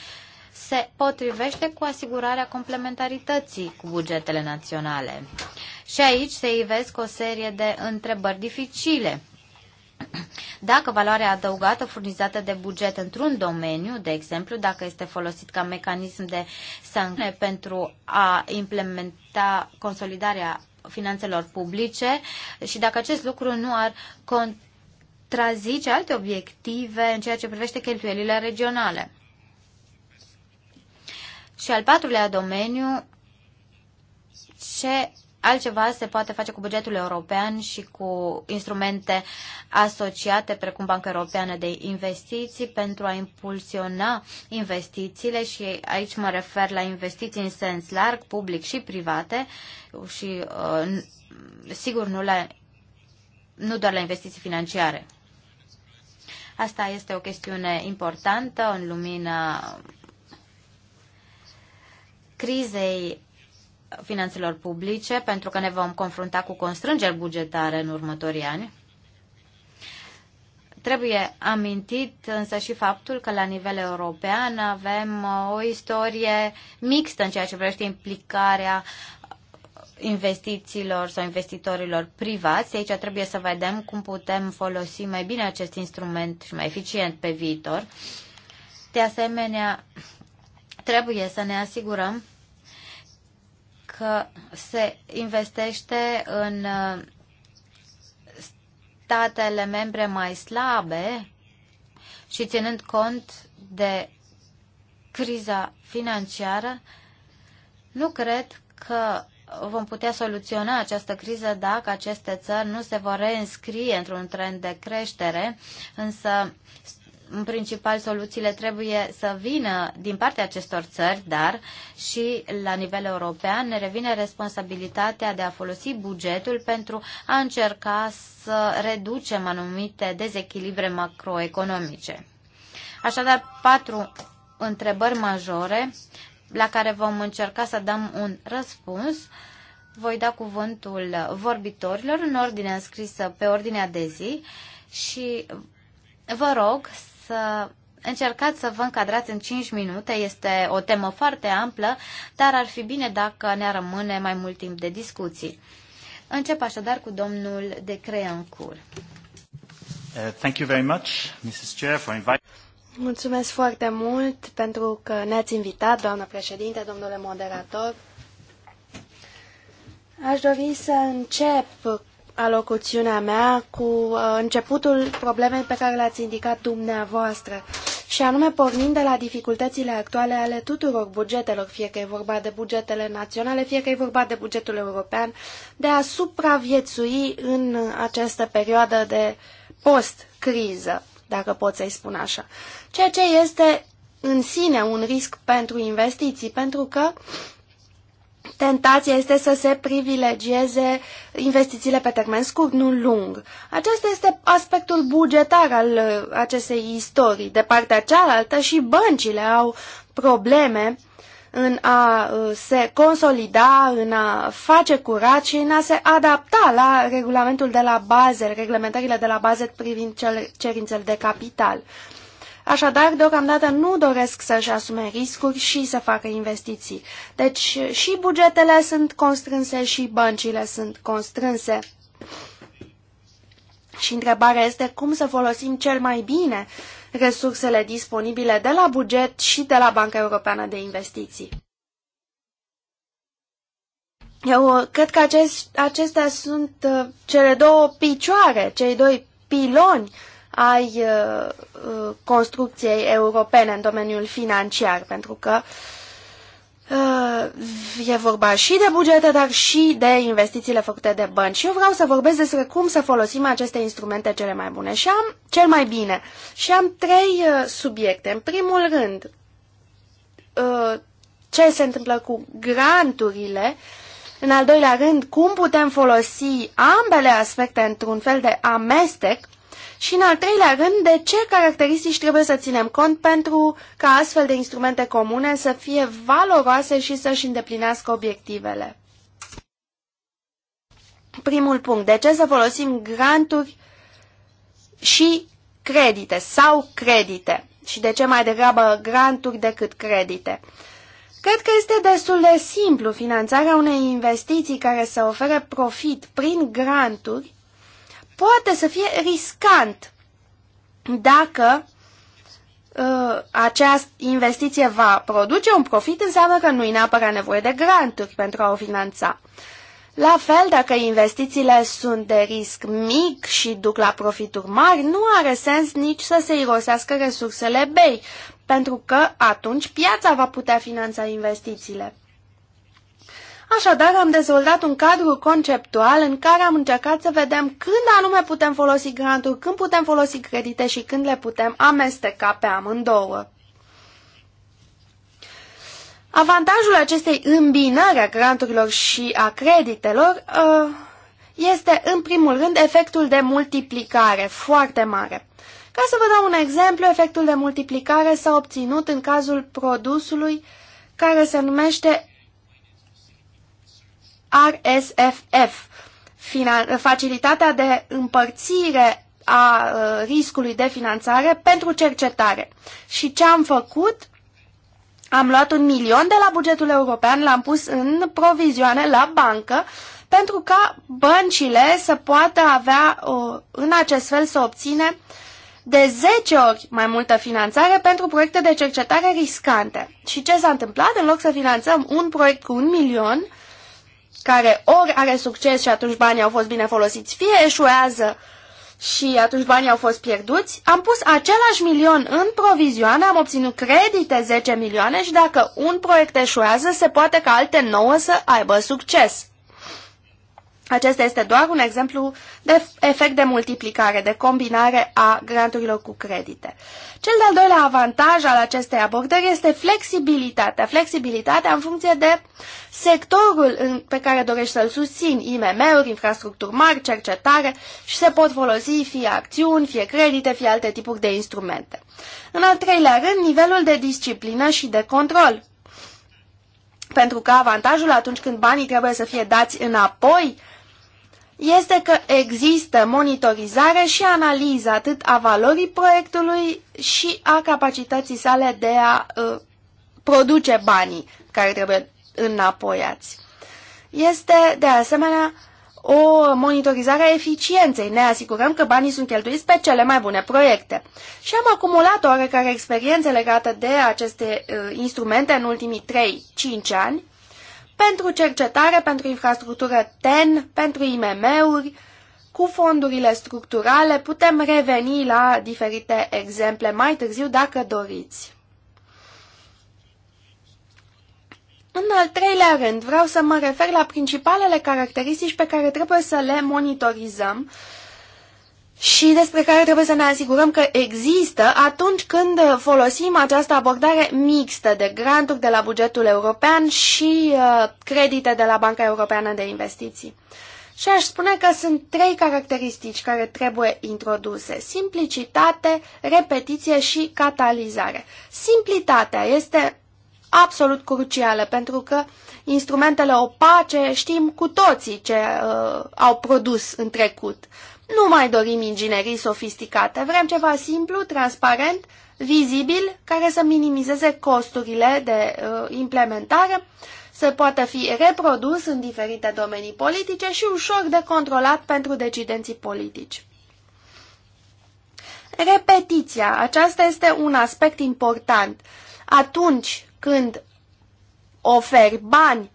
se potrivește cu asigurarea complementarității cu bugetele naționale. Și aici se ivesc o serie de întrebări dificile. Dacă valoarea adăugată furnizată de buget într-un domeniu, de exemplu, dacă este folosit ca mecanism de sancțiune pentru a implementa consolidarea finanțelor publice și dacă acest lucru nu ar contrazice alte obiective în ceea ce privește cheltuielile regionale. Și al patrulea domeniu, ce Altceva se poate face cu bugetul european și cu instrumente asociate, precum Banca Europeană de Investiții, pentru a impulsiona investițiile și aici mă refer la investiții în sens larg, public și private și uh, sigur nu, la, nu doar la investiții financiare. Asta este o chestiune importantă în lumina crizei finanțelor publice, pentru că ne vom confrunta cu constrângeri bugetare în următorii ani. Trebuie amintit însă și faptul că la nivel european avem o istorie mixtă în ceea ce privește implicarea investițiilor sau investitorilor privați. Aici trebuie să vedem cum putem folosi mai bine acest instrument și mai eficient pe viitor. De asemenea, trebuie să ne asigurăm că se investește în uh, statele membre mai slabe și ținând cont de criza financiară, nu cred că vom putea soluționa această criză dacă aceste țări nu se vor reînscrie într-un trend de creștere, însă în principal soluțiile trebuie să vină din partea acestor țări, dar și la nivel european ne revine responsabilitatea de a folosi bugetul pentru a încerca să reducem anumite dezechilibre macroeconomice. Așadar, patru întrebări majore la care vom încerca să dăm un răspuns. Voi da cuvântul vorbitorilor în ordinea înscrisă pe ordinea de zi și vă rog să încercați să vă încadrați în 5 minute. Este o temă foarte amplă, dar ar fi bine dacă ne rămâne mai mult timp de discuții. Încep așadar cu domnul de Creancur. Uh, thank you very much, Mrs. Chair, for inviting Mulțumesc foarte mult pentru că ne-ați invitat, doamnă președinte, domnule moderator. Aș dori să încep alocuțiunea mea cu uh, începutul problemei pe care le-ați indicat dumneavoastră, și anume pornind de la dificultățile actuale ale tuturor bugetelor, fie că e vorba de bugetele naționale, fie că e vorba de bugetul european, de a supraviețui în această perioadă de post-criză, dacă pot să-i spun așa. Ceea ce este în sine un risc pentru investiții, pentru că tentația este să se privilegieze investițiile pe termen scurt, nu lung. Acesta este aspectul bugetar al uh, acestei istorii. De partea cealaltă și băncile au probleme în a uh, se consolida, în a face curat și în a se adapta la regulamentul de la bază, reglementările de la bază privind cerințele de capital. Așadar, deocamdată nu doresc să-și asume riscuri și să facă investiții. Deci și bugetele sunt constrânse și băncile sunt constrânse. Și întrebarea este cum să folosim cel mai bine resursele disponibile de la buget și de la Banca Europeană de Investiții. Eu cred că acest, acestea sunt uh, cele două picioare, cei doi piloni uh, ai uh, uh, construcției europene în domeniul financiar, pentru că uh, e vorba și de bugete, dar și de investițiile făcute de bănci. Și eu vreau să vorbesc despre cum să folosim aceste instrumente cele mai bune și am cel mai bine. Și am trei subiecte. În primul rând, ce se întâmplă cu granturile, în al doilea rând, cum putem folosi ambele aspecte într-un fel de amestec și în al treilea rând, de ce caracteristici trebuie să ținem cont pentru ca astfel de instrumente comune să fie valoroase și să-și îndeplinească obiectivele? Primul punct, de ce să folosim granturi și credite sau credite? Și de ce mai degrabă granturi decât credite? Cred că este destul de simplu finanțarea unei investiții care să ofere profit prin granturi poate să fie riscant dacă uh, această investiție va produce un profit, înseamnă că nu-i neapărat nevoie de granturi pentru a o finanța. La fel, dacă investițiile sunt de risc mic și duc la profituri mari, nu are sens nici să se irosească resursele BEI, pentru că atunci piața va putea finanța investițiile. Așadar, am dezvoltat un cadru conceptual în care am încercat să vedem când anume putem folosi granturi, când putem folosi credite și când le putem amesteca pe amândouă. Avantajul acestei îmbinări a granturilor și a creditelor uh, este, în primul rând, efectul de multiplicare foarte mare. Ca să vă dau un exemplu, efectul de multiplicare s-a obținut în cazul produsului care se numește RSFF, facilitatea de împărțire a uh, riscului de finanțare pentru cercetare. Și ce am făcut? Am luat un milion de la bugetul european, l-am pus în provizioane la bancă pentru ca băncile să poată avea în acest fel să obține de 10 ori mai multă finanțare pentru proiecte de cercetare riscante. Și ce s-a întâmplat? În loc să finanțăm un proiect cu un milion, care ori are succes și atunci banii au fost bine folosiți, fie eșuează și atunci banii au fost pierduți, am pus același milion în provizioane, am obținut credite 10 milioane și dacă un proiect eșuează, se poate ca alte 9 să aibă succes. Acesta este doar un exemplu de efect de multiplicare, de combinare a granturilor cu credite. Cel de-al doilea avantaj al acestei abordări este flexibilitatea. Flexibilitatea în funcție de sectorul pe care dorești să-l susțin, IMM-uri, infrastructuri mari, cercetare și se pot folosi fie acțiuni, fie credite, fie alte tipuri de instrumente. În al treilea rând, nivelul de disciplină și de control. Pentru că avantajul atunci când banii trebuie să fie dați înapoi, este că există monitorizare și analiză atât a valorii proiectului și a capacității sale de a uh, produce banii care trebuie înapoiați. Este, de asemenea, o monitorizare a eficienței. Ne asigurăm că banii sunt cheltuiți pe cele mai bune proiecte. Și am acumulat oarecare experiențe legate de aceste uh, instrumente în ultimii 3-5 ani pentru cercetare, pentru infrastructură TEN, pentru IMM-uri, cu fondurile structurale putem reveni la diferite exemple mai târziu dacă doriți. În al treilea rând, vreau să mă refer la principalele caracteristici pe care trebuie să le monitorizăm și despre care trebuie să ne asigurăm că există atunci când folosim această abordare mixtă de granturi de la bugetul european și uh, credite de la Banca Europeană de Investiții. Și aș spune că sunt trei caracteristici care trebuie introduse. Simplicitate, repetiție și catalizare. Simplitatea este absolut crucială pentru că instrumentele opace știm cu toții ce uh, au produs în trecut. Uh, nu mai dorim inginerii sofisticate, vrem ceva simplu, transparent, vizibil, care să minimizeze costurile de uh, implementare, să poată fi reprodus în diferite domenii politice și ușor de controlat pentru decidenții politici. Repetiția. Aceasta este un aspect important. Atunci când oferi bani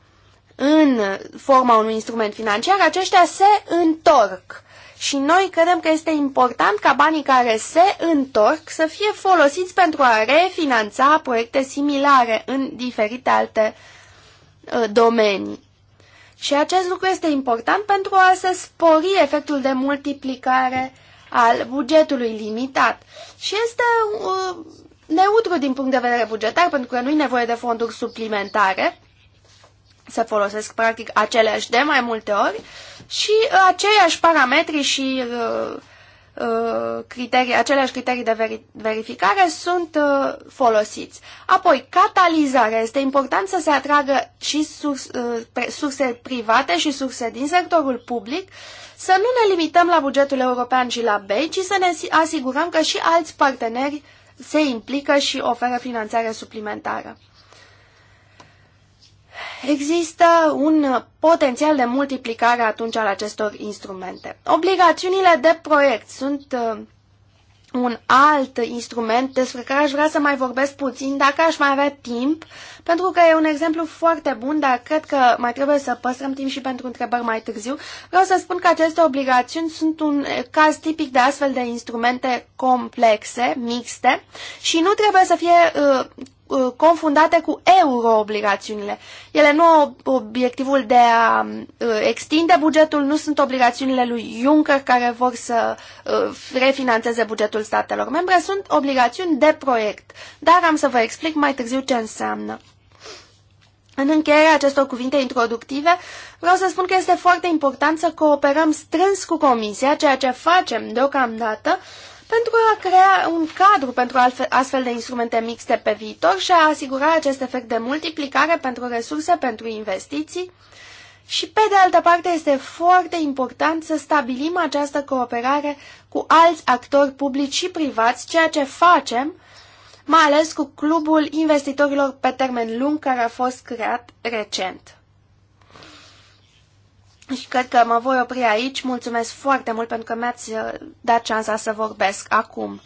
în forma unui instrument financiar, aceștia se întorc. Și noi credem că este important ca banii care se întorc să fie folosiți pentru a refinanța proiecte similare în diferite alte uh, domenii. Și acest lucru este important pentru a se spori efectul de multiplicare al bugetului limitat. Și este uh, neutru din punct de vedere bugetar, pentru că nu e nevoie de fonduri suplimentare. Se folosesc practic aceleași de mai multe ori și uh, aceiași parametri și uh, uh, criterii, aceleași criterii de verificare sunt folosiți. Apoi, catalizarea. Este important să se atragă și surse private și surse din sectorul public, să nu ne limităm la bugetul european și la BEI, ci să ne asigurăm că și alți parteneri se implică și oferă finanțare suplimentară. Există un potențial de multiplicare atunci al acestor instrumente. Obligațiunile de proiect sunt uh, un alt instrument despre care aș vrea să mai vorbesc puțin dacă aș mai avea timp, pentru că e un exemplu foarte bun, dar cred că mai trebuie să păstrăm timp și pentru întrebări mai târziu. Vreau să spun că aceste obligațiuni sunt un caz tipic de astfel de instrumente complexe, mixte și nu trebuie să fie uh, Uh, confundate cu euroobligațiunile. Ele nu au obiectivul de a uh, extinde bugetul, nu sunt obligațiunile lui Juncker care vor să uh, refinanțeze bugetul statelor membre, sunt obligațiuni de proiect. Dar am să vă explic mai târziu ce înseamnă. În încheierea acestor cuvinte introductive, vreau să spun că este foarte important să cooperăm strâns cu Comisia, ceea ce facem deocamdată, pentru a crea un cadru pentru astfel de instrumente mixte pe viitor și a asigura acest efect de multiplicare pentru resurse, pentru investiții. Și pe de altă parte este foarte important să stabilim această cooperare cu alți actori publici și privați, ceea ce facem, mai ales cu Clubul Investitorilor pe termen lung care a fost creat recent. Și cred că mă voi opri aici. Mulțumesc foarte mult pentru că mi-ați uh, dat șansa să vorbesc acum.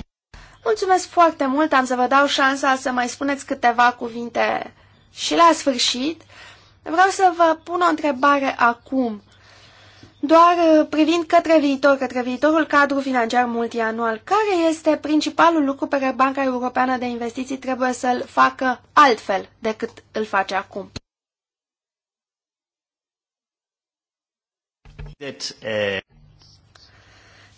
Mulțumesc foarte mult, am să vă dau șansa să mai spuneți câteva cuvinte și la sfârșit. Vreau să vă pun o întrebare acum, doar uh, privind către viitor, către viitorul cadru financiar multianual. Care este principalul lucru pe care Banca Europeană de Investiții trebuie să-l facă altfel decât îl face acum? Uh,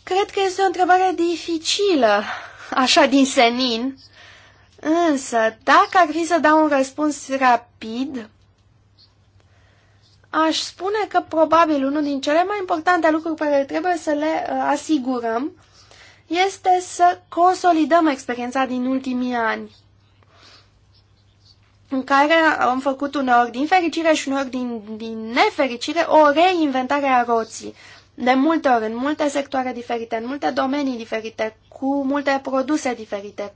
Cred că este o întrebare dificilă, așa din senin, însă dacă ar fi să dau un răspuns rapid, aș spune că probabil unul din cele mai importante lucruri pe care trebuie să le uh, asigurăm este să consolidăm experiența din ultimii ani în care am făcut uneori din fericire și uneori din, din nefericire o reinventare a roții. De multe ori, în multe sectoare diferite, în multe domenii diferite, cu multe produse diferite,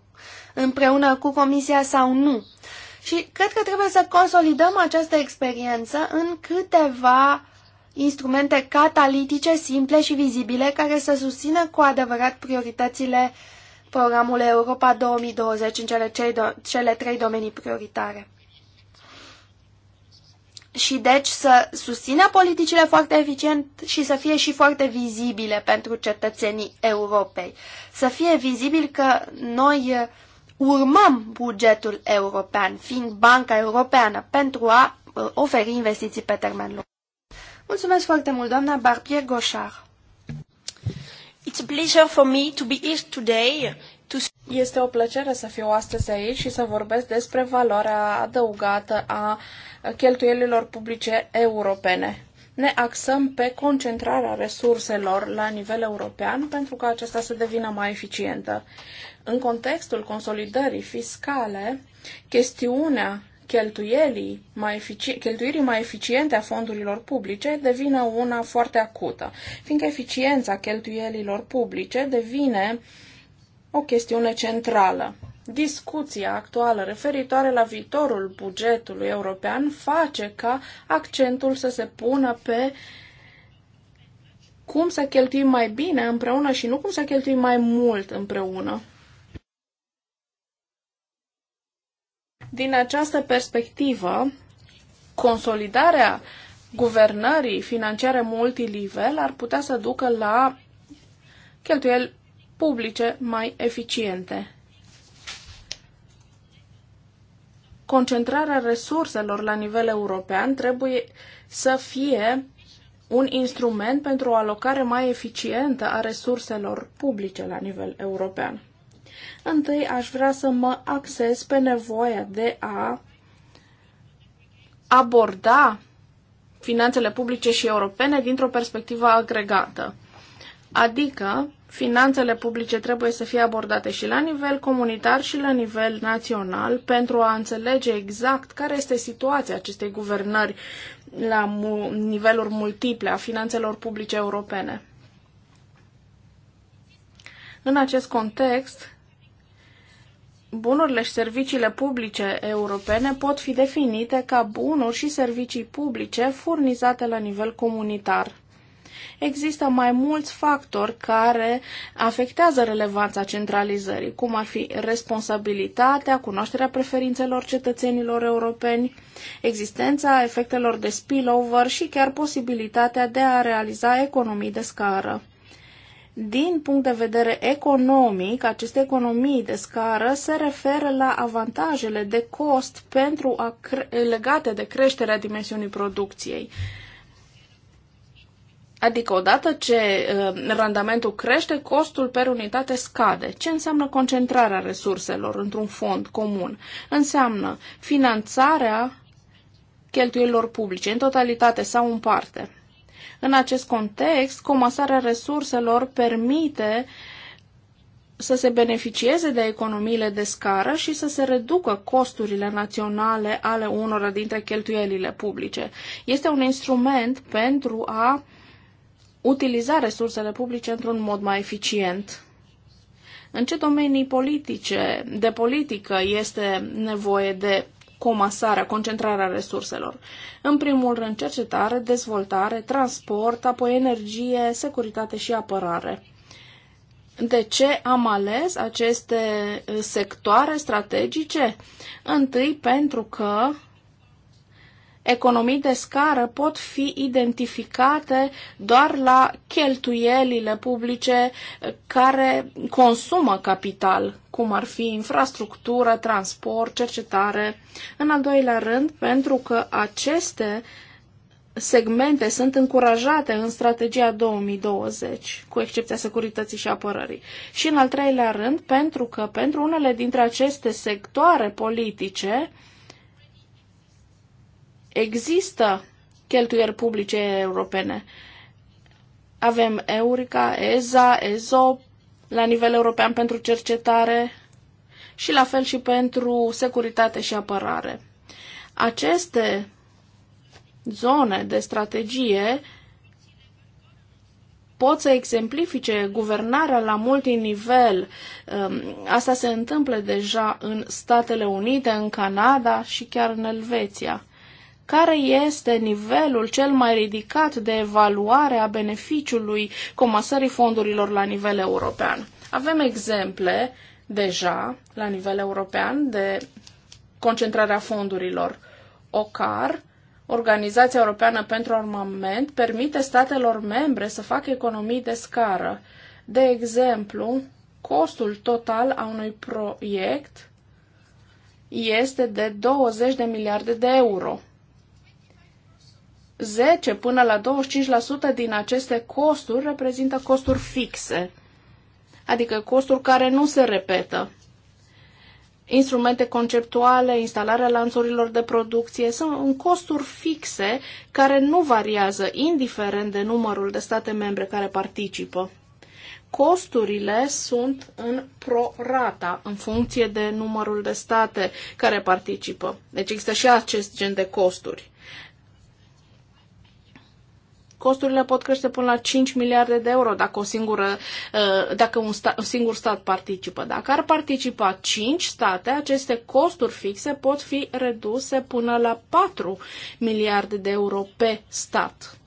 împreună cu comisia sau nu. Și cred că trebuie să consolidăm această experiență în câteva instrumente catalitice, simple și vizibile, care să susțină cu adevărat prioritățile uh, programul Europa 2020 în cele, cei do cele trei domenii prioritare. Și deci să susțină politicile foarte eficient și să fie și foarte vizibile pentru cetățenii Europei. Să fie vizibil că noi uh, urmăm bugetul european, fiind Banca Europeană, pentru a uh, oferi investiții pe termen lung. Mulțumesc foarte mult, doamna Barbier Goșar. It's a pleasure for me to be here today to... Este o plăcere să fiu astăzi aici și să vorbesc despre valoarea adăugată a cheltuielilor publice europene. Ne axăm pe concentrarea resurselor la nivel european pentru ca acesta să devină mai eficientă. În contextul consolidării fiscale, chestiunea cheltuielii mai efici- cheltuirii mai eficiente a fondurilor publice devine una foarte acută, fiindcă eficiența cheltuielilor publice devine o chestiune centrală. Discuția actuală referitoare la viitorul bugetului european face ca accentul să se pună pe cum să cheltuim mai bine împreună și nu cum să cheltuim mai mult împreună. Din această perspectivă, consolidarea guvernării financiare multilivel ar putea să ducă la cheltuieli publice mai eficiente. Concentrarea resurselor la nivel european trebuie să fie un instrument pentru o alocare mai eficientă a resurselor publice la nivel european. Întâi aș vrea să mă axez pe nevoia de a aborda finanțele publice și europene dintr-o perspectivă agregată. Adică, finanțele publice trebuie să fie abordate și la nivel comunitar și la nivel național pentru a înțelege exact care este situația acestei guvernări la mu- niveluri multiple a finanțelor publice europene. În acest context, bunurile și serviciile publice europene pot fi definite ca bunuri și servicii publice furnizate la nivel comunitar. Există mai mulți factori care afectează relevanța centralizării, cum ar fi responsabilitatea, cunoașterea preferințelor cetățenilor europeni, existența efectelor de spillover și chiar posibilitatea de a realiza economii de scară. Din punct de vedere economic, aceste economii de scară se referă la avantajele de cost pentru a legate de creșterea dimensiunii producției. Adică odată ce uh, randamentul crește, costul per unitate scade. Ce înseamnă concentrarea resurselor într-un fond comun? Înseamnă finanțarea cheltuielilor publice, în totalitate sau în parte. În acest context, comasarea resurselor permite să se beneficieze de economiile de scară și să se reducă costurile naționale ale unora dintre cheltuielile publice. Este un instrument pentru a utiliza resursele publice într-un mod mai eficient. În ce domenii politice, de politică este nevoie de comasarea, concentrarea resurselor. În primul rând, cercetare, dezvoltare, transport, apoi energie, securitate și apărare. De ce am ales aceste sectoare strategice? Întâi pentru că economii de scară pot fi identificate doar la cheltuielile publice eh, care consumă capital, cum ar fi infrastructură, transport, cercetare. În al doilea rând, pentru că aceste segmente sunt încurajate în strategia 2020, cu excepția securității și apărării. Și în al treilea rând, pentru că pentru unele dintre aceste sectoare politice, Există cheltuieli publice europene. Avem Eurica, Esa, EZO, la nivel european pentru cercetare și la fel și pentru securitate și apărare. Aceste zone de strategie pot să exemplifice guvernarea la multinivel. Um, asta se întâmplă deja în Statele Unite, în Canada și chiar în Elveția care este nivelul cel mai ridicat de evaluare a beneficiului comasării fondurilor la nivel european. Avem exemple deja la nivel european de concentrarea fondurilor. OCAR, Organizația Europeană pentru Armament, permite statelor membre să facă economii de scară. De exemplu, costul total a unui proiect este de 20 de miliarde de euro. 10 până la 25% din aceste costuri reprezintă costuri fixe, adică costuri care nu se repetă. Instrumente conceptuale, instalarea lanțurilor de producție sunt costuri fixe care nu variază indiferent de numărul de state membre care participă. Costurile sunt în prorata, în funcție de numărul de state care participă. Deci există și acest gen de costuri costurile pot crește până la 5 miliarde de euro dacă, o singură, uh, dacă un, sta, un singur stat participă. Dacă ar participa 5 state, aceste costuri fixe pot fi reduse până la 4 miliarde de euro pe stat.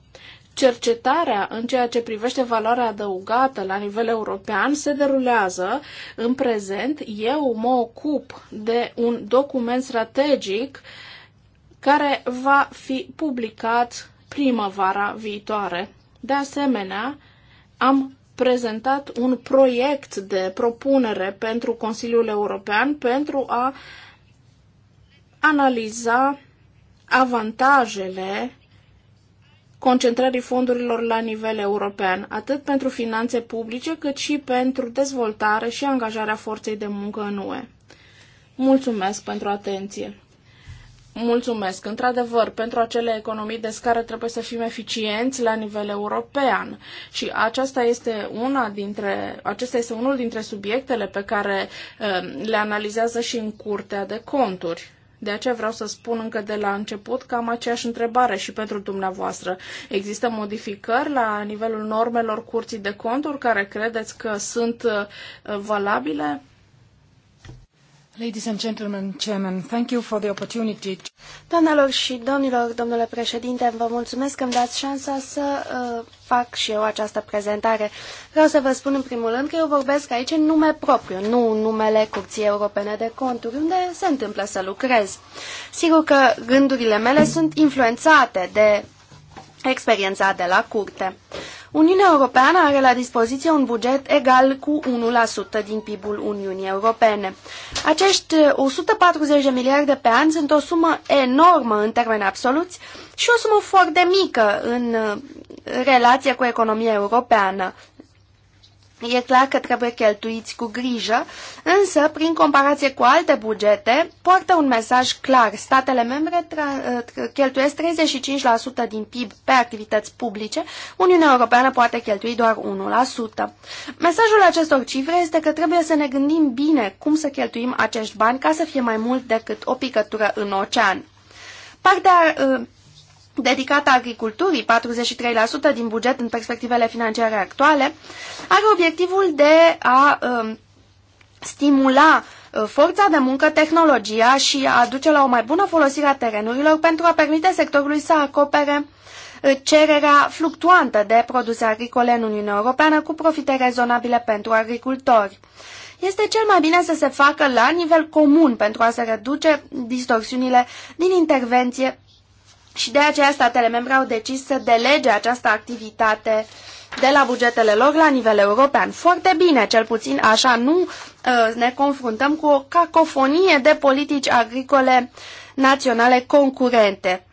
Cercetarea în ceea ce privește valoarea adăugată la nivel european se derulează în prezent. Eu mă ocup de un document strategic care va fi publicat primăvara viitoare. De asemenea, am prezentat un proiect de propunere pentru Consiliul European pentru a analiza avantajele concentrării fondurilor la nivel european, atât pentru finanțe publice, cât și pentru dezvoltare și angajarea forței de muncă în UE. Mulțumesc pentru atenție! Mulțumesc. Într-adevăr, pentru acele economii de scară trebuie să fim eficienți la nivel european și aceasta este una dintre, acesta este unul dintre subiectele pe care um, le analizează și în Curtea de Conturi. De aceea vreau să spun încă de la început că am aceeași întrebare și pentru dumneavoastră. Există modificări la nivelul normelor curții de conturi care credeți că sunt uh, valabile? Doamnelor și domnilor, domnule președinte, vă mulțumesc că îmi dați șansa să uh, fac și eu această prezentare. Vreau să vă spun în primul rând că eu vorbesc aici în nume propriu, nu în numele Curții Europene de Conturi, unde se întâmplă să lucrez. Sigur că gândurile mele sunt influențate de experiența de la curte. Uh, Uniunea Europeană are la dispoziție un buget egal cu 1% din PIB-ul Uniunii Europene. Acești 140 de miliarde pe an sunt o sumă enormă în termeni absoluți și o sumă foarte mică în uh, relație cu economia europeană, E clar că trebuie cheltuiți cu grijă, însă, prin comparație cu alte bugete, poartă un mesaj clar. Statele membre uh, cheltuiesc 35% din PIB pe activități publice, Uniunea Europeană poate cheltui doar 1%. Mesajul acestor cifre este că trebuie să ne gândim bine cum să cheltuim acești bani ca să fie mai mult decât o picătură în ocean. Partea uh, dedicată agriculturii, 43% din buget în perspectivele financiare actuale, are obiectivul de a um, stimula uh, forța de muncă, tehnologia și a duce la o mai bună folosire a terenurilor pentru a permite sectorului să acopere uh, cererea fluctuantă de produse agricole în Uniunea Europeană cu profite rezonabile pentru agricultori. Este cel mai bine să se facă la nivel comun pentru a se reduce distorsiunile din intervenție și de aceea statele membre au decis să delege această activitate de la bugetele lor la nivel european. Foarte bine, cel puțin așa nu uh, ne confruntăm cu o cacofonie de politici agricole naționale concurente.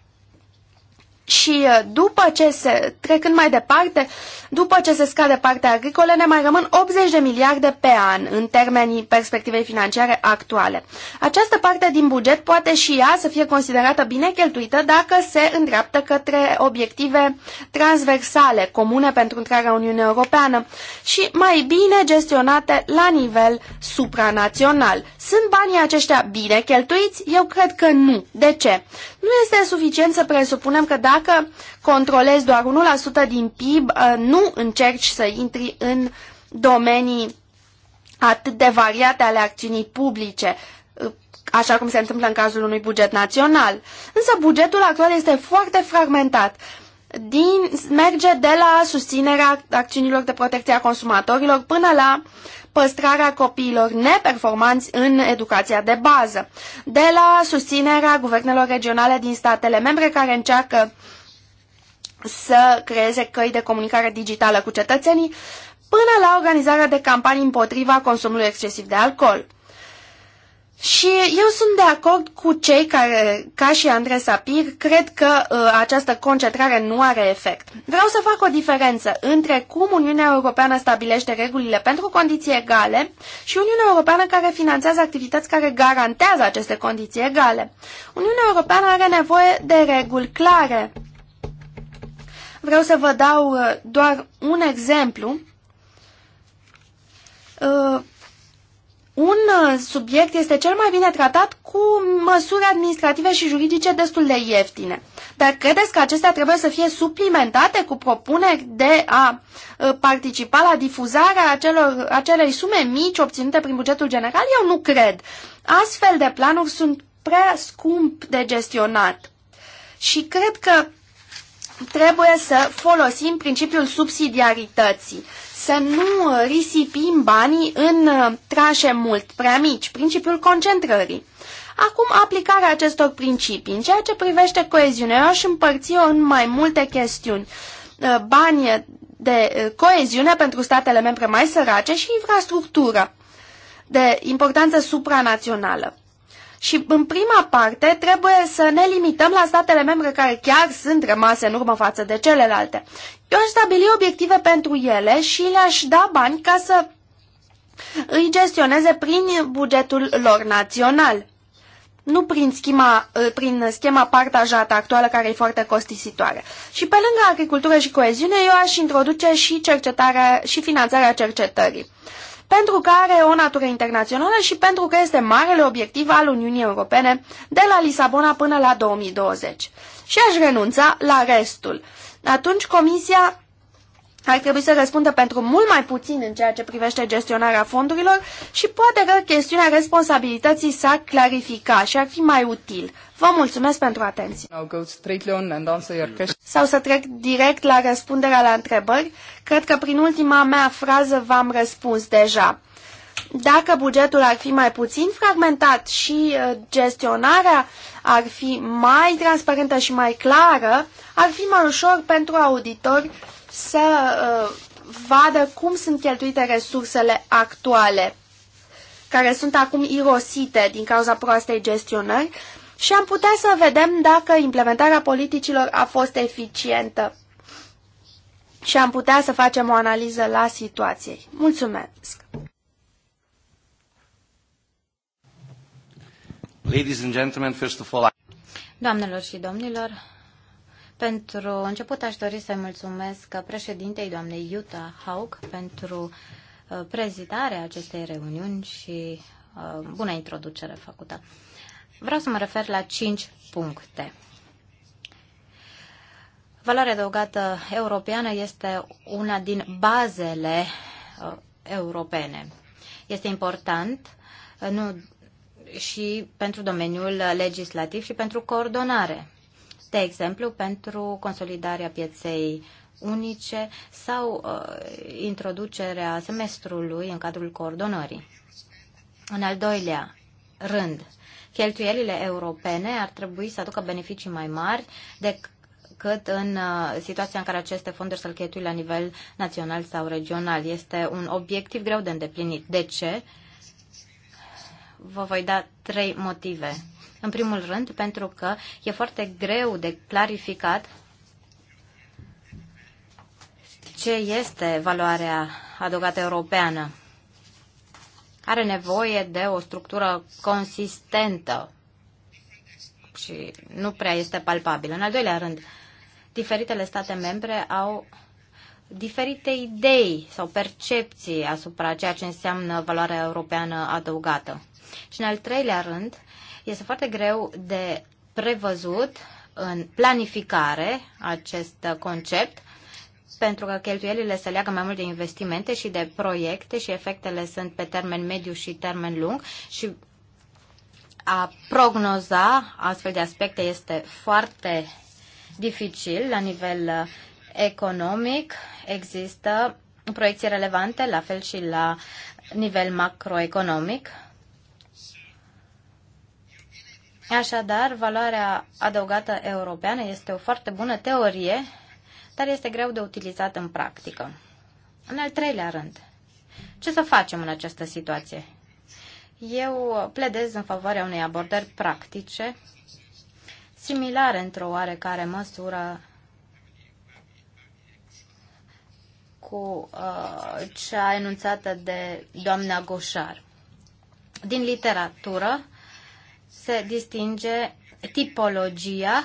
Și uh, după ce se, trecând mai departe, după ce se scade partea agricole, ne mai rămân 80 de miliarde pe an în termenii perspectivei financiare actuale. Această parte din buget poate și ea să fie considerată bine cheltuită dacă se îndreaptă către obiective transversale, comune pentru întreaga Uniune Europeană și mai bine gestionate la nivel supranațional. Sunt banii aceștia bine cheltuiți? Eu cred că nu. De ce? Nu este suficient să presupunem că dacă dacă controlezi doar 1% din PIB, uh, nu încerci să intri în domenii atât de variate ale acțiunii publice, uh, așa cum se întâmplă în cazul unui buget național. Însă bugetul actual este foarte fragmentat din, merge de la susținerea acțiunilor de protecție a consumatorilor până la păstrarea copiilor neperformanți în educația de bază, de la susținerea guvernelor regionale din statele membre care încearcă să creeze căi de comunicare digitală cu cetățenii, până la organizarea de campanii împotriva consumului excesiv de alcool. Și eu sunt de acord cu cei care, ca și Andrei Sapir, cred că uh, această concentrare nu are efect. Vreau să fac o diferență între cum Uniunea Europeană stabilește regulile pentru condiții egale și Uniunea Europeană care finanțează activități care garantează aceste condiții egale. Uniunea Europeană are nevoie de reguli clare. Vreau să vă dau uh, doar un exemplu. Uh, un uh, subiect este cel mai bine tratat cu măsuri administrative și juridice destul de ieftine. Dar credeți că acestea trebuie să fie suplimentate cu propuneri de a uh, participa la difuzarea acelor, acelei sume mici obținute prin bugetul general? Eu nu cred. Astfel de planuri sunt prea scump de gestionat. Și cred că trebuie să folosim principiul subsidiarității să nu risipim banii în uh, trașe mult prea mici, principiul concentrării. Acum, aplicarea acestor principii în ceea ce privește coeziunea, eu aș împărți-o în mai multe chestiuni. Uh, bani de uh, coeziune pentru statele membre mai sărace și infrastructură de importanță supranațională. Și în prima parte trebuie să ne limităm la statele membre care chiar sunt rămase în urmă față de celelalte. Eu aș stabili obiective pentru ele și le-aș da bani ca să îi gestioneze prin bugetul lor național, nu prin schema, eh, prin schema partajată actuală care e foarte costisitoare. Și pe lângă agricultură și coeziune, eu aș introduce și cercetarea și finanțarea cercetării pentru că are o natură internațională și pentru că este marele obiectiv al Uniunii Europene de la Lisabona până la 2020. Și aș renunța la restul atunci Comisia ar trebui să răspundă pentru mult mai puțin în ceea ce privește gestionarea fondurilor și poate că chestiunea responsabilității s-ar clarifica și ar fi mai util. Vă mulțumesc pentru atenție. Sau să trec direct la răspunderea la întrebări. Cred că prin ultima mea frază v-am răspuns deja. Dacă bugetul ar fi mai puțin fragmentat și uh, gestionarea ar fi mai transparentă și mai clară, ar fi mai ușor pentru auditori să uh, vadă cum sunt cheltuite resursele actuale, care sunt acum irosite din cauza proastei gestionări, și am putea să vedem dacă implementarea politicilor a fost eficientă și am putea să facem o analiză la situației. Mulțumesc! Ladies and gentlemen, first of all, I... Doamnelor și domnilor, pentru început aș dori să mulțumesc președintei doamnei Iuta Haug pentru uh, prezidarea acestei reuniuni și uh, bună introducere făcută. Vreau să mă refer la cinci puncte. Valoarea adăugată europeană este una din bazele uh, europene. Este important nu și pentru domeniul legislativ și pentru coordonare. De exemplu, pentru consolidarea pieței unice sau uh, introducerea semestrului în cadrul coordonării. În al doilea rând, cheltuielile europene ar trebui să aducă beneficii mai mari decât în uh, situația în care aceste fonduri să-l cheltui la nivel național sau regional. Este un obiectiv greu de îndeplinit. De ce? Uh, vă voi da trei motive. În primul rând, pentru că e foarte greu de clarificat ce este valoarea adăugată europeană. Are nevoie de o structură consistentă și nu prea este palpabilă. În al doilea rând, diferitele state membre au diferite idei sau percepții asupra ceea ce înseamnă valoarea europeană adăugată. Și în al treilea rând, este foarte greu de prevăzut în planificare acest concept, pentru că cheltuielile se leagă mai mult de investimente și de proiecte și efectele sunt pe termen mediu și termen lung și a prognoza astfel de aspecte este foarte dificil la nivel uh, economic. Există proiecții relevante, la fel și la nivel macroeconomic, Așadar, valoarea adăugată europeană este o foarte bună teorie, dar este greu de utilizat în practică. În al treilea rând, ce să facem în această situație? Eu pledez în favoarea unei abordări practice, similare într-o oarecare măsură cu uh, cea enunțată de doamna Goșar. Din literatură, se distinge tipologia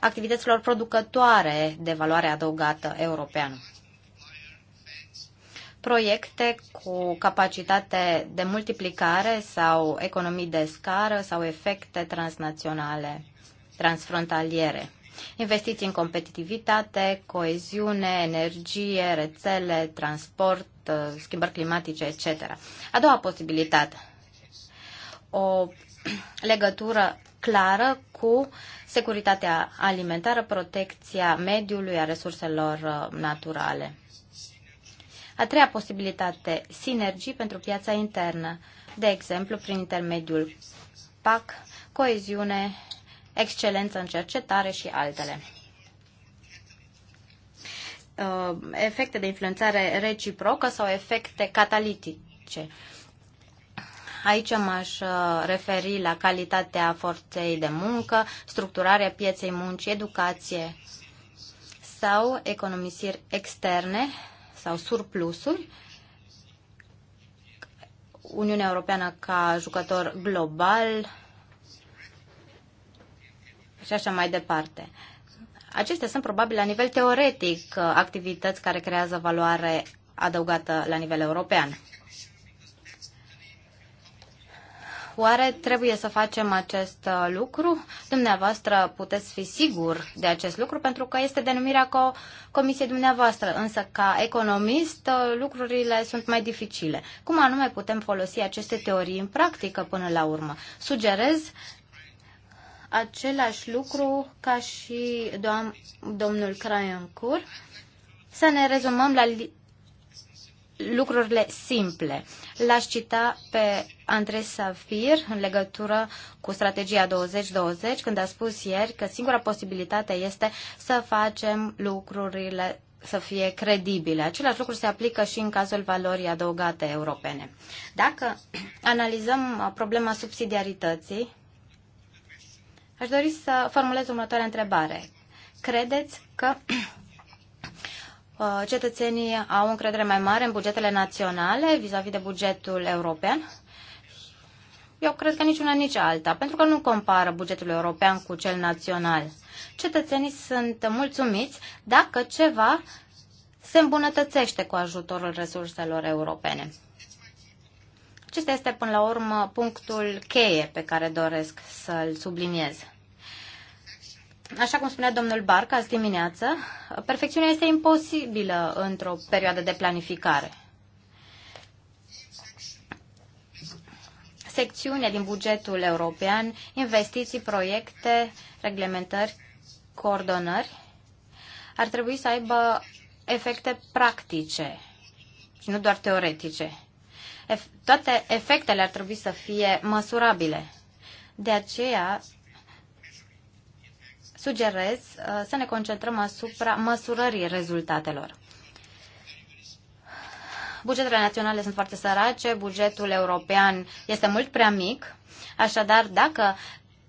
activităților producătoare de valoare adăugată europeană. Proiecte cu capacitate de multiplicare sau economii de scară sau efecte transnaționale, transfrontaliere. Investiții în competitivitate, coeziune, energie, rețele, transport, schimbări climatice, etc. A doua posibilitate o legătură clară cu securitatea alimentară, protecția mediului, a resurselor uh, naturale. A treia posibilitate, sinergii pentru piața internă, de exemplu prin intermediul PAC, coeziune, excelență în cercetare și altele. Uh, efecte de influențare reciprocă sau efecte catalitice. Aici m-aș uh, referi la calitatea forței de muncă, structurarea pieței muncii, educație sau economisiri externe sau surplusuri. Uniunea Europeană ca jucător global și așa mai departe. Acestea sunt probabil la nivel teoretic uh, activități care creează valoare adăugată la nivel european. Oare trebuie să facem acest uh, lucru? Dumneavoastră puteți fi sigur de acest lucru pentru că este denumirea co- comisiei dumneavoastră, însă ca economist uh, lucrurile sunt mai dificile. Cum anume putem folosi aceste teorii în practică până la urmă? Sugerez același lucru ca și doam, domnul Craioncur, să ne rezumăm la lucrurile simple. L-aș cita pe Andrei Safir în legătură cu strategia 2020, când a spus ieri că singura posibilitate este să facem lucrurile să fie credibile. Același lucru se aplică și în cazul valorii adăugate europene. Dacă analizăm problema subsidiarității, aș dori să formulez următoarea întrebare. Credeți că Uh, cetățenii au încredere mai mare în bugetele naționale vis-a-vis -vis de bugetul european? Eu cred că nici una, nici alta, pentru că nu compară bugetul european cu cel național. Cetățenii sunt mulțumiți dacă ceva se îmbunătățește cu ajutorul resurselor europene. Acesta este, până la urmă, punctul cheie pe care doresc să-l subliniez așa cum spunea domnul Barca azi dimineață, perfecțiunea este imposibilă într-o perioadă de planificare. Secțiune din bugetul european, investiții, proiecte, reglementări, coordonări, ar trebui să aibă efecte practice și nu doar teoretice. Toate efectele ar trebui să fie măsurabile. De aceea sugerez uh, să ne concentrăm asupra măsurării rezultatelor. Bugetele naționale sunt foarte sărace, bugetul european este mult prea mic, așadar dacă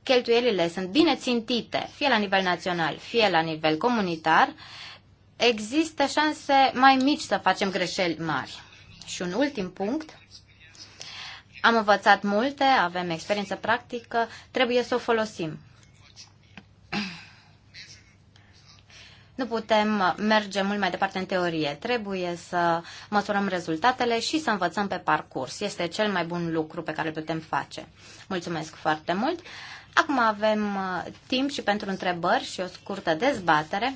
cheltuielile sunt bine țintite, fie la nivel național, fie la nivel comunitar, există șanse mai mici să facem greșeli mari. Și un ultim punct, am învățat multe, avem experiență practică, trebuie să o folosim. Nu putem merge mult mai departe în teorie. Trebuie să măsurăm rezultatele și să învățăm pe parcurs. Este cel mai bun lucru pe care îl putem face. Mulțumesc foarte mult! Acum avem uh, timp și pentru întrebări și o scurtă dezbatere.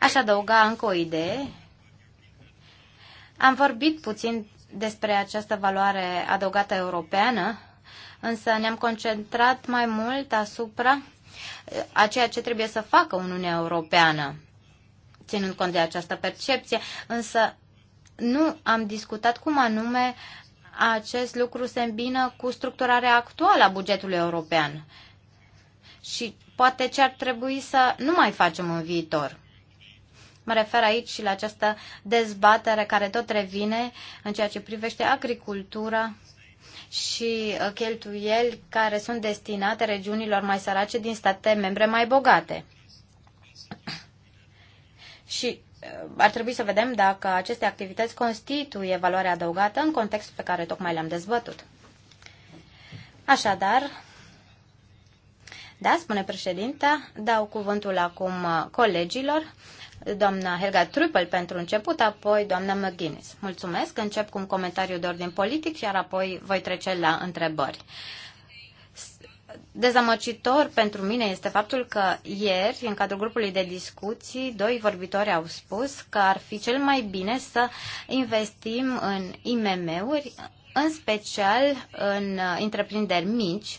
Aș adăuga încă o idee. Am vorbit puțin despre această valoare adăugată europeană, însă ne-am concentrat mai mult asupra a ceea ce trebuie să facă Uniunea Europeană, ținând cont de această percepție, însă nu am discutat cum anume acest lucru se îmbină cu structurarea actuală a bugetului european și poate ce ar trebui să nu mai facem în viitor. Mă refer aici și la această dezbatere care tot revine în ceea ce privește agricultura și uh, cheltuieli care sunt destinate regiunilor mai sărace din state membre mai bogate. Și uh, ar trebui să vedem dacă aceste activități constituie valoarea adăugată în contextul pe care tocmai l-am dezbătut. Așadar, da, spune președinta, dau cuvântul acum uh, colegilor doamna Helga Trupel pentru început, apoi doamna McGuinness. Mulțumesc, încep cu un comentariu de ordin politic, iar apoi voi trece la întrebări. Dezamăcitor pentru mine este faptul că ieri, în cadrul grupului de discuții, doi vorbitori au spus că ar fi cel mai bine să investim în IMM-uri, în special în uh, întreprinderi mici,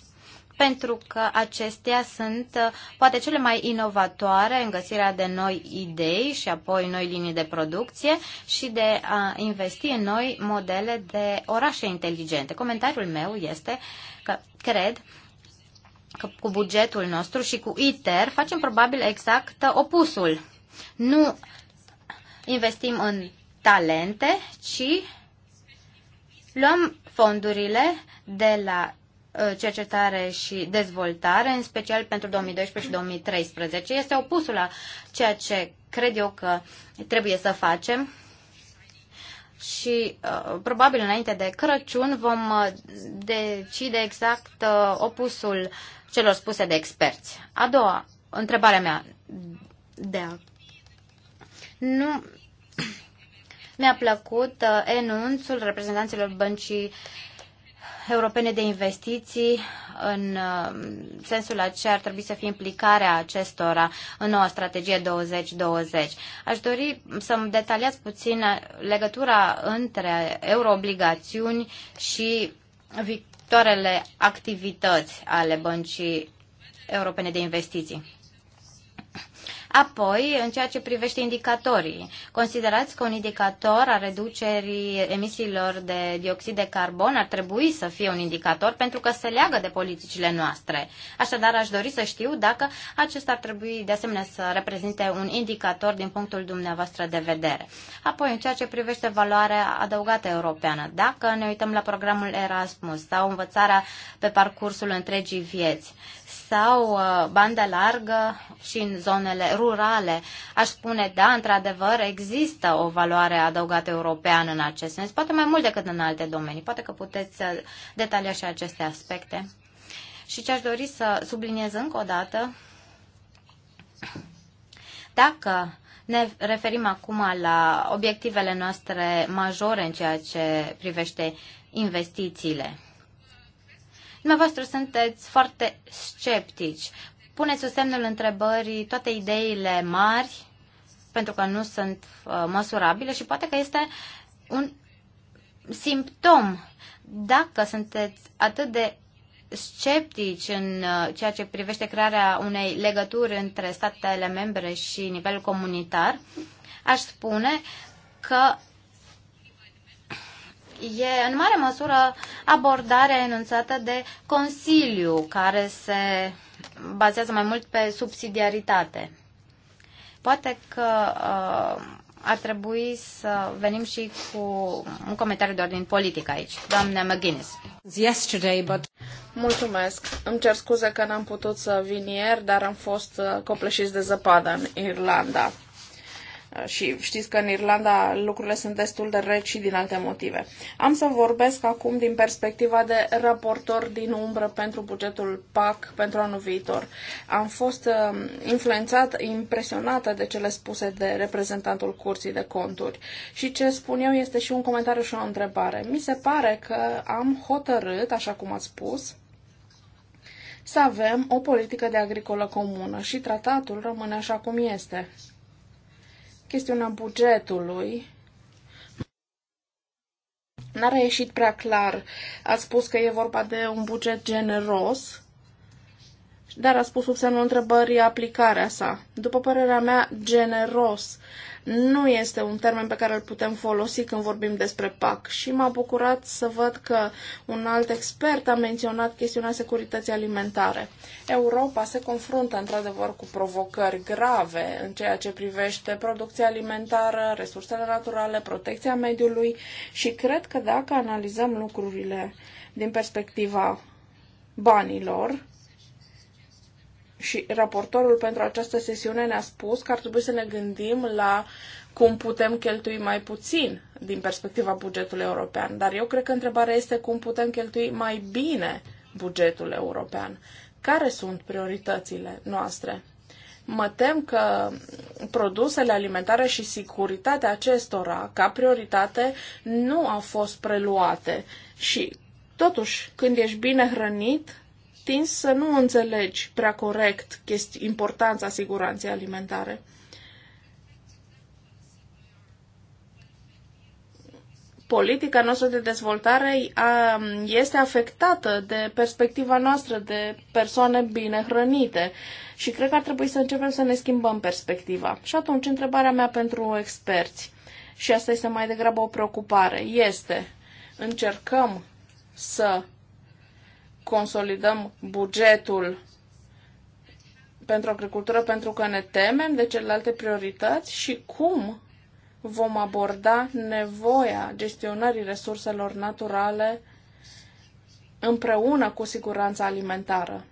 pentru că acestea sunt uh, poate cele mai inovatoare în găsirea de noi idei și apoi noi linii de producție și de a investi în noi modele de orașe inteligente. Comentariul meu este că cred că cu bugetul nostru și cu ITER facem probabil exact opusul. Nu investim în talente, ci luăm fondurile de la Uh, cercetare și dezvoltare, în special pentru 2012 și 2013. Este opusul la ceea ce cred eu că trebuie să facem și uh, probabil înainte de Crăciun vom uh, decide exact uh, opusul celor spuse de experți. A doua întrebare mea de a... nu mi-a plăcut uh, enunțul reprezentanților băncii uh, Europene de Investiții în uh, sensul acela ar trebui să fie implicarea acestora în noua strategie 2020. Aș dori să-mi detaliați puțin legătura între euroobligațiuni și viitoarele activități ale Băncii Europene de Investiții. Apoi, în ceea ce privește indicatorii, considerați că un indicator a reducerii emisiilor de dioxid de carbon ar trebui să fie un indicator pentru că se leagă de politicile noastre. Așadar, aș dori să știu dacă acesta ar trebui de asemenea să reprezinte un indicator din punctul dumneavoastră de vedere. Apoi, în ceea ce privește valoarea adăugată europeană, dacă ne uităm la programul Erasmus sau învățarea pe parcursul întregii vieți, sau uh, bandă largă și în zonele rurale. Aș spune, da, într-adevăr, există o valoare adăugată europeană în acest sens, poate mai mult decât în alte domenii. Poate că puteți uh, detalia și aceste aspecte. Și ce aș dori să subliniez încă o dată, dacă ne referim acum la obiectivele noastre majore în ceea ce privește investițiile. Dumneavoastră sunteți foarte sceptici. Puneți sub semnul întrebării toate ideile mari, pentru că nu sunt uh, măsurabile și poate că este un simptom. Dacă sunteți atât de sceptici în uh, ceea ce privește crearea unei legături între statele membre și nivelul comunitar, aș spune că e în mare măsură abordarea enunțată de Consiliu, care se bazează mai mult pe subsidiaritate. Poate că uh, ar trebui să venim și cu un comentariu de din politic aici. Doamne McGuinness. Yesterday, but... Mulțumesc. Îmi cer scuze că n-am putut să vin ieri, dar am fost uh, copleșiți de zăpadă în Irlanda. Uh, și știți că în Irlanda lucrurile sunt destul de reci și din alte motive. Am să vorbesc acum din perspectiva de raportor din umbră pentru bugetul PAC pentru anul viitor. Am fost uh, influențat, impresionată de cele spuse de reprezentantul Curții de Conturi. Și ce spun eu este și un comentariu și o întrebare. Mi se pare că am hotărât, așa cum ați spus, să avem o politică de agricolă comună și tratatul rămâne așa cum este chestiunea bugetului. N-a ieșit prea clar. A spus că e vorba de un buget generos, dar a spus sub semnul întrebării aplicarea sa. După părerea mea, generos nu este un termen pe care îl putem folosi când vorbim despre PAC și m-a bucurat să văd că un alt expert a menționat chestiunea securității alimentare. Europa se confruntă într-adevăr cu provocări grave în ceea ce privește producția alimentară, resursele naturale, protecția mediului și cred că dacă analizăm lucrurile din perspectiva banilor, și raportorul pentru această sesiune ne-a spus că ar trebui să ne gândim la cum putem cheltui mai puțin din perspectiva bugetului european. Dar eu cred că întrebarea este cum putem cheltui mai bine bugetul european. Care sunt prioritățile noastre? Mă tem că produsele alimentare și securitatea acestora, ca prioritate, nu au fost preluate. Și, totuși, când ești bine hrănit, extins să nu înțelegi prea corect importanța siguranței alimentare. politica noastră de dezvoltare este afectată de perspectiva noastră de persoane bine hrănite și cred că ar trebui să începem să ne schimbăm perspectiva. Și atunci, întrebarea mea pentru experți, și asta este mai degrabă o preocupare, este încercăm să consolidăm bugetul pentru agricultură pentru că ne temem de celelalte priorități și cum vom aborda nevoia gestionării resurselor naturale împreună cu siguranța alimentară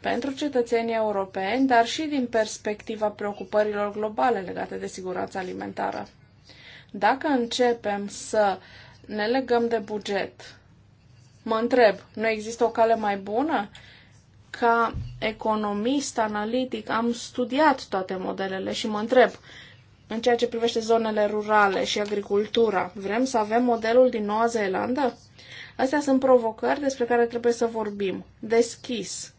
pentru cetățenii europeni, dar și din perspectiva preocupărilor globale legate de siguranța alimentară. Dacă începem să ne legăm de buget Mă întreb, nu există o cale mai bună? Ca economist analitic am studiat toate modelele și mă întreb, în ceea ce privește zonele rurale și agricultura, vrem să avem modelul din Noua Zeelandă? Astea sunt provocări despre care trebuie să vorbim, deschis,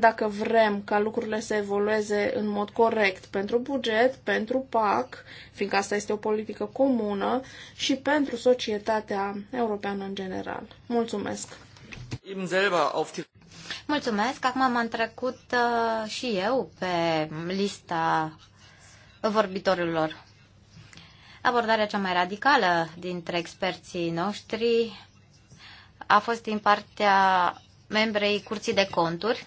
dacă vrem ca lucrurile să evolueze în mod corect pentru buget, pentru PAC, fiindcă asta este o politică comună, și pentru societatea europeană în general. Mulțumesc! Mulțumesc! Acum am trecut uh, și eu pe lista vorbitorilor. Abordarea cea mai radicală dintre experții noștri a fost din partea membrei Curții de Conturi,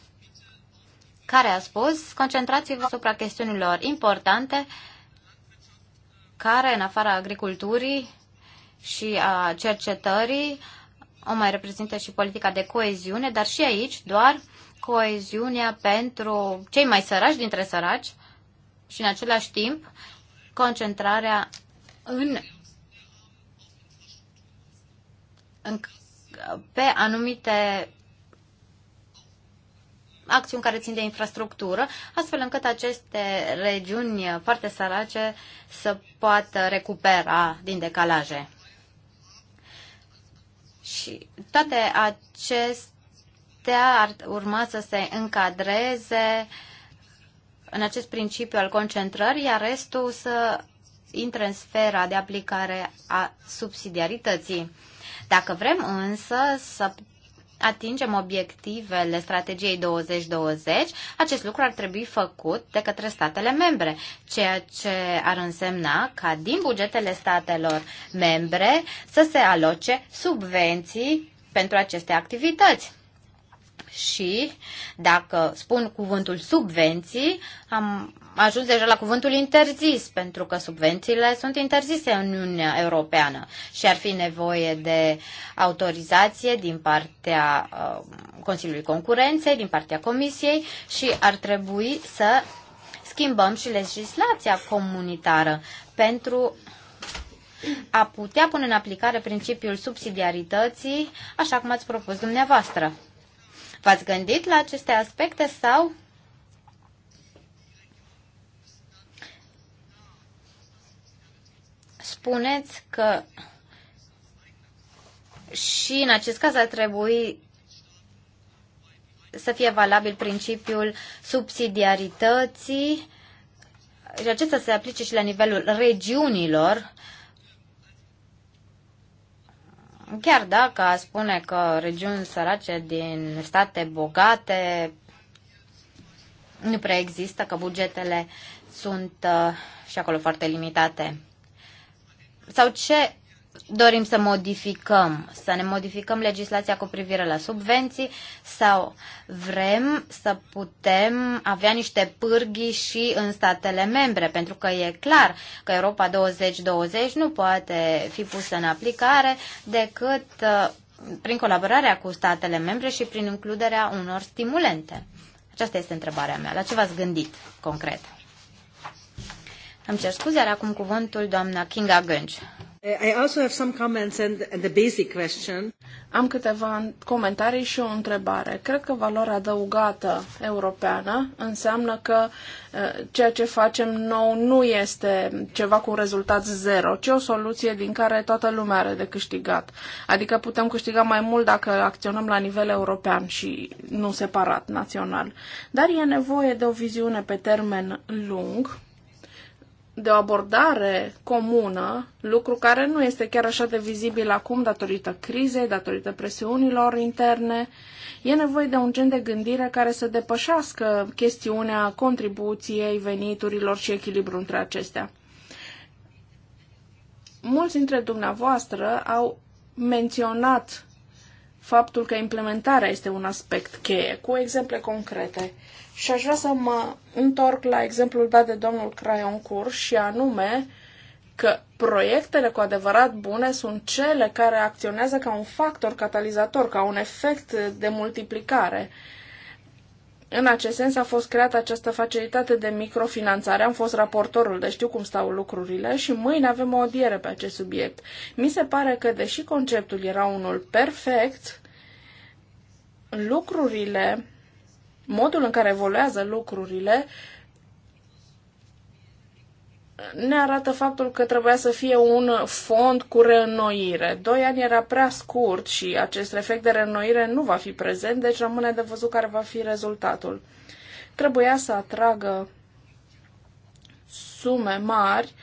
care a spus concentrați-vă asupra chestiunilor importante care, în afara agriculturii și a cercetării, o mai reprezintă și politica de coeziune, dar și aici doar coeziunea pentru cei mai săraci dintre săraci și, în același timp, concentrarea în, în pe anumite acțiuni care țin de infrastructură, astfel încât aceste regiuni foarte sărace să poată recupera din decalaje. Și toate acestea ar urma să se încadreze în acest principiu al concentrării, iar restul să intre în sfera de aplicare a subsidiarității. Dacă vrem însă să atingem obiectivele strategiei 2020, acest lucru ar trebui făcut de către statele membre, ceea ce ar însemna ca din bugetele statelor membre să se aloce subvenții pentru aceste activități și dacă spun cuvântul subvenții, am ajuns deja la cuvântul interzis, pentru că subvențiile sunt interzise în Uniunea Europeană și ar fi nevoie de autorizație din partea uh, Consiliului Concurenței, din partea Comisiei și ar trebui să schimbăm și legislația comunitară pentru a putea pune în aplicare principiul subsidiarității, așa cum ați propus dumneavoastră. V-ați gândit la aceste aspecte sau spuneți că și în acest caz ar trebui să fie valabil principiul subsidiarității și acesta se aplice și la nivelul regiunilor chiar dacă a spune că regiuni sărace din state bogate nu prea există, că bugetele sunt uh, și acolo foarte limitate. Sau ce dorim să modificăm, să ne modificăm legislația cu privire la subvenții sau vrem să putem avea niște pârghi și în statele membre, pentru că e clar că Europa 2020 nu poate fi pusă în aplicare decât uh, prin colaborarea cu statele membre și prin includerea unor stimulente. Aceasta este întrebarea mea. La ce v-ați gândit concret? Îmi cer scuze, iar acum cuvântul doamna Kinga Gânci. I also have some comments and, and the basic question. Am câteva comentarii și o întrebare. Cred că valoarea adăugată europeană înseamnă că ceea ce facem nou nu este ceva cu rezultat zero, ci o soluție din care toată lumea are de câștigat. Adică putem câștiga mai mult dacă acționăm la nivel european și nu separat, național. Dar e nevoie de o viziune pe termen lung de o abordare comună, lucru care nu este chiar așa de vizibil acum datorită crizei, datorită presiunilor interne. E nevoie de un gen de gândire care să depășească chestiunea contribuției, veniturilor și echilibru între acestea. Mulți dintre dumneavoastră au menționat faptul că implementarea este un aspect cheie, cu exemple concrete. Și aș vrea să mă întorc la exemplul dat de domnul Craioncur și anume că proiectele cu adevărat bune sunt cele care acționează ca un factor catalizator, ca un efect de multiplicare. Uh, în acest sens a fost creată această facilitate de microfinanțare. Am fost raportorul, deci știu cum stau lucrurile și mâine avem o odieră pe acest subiect. Mi se pare că, deși conceptul era unul perfect, lucrurile, modul în care evoluează lucrurile, ne arată faptul că trebuia să fie un fond cu reînnoire. Doi ani era prea scurt și acest efect de reînnoire nu va fi prezent, deci rămâne de văzut care va fi rezultatul. Trebuia să atragă sume mari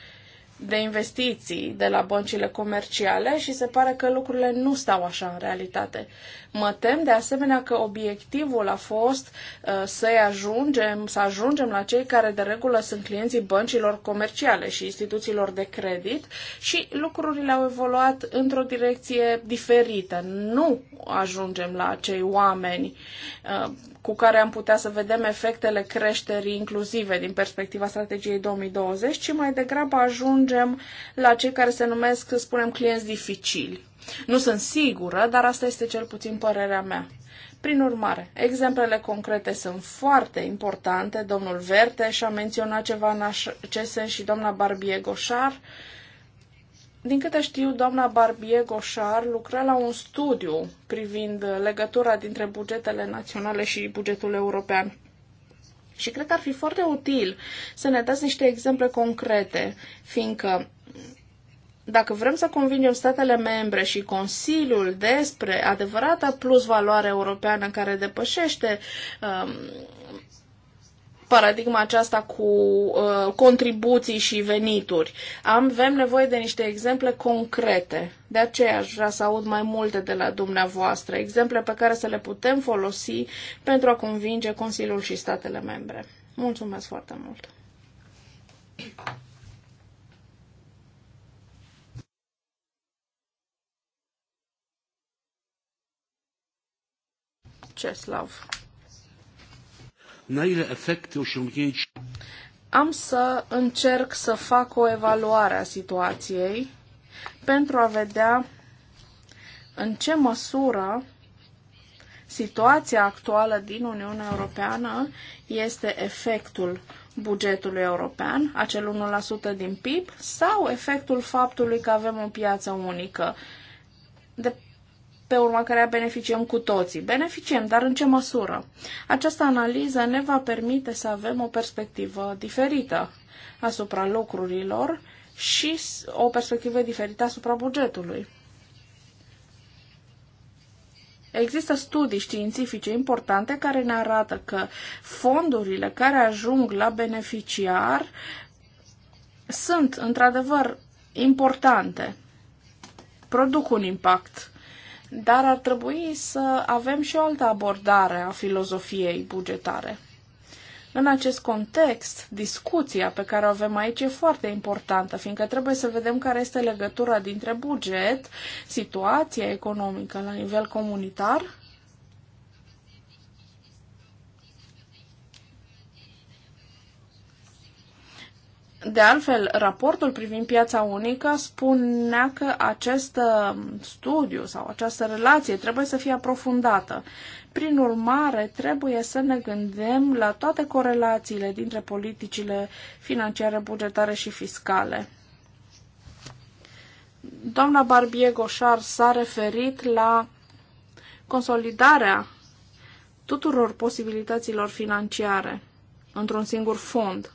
de investiții de la băncile comerciale și se pare că lucrurile nu stau așa în realitate. Mă tem de asemenea că obiectivul a fost uh, să ajungem, să ajungem la cei care de regulă sunt clienții băncilor comerciale și instituțiilor de credit și lucrurile au evoluat într-o direcție diferită. Nu ajungem la acei oameni uh, cu care am putea să vedem efectele creșterii inclusive din perspectiva strategiei 2020, ci mai degrabă ajungem la cei care se numesc, să spunem, clienți dificili. Nu sunt sigură, dar asta este cel puțin părerea mea. Prin urmare, exemplele concrete sunt foarte importante. Domnul Verte și-a menționat ceva în acest sens și doamna Barbie Goșar. Uh, din câte știu, doamna Barbier Goșar lucra la un studiu privind legătura dintre bugetele naționale și bugetul european. Și cred că ar fi foarte util să ne dați niște exemple concrete, fiindcă dacă vrem să convingem statele membre și Consiliul despre adevărata plus valoare europeană care depășește um, paradigma aceasta cu uh, contribuții și venituri. Am, avem nevoie de niște exemple concrete. De aceea aș vrea să aud mai multe de la dumneavoastră, exemple pe care să le putem folosi pentru a convinge Consiliul și statele membre. Mulțumesc foarte mult! Ceslav na ile efekty Am să încerc să fac o evaluare a situației pentru a vedea în ce măsură situația actuală din Uniunea Europeană este efectul bugetului european, acel 1% din PIB, sau efectul faptului că avem o piață unică. De pe urma care beneficiem cu toții. Beneficiem, dar în ce măsură? Această analiză ne va permite să avem o perspectivă diferită asupra lucrurilor și o perspectivă diferită asupra bugetului. Există studii științifice importante care ne arată că fondurile care ajung la beneficiar sunt într-adevăr importante, produc un impact dar ar trebui să avem și o altă abordare a filozofiei bugetare. În acest context, discuția pe care o avem aici e foarte importantă, fiindcă trebuie să vedem care este legătura dintre buget, situația economică la nivel comunitar De altfel, raportul privind piața unică spunea că acest uh, studiu sau această relație trebuie să fie aprofundată. Prin urmare, trebuie să ne gândim la toate corelațiile dintre politicile financiare, bugetare și fiscale. Doamna Barbie Goșar s-a referit la consolidarea tuturor posibilităților financiare într-un singur fond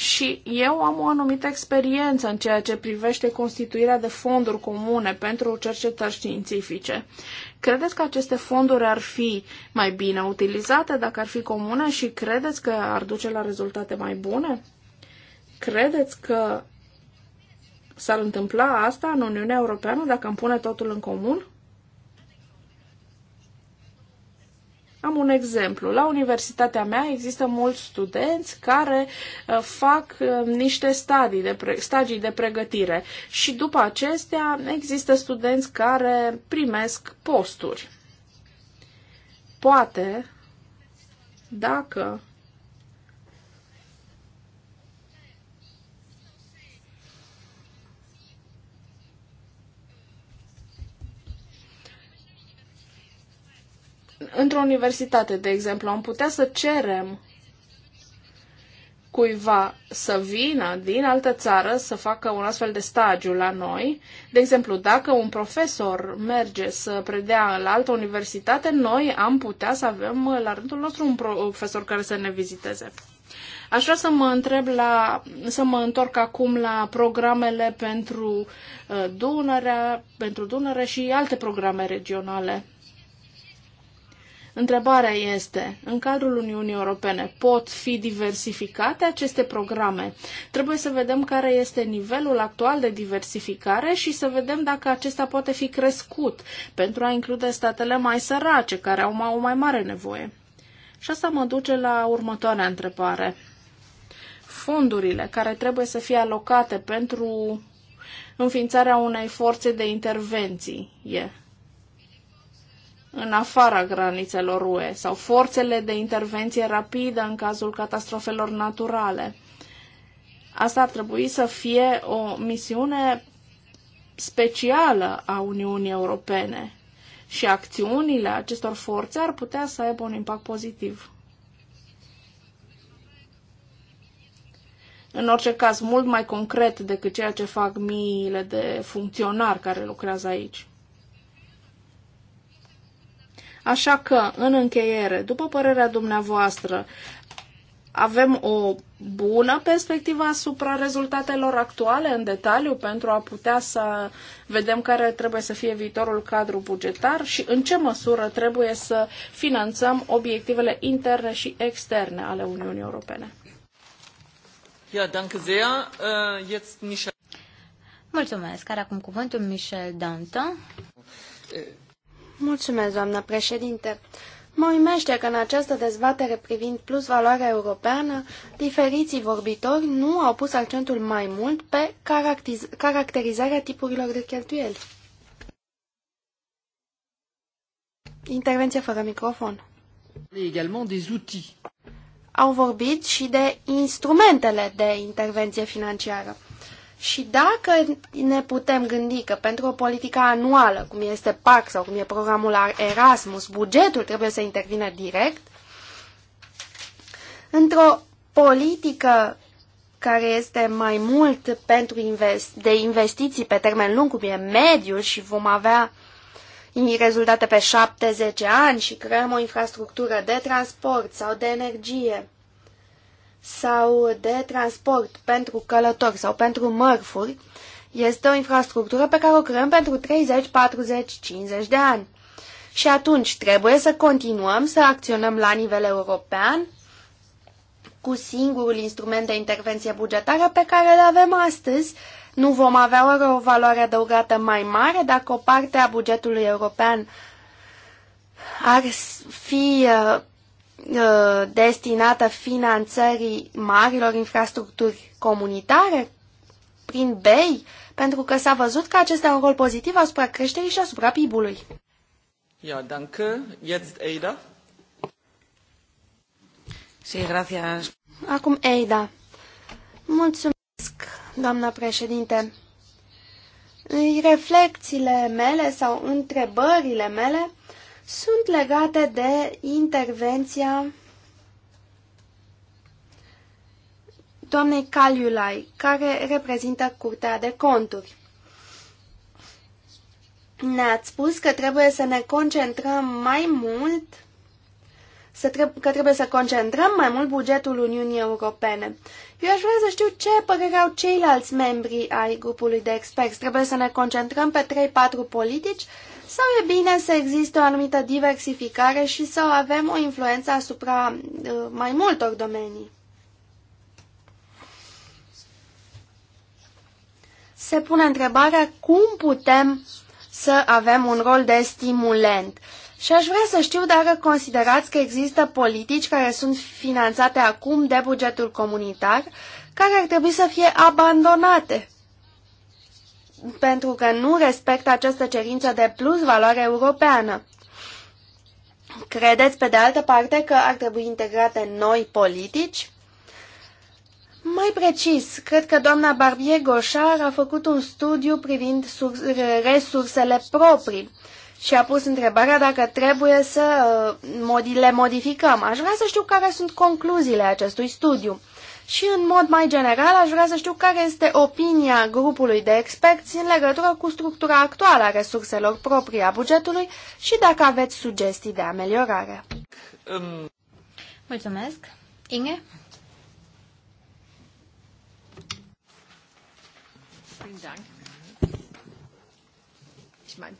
și eu am o anumită experiență în ceea ce privește constituirea de fonduri comune pentru cercetări științifice. Credeți că aceste fonduri ar fi mai bine utilizate dacă ar fi comune și credeți că ar duce la rezultate mai bune? Credeți că s-ar întâmpla asta în Uniunea Europeană dacă am pune totul în comun? Am un exemplu. La universitatea mea există mulți studenți care uh, fac uh, niște stadii de pre- stagii de pregătire și după acestea există studenți care primesc posturi. Poate dacă într-o universitate, de exemplu, am putea să cerem cuiva să vină din altă țară să facă un astfel de stagiu la noi. De exemplu, dacă un profesor merge să predea la altă universitate, noi am putea să avem la rândul nostru un profesor care să ne viziteze. Aș vrea să mă întreb la, să mă întorc acum la programele pentru uh, Dunărea, pentru Dunăre și alte programe regionale. Întrebarea este, în cadrul Uniunii Europene pot fi diversificate aceste programe? Trebuie să vedem care este nivelul actual de diversificare și să vedem dacă acesta poate fi crescut pentru a include statele mai sărace, care au o mai mare nevoie. Și asta mă duce la următoarea întrebare. Fondurile care trebuie să fie alocate pentru înființarea unei forțe de intervenții în afara granițelor UE sau forțele de intervenție rapidă în cazul catastrofelor naturale. Asta ar trebui să fie o misiune specială a Uniunii Europene și acțiunile acestor forțe ar putea să aibă un impact pozitiv. În orice caz, mult mai concret decât ceea ce fac miile de funcționari care lucrează aici. Așa că, în încheiere, după părerea dumneavoastră, avem o bună perspectivă asupra rezultatelor actuale în detaliu pentru a putea să vedem care trebuie să fie viitorul cadru bugetar și în ce măsură trebuie să finanțăm obiectivele interne și externe ale Uniunii Europene. Ja, danke sehr. Uh, jetzt Michel. Mulțumesc. Care acum cuvântul Michel Danton. Äh, Mulțumesc, doamnă președinte. Mă uimește că în această dezbatere privind plus valoarea europeană, diferiții vorbitori nu au pus accentul mai mult pe caracterizarea tipurilor de cheltuieli. Intervenție fără microfon. Au vorbit și de instrumentele de intervenție financiară. Și dacă ne putem gândi că pentru o politică anuală, cum este PAC sau cum e programul Erasmus, bugetul trebuie să intervină direct, într-o politică care este mai mult pentru invest de investiții pe termen lung, cum e mediul și vom avea rezultate pe 7-10 ani și creăm o infrastructură de transport sau de energie, sau de transport pentru călători sau pentru mărfuri este o infrastructură pe care o creăm pentru 30, 40, 50 de ani. Și atunci trebuie să continuăm să acționăm la nivel european cu singurul instrument de intervenție bugetară pe care îl avem astăzi. Nu vom avea oare o valoare adăugată mai mare dacă o parte a bugetului european ar fi uh, Uh, destinată finanțării marilor infrastructuri comunitare prin BEI, pentru că s-a văzut că acestea au un rol pozitiv asupra creșterii și asupra PIB-ului. Ja, danke. Jetzt Ada. Sí, gracias. Acum Ada. Mulțumesc, doamna președinte. Reflecțiile mele sau întrebările mele sunt legate de intervenția doamnei Caliulai, care reprezintă Curtea de Conturi. Ne-ați spus că trebuie să ne concentrăm mai mult, că trebuie să concentrăm mai mult bugetul Uniunii Europene. Eu aș vrea să știu ce părere au ceilalți membri ai grupului de experți. Trebuie să ne concentrăm pe 3-4 politici sau e bine să existe o anumită diversificare și să avem o influență asupra uh, mai multor domenii? Se pune întrebarea cum putem să avem un rol de stimulent. Și aș vrea să știu dacă considerați că există politici care sunt finanțate acum de bugetul comunitar, care ar trebui să fie abandonate pentru că nu respectă această cerință de plus valoare europeană. Credeți, pe de altă parte, că ar trebui integrate noi politici? Mai precis, cred că doamna Barbier Goșar a făcut un studiu privind resursele proprii și a pus întrebarea dacă trebuie să uh, le modificăm. Aș vrea să știu care sunt concluziile acestui studiu. Și în mod mai general aș vrea să știu care este opinia grupului de experți în legătură cu structura actuală a resurselor proprii a bugetului și dacă aveți sugestii de ameliorare. Um. Mulțumesc. Inge? Mulțumesc.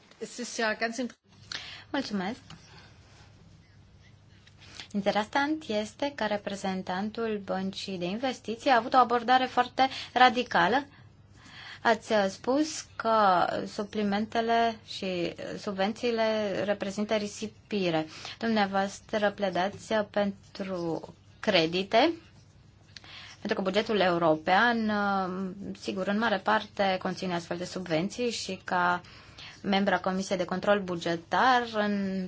Interesant este că reprezentantul băncii de investiții a avut o abordare foarte radicală. Ați spus că suplimentele și subvențiile reprezintă risipire. Dumneavoastră pledați pentru credite, pentru că bugetul european, sigur, în mare parte conține astfel de subvenții și ca uh, membra Comisiei de Control Bugetar, în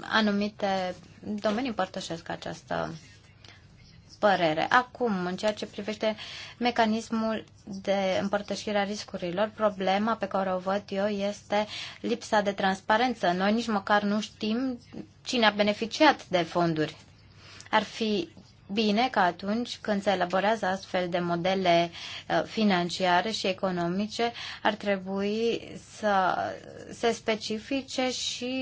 anumite domenii împărtășesc această părere. Acum, în ceea ce privește mecanismul de împărtășire a riscurilor, problema pe care o văd eu este lipsa de transparență. Noi nici măcar nu știm cine a beneficiat de fonduri. Ar fi bine că atunci când se elaborează astfel de modele uh, financiare și economice, ar trebui să se specifice și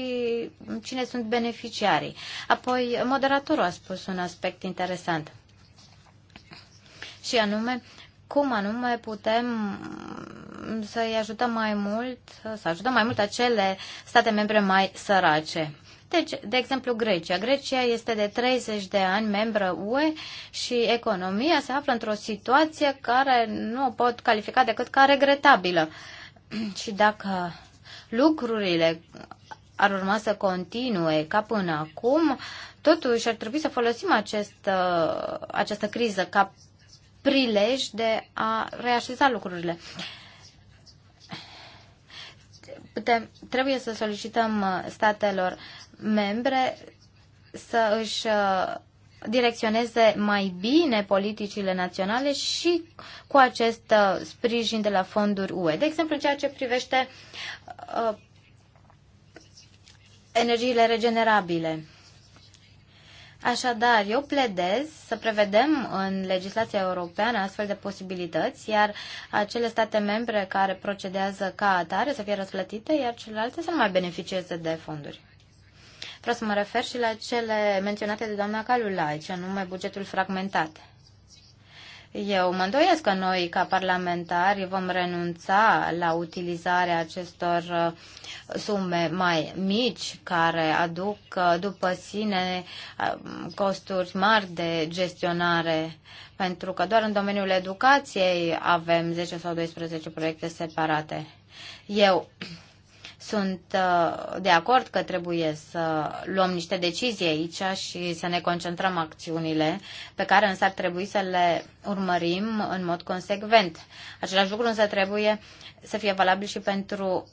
cine sunt beneficiarii. Apoi, moderatorul a spus un aspect interesant. Și anume, cum anume putem să-i ajutăm mai mult, să ajutăm mai mult acele state membre mai sărace. Deci, de exemplu, Grecia. Grecia este de 30 de ani membră UE și economia se află într-o situație care nu o pot califica decât ca regretabilă. și dacă lucrurile ar urma să continue ca până acum, totuși ar trebui să folosim acest, uh, această criză ca prilej de a reașeza lucrurile. Putem, trebuie să solicităm uh, statelor membre să își uh, direcționeze mai bine politicile naționale și cu acest uh, sprijin de la fonduri UE. De exemplu, în ceea ce privește uh, energiile regenerabile. Așadar, eu pledez să prevedem în legislația europeană astfel de posibilități, iar acele state membre care procedează ca atare să fie răsplătite, iar celelalte să nu mai beneficieze de fonduri. Vreau să mă refer și la cele menționate de doamna Calulai, ce anume bugetul fragmentat. Eu mă îndoiesc că noi, ca parlamentari, vom renunța la utilizarea acestor uh, sume mai mici care aduc uh, după sine uh, costuri mari de gestionare, pentru că doar în domeniul educației avem 10 sau 12 proiecte separate. Eu sunt uh, de acord că trebuie să luăm niște decizii aici și să ne concentrăm acțiunile pe care însă ar trebui să le urmărim în mod consecvent. Același lucru însă trebuie să fie valabil și pentru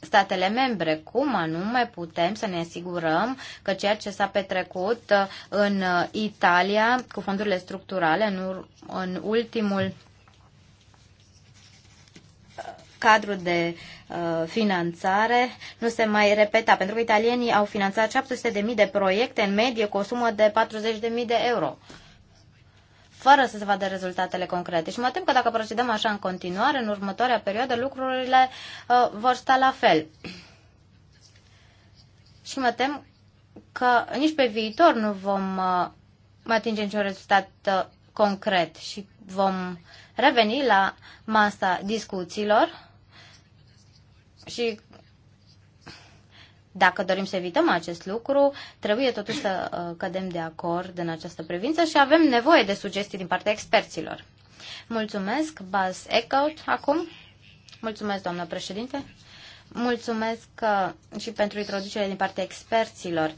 statele membre. Cum anume putem să ne asigurăm că ceea ce s-a petrecut în Italia cu fondurile structurale în, în ultimul cadru de uh, finanțare nu se mai repeta, pentru că italienii au finanțat 700.000 de proiecte în medie cu o sumă de 40.000 de euro fără să se vadă rezultatele concrete. Și mă tem că dacă procedăm așa în continuare, în următoarea perioadă, lucrurile uh, vor sta la fel. Și mă tem că nici pe viitor nu vom uh, atinge niciun rezultat uh, concret și vom reveni la masa discuțiilor și dacă dorim să evităm acest lucru, trebuie totuși să uh, cădem de acord în această privință și avem nevoie de sugestii din partea experților. Mulțumesc, Buzz Eckhout, acum. Mulțumesc, doamnă președinte. Mulțumesc uh, și pentru introducerea din partea experților.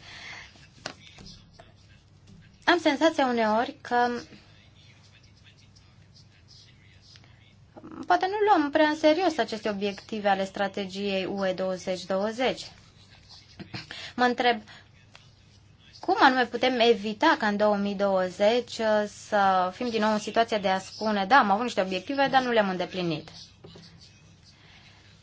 Am senzația uneori că poate nu luăm prea în serios aceste obiective ale strategiei UE 2020. Mă întreb, cum anume putem evita ca în 2020 uh, să fim din nou în situația de a spune, da, am avut niște obiective, dar nu le-am îndeplinit?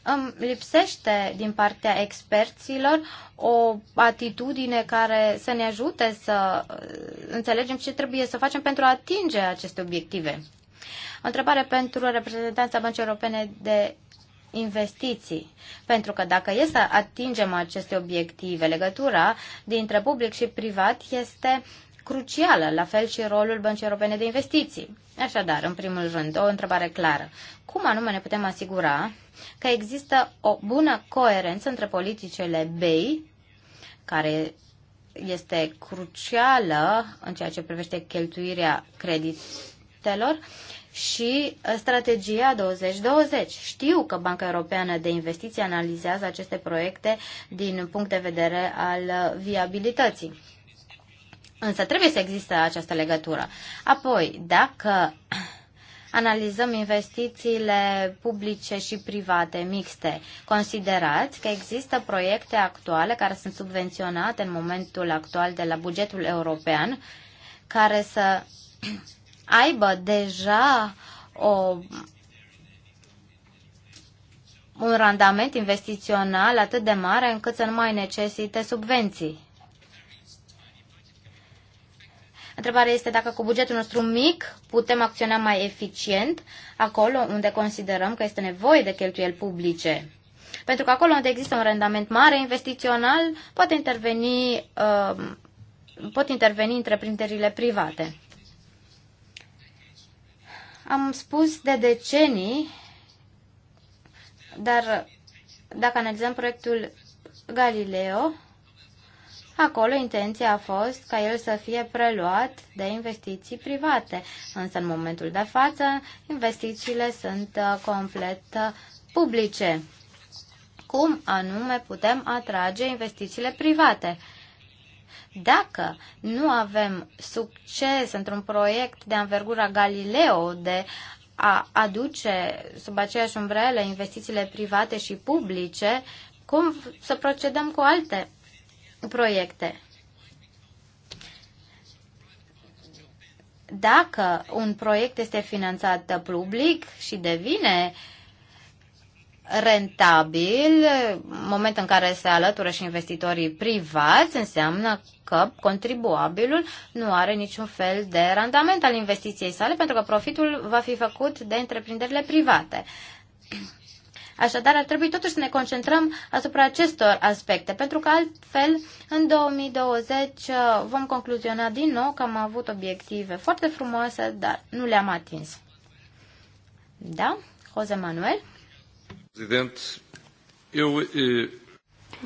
Îmi lipsește din partea experților o atitudine care să ne ajute să uh, înțelegem ce trebuie să facem pentru a atinge aceste obiective. O întrebare pentru reprezentanța Băncii Europene de investiții. Pentru că dacă e să atingem aceste obiective, legătura dintre public și privat este crucială, la fel și rolul Băncii Europene de Investiții. Așadar, în primul rând, o întrebare clară. Cum anume ne putem asigura că există o bună coerență între politicele BEI, care este crucială în ceea ce privește cheltuirea creditelor, și uh, strategia 2020. Știu că Banca Europeană de Investiții analizează aceste proiecte din punct de vedere al uh, viabilității. Însă trebuie să existe această legătură. Apoi, dacă analizăm investițiile publice și private mixte. Considerați că există proiecte actuale care sunt subvenționate în momentul actual de la bugetul european, care să aibă deja o, un randament investițional atât de mare încât să nu mai necesite subvenții. Întrebarea este dacă cu bugetul nostru mic putem acționa mai eficient acolo unde considerăm că este nevoie de cheltuieli publice. Pentru că acolo unde există un rendament mare investițional, poate interveni, uh, pot interveni întreprinderile private. Am spus de decenii, dar dacă analizăm proiectul Galileo, Acolo intenția a fost ca el să fie preluat de investiții private, însă în momentul de față investițiile sunt uh, complet uh, publice. Cum anume putem atrage investițiile private? Dacă nu avem succes într-un proiect de anvergura Galileo de a aduce sub aceeași umbrelă investițiile private și publice, cum să procedăm cu alte proiecte? Dacă un proiect este finanțat public și devine uh, rentabil, în moment în care se alătură și investitorii privați, înseamnă că contribuabilul nu are niciun fel de randament al investiției sale, pentru că profitul va fi făcut de întreprinderile private. Așadar, ar trebui totuși să ne concentrăm asupra acestor aspecte, pentru că altfel, în 2020, vom concluziona din nou că am avut obiective foarte frumoase, dar nu le-am atins. Da? Jose Manuel? Președinte, eu... E... Eh,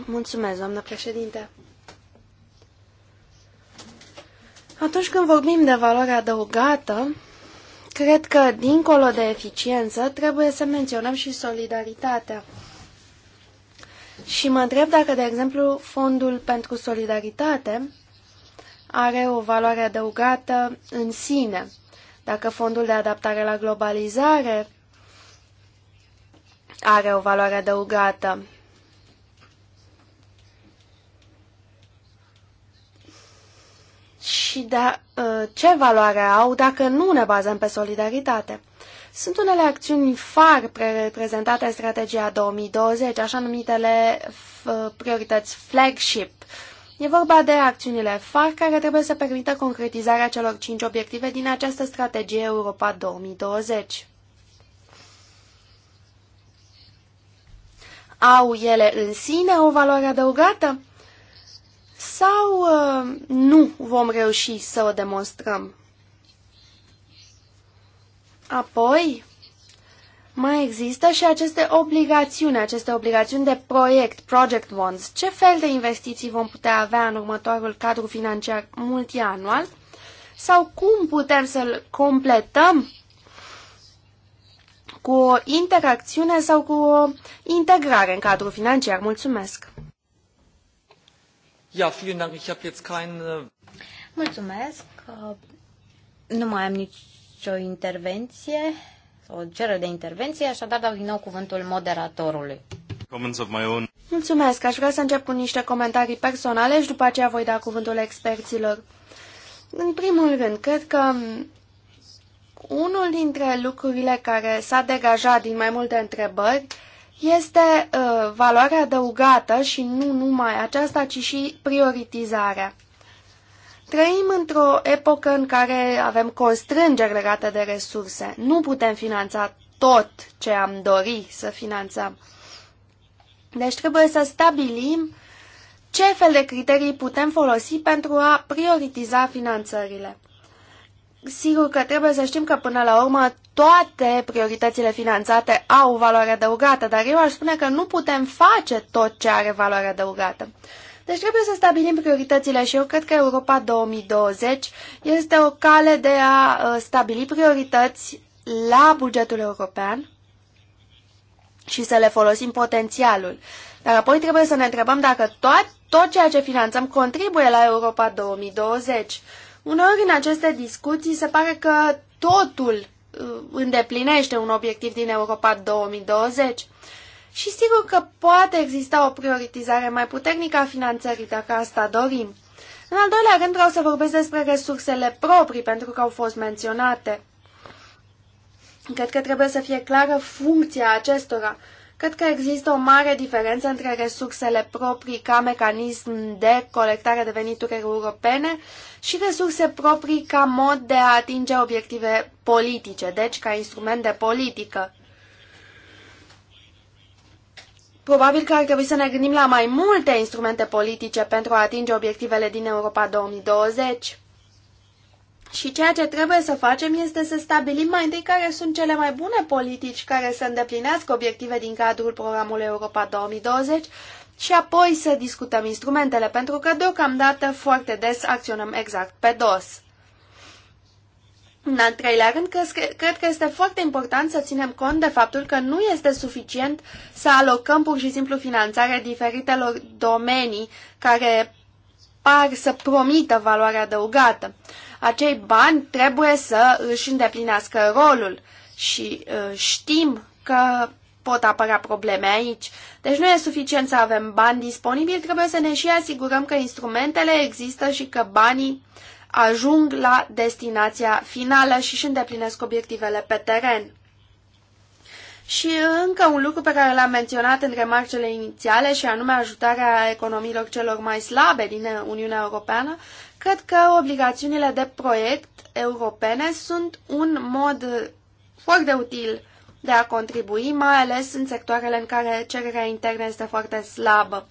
Mulțumesc, doamnă președinte. Atunci când vorbim de valoare adăugată, cred că, dincolo de eficiență, trebuie să menționăm și solidaritatea. Și mă întreb dacă, de exemplu, Fondul pentru Solidaritate are o valoare adăugată în sine. Dacă Fondul de Adaptare la Globalizare are o valoare adăugată. Și da, ă, ce valoare au dacă nu ne bazăm pe solidaritate? Sunt unele acțiuni far prezentate în strategia 2020, așa numitele priorități flagship. E vorba de acțiunile FAR care trebuie să permită concretizarea celor cinci obiective din această strategie Europa 2020. Au ele în sine o valoare adăugată? Sau uh, nu vom reuși să o demonstrăm? Apoi, mai există și aceste obligațiuni, aceste obligațiuni de proiect, project bonds. Ce fel de investiții vom putea avea în următorul cadru financiar multianual? Sau cum putem să-l completăm cu o interacțiune sau cu o integrare în cadrul financiar. Mulțumesc! Ja, vielen Dank. Ich habe jetzt kein... Äh, Mulțumesc. Uh, nu mai am nicio intervenție, o cerere de intervenție, așadar dau din nou cuvântul moderatorului. Mulțumesc. Aș vrea să încep cu niște comentarii personale și după aceea voi da cuvântul experților. În primul rând, cred că unul dintre lucrurile care s-a degajat din mai multe întrebări este uh, valoarea adăugată și nu numai aceasta, ci și prioritizarea. Trăim într-o epocă în care avem constrângeri legate de resurse. Nu putem finanța tot ce am dori să finanțăm. Deci trebuie să stabilim ce fel de criterii putem folosi pentru a prioritiza finanțările. Sigur că trebuie să știm că până la urmă toate prioritățile finanțate au valoare adăugată, dar eu aș spune că nu putem face tot ce are valoare adăugată. Deci trebuie să stabilim prioritățile și eu cred că Europa 2020 este o cale de a uh, stabili priorități la bugetul european și să le folosim potențialul. Dar apoi trebuie să ne întrebăm dacă tot, tot ceea ce finanțăm contribuie la Europa 2020. Uneori în aceste discuții se pare că totul uh, îndeplinește un obiectiv din Europa 2020. Și sigur că poate exista o prioritizare mai puternică a finanțării dacă asta dorim. În al doilea rând vreau să vorbesc despre resursele proprii pentru că au fost menționate. Cred că trebuie să fie clară funcția acestora. Cred că există o mare diferență între resursele proprii ca mecanism de colectare de venituri europene și resurse proprii ca mod de a atinge obiective politice, deci ca instrument de politică. Probabil că ar trebui să ne gândim la mai multe instrumente politice pentru a atinge obiectivele din Europa 2020. Și ceea ce trebuie să facem este să stabilim mai întâi care sunt cele mai bune politici care să îndeplinească obiective din cadrul programului Europa 2020 și apoi să discutăm instrumentele, pentru că deocamdată foarte des acționăm exact pe dos. În al treilea rând, cred că este foarte important să ținem cont de faptul că nu este suficient să alocăm pur și simplu finanțarea diferitelor domenii care par să promită valoare adăugată. Acei bani trebuie să își îndeplinească rolul și uh, știm că pot apărea probleme aici. Deci nu e suficient să avem bani disponibili, trebuie să ne și asigurăm că instrumentele există și că banii ajung la destinația finală și își îndeplinesc obiectivele pe teren. Și încă un lucru pe care l-am menționat în remarcele inițiale și anume ajutarea economiilor celor mai slabe din Uniunea Europeană, cred că obligațiunile de proiect europene sunt un mod foarte util de a contribui, mai ales în sectoarele în care cererea internă este foarte slabă.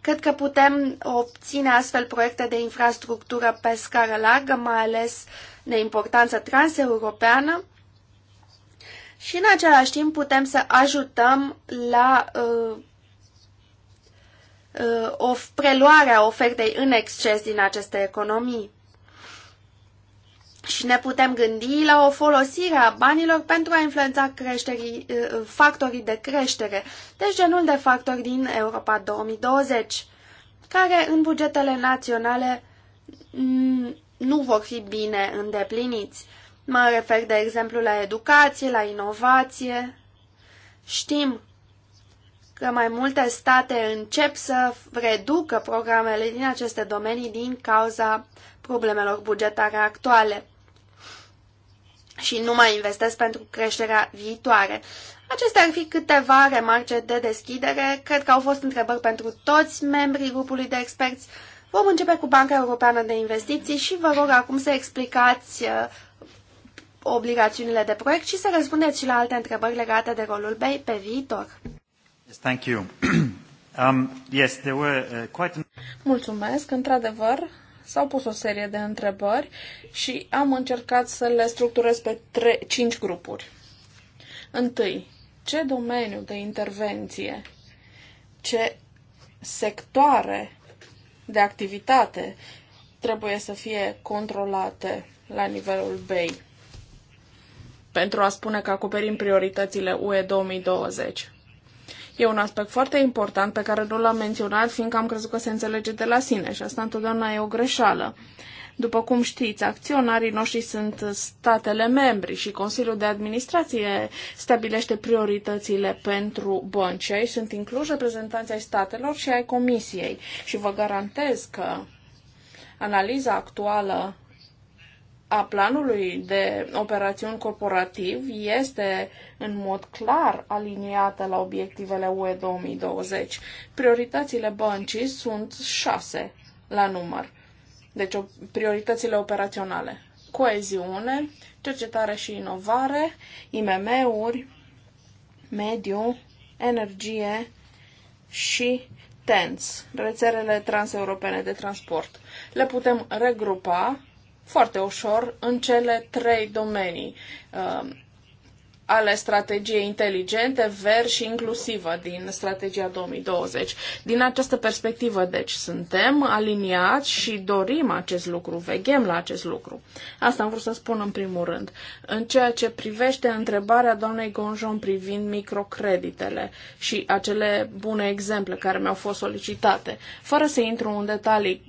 Cred că putem obține astfel proiecte de infrastructură pe scară largă, mai ales de importanță transeuropeană și în același timp putem să ajutăm la uh, uh, of, preluarea ofertei în exces din aceste economii și ne putem gândi la o folosire a banilor pentru a influența creșterii, uh, factorii de creștere, deci genul de factori din Europa 2020, care în bugetele naționale nu vor fi bine îndepliniți. Mă refer, de exemplu, la educație, la inovație. Știm că mai multe state încep să reducă programele din aceste domenii din cauza problemelor bugetare actuale și nu mai investesc pentru creșterea viitoare. Acestea ar fi câteva remarce de deschidere. Cred că au fost întrebări pentru toți membrii grupului de experți. Vom începe cu Banca Europeană de Investiții și vă rog acum să explicați uh, obligațiunile de proiect și să răspundeți și la alte întrebări legate de rolul BEI pe viitor. Yes, thank you. um, yes, there were, uh, quite... Mulțumesc. Într-adevăr, S-au pus o serie de întrebări și am încercat să le structurez pe 3, 5 grupuri. Întâi, ce domeniu de intervenție, ce sectoare de activitate trebuie să fie controlate la nivelul BEI pentru a spune că acoperim prioritățile UE 2020. E un aspect foarte important pe care nu l-am menționat, fiindcă am crezut că se înțelege de la sine și asta întotdeauna e o greșeală. După cum știți, acționarii noștri sunt statele membri și Consiliul de Administrație stabilește prioritățile pentru bănci. Aici sunt incluși reprezentanții ai statelor și ai Comisiei și vă garantez că analiza actuală a planului de operațiuni corporativ este în mod clar aliniată la obiectivele UE 2020. Prioritățile băncii sunt șase la număr. Deci prioritățile operaționale. Coeziune, cercetare și inovare, IMM-uri, mediu, energie și TENS, rețelele transeuropene de transport. Le putem regrupa foarte ușor în cele trei domenii uh, ale strategiei inteligente, verzi și inclusivă din strategia 2020. Din această perspectivă, deci, suntem aliniați și dorim acest lucru, veghem la acest lucru. Asta am vrut să spun în primul rând. În ceea ce privește întrebarea doamnei Gonjon privind microcreditele și acele bune exemple care mi-au fost solicitate, fără să intru în detalii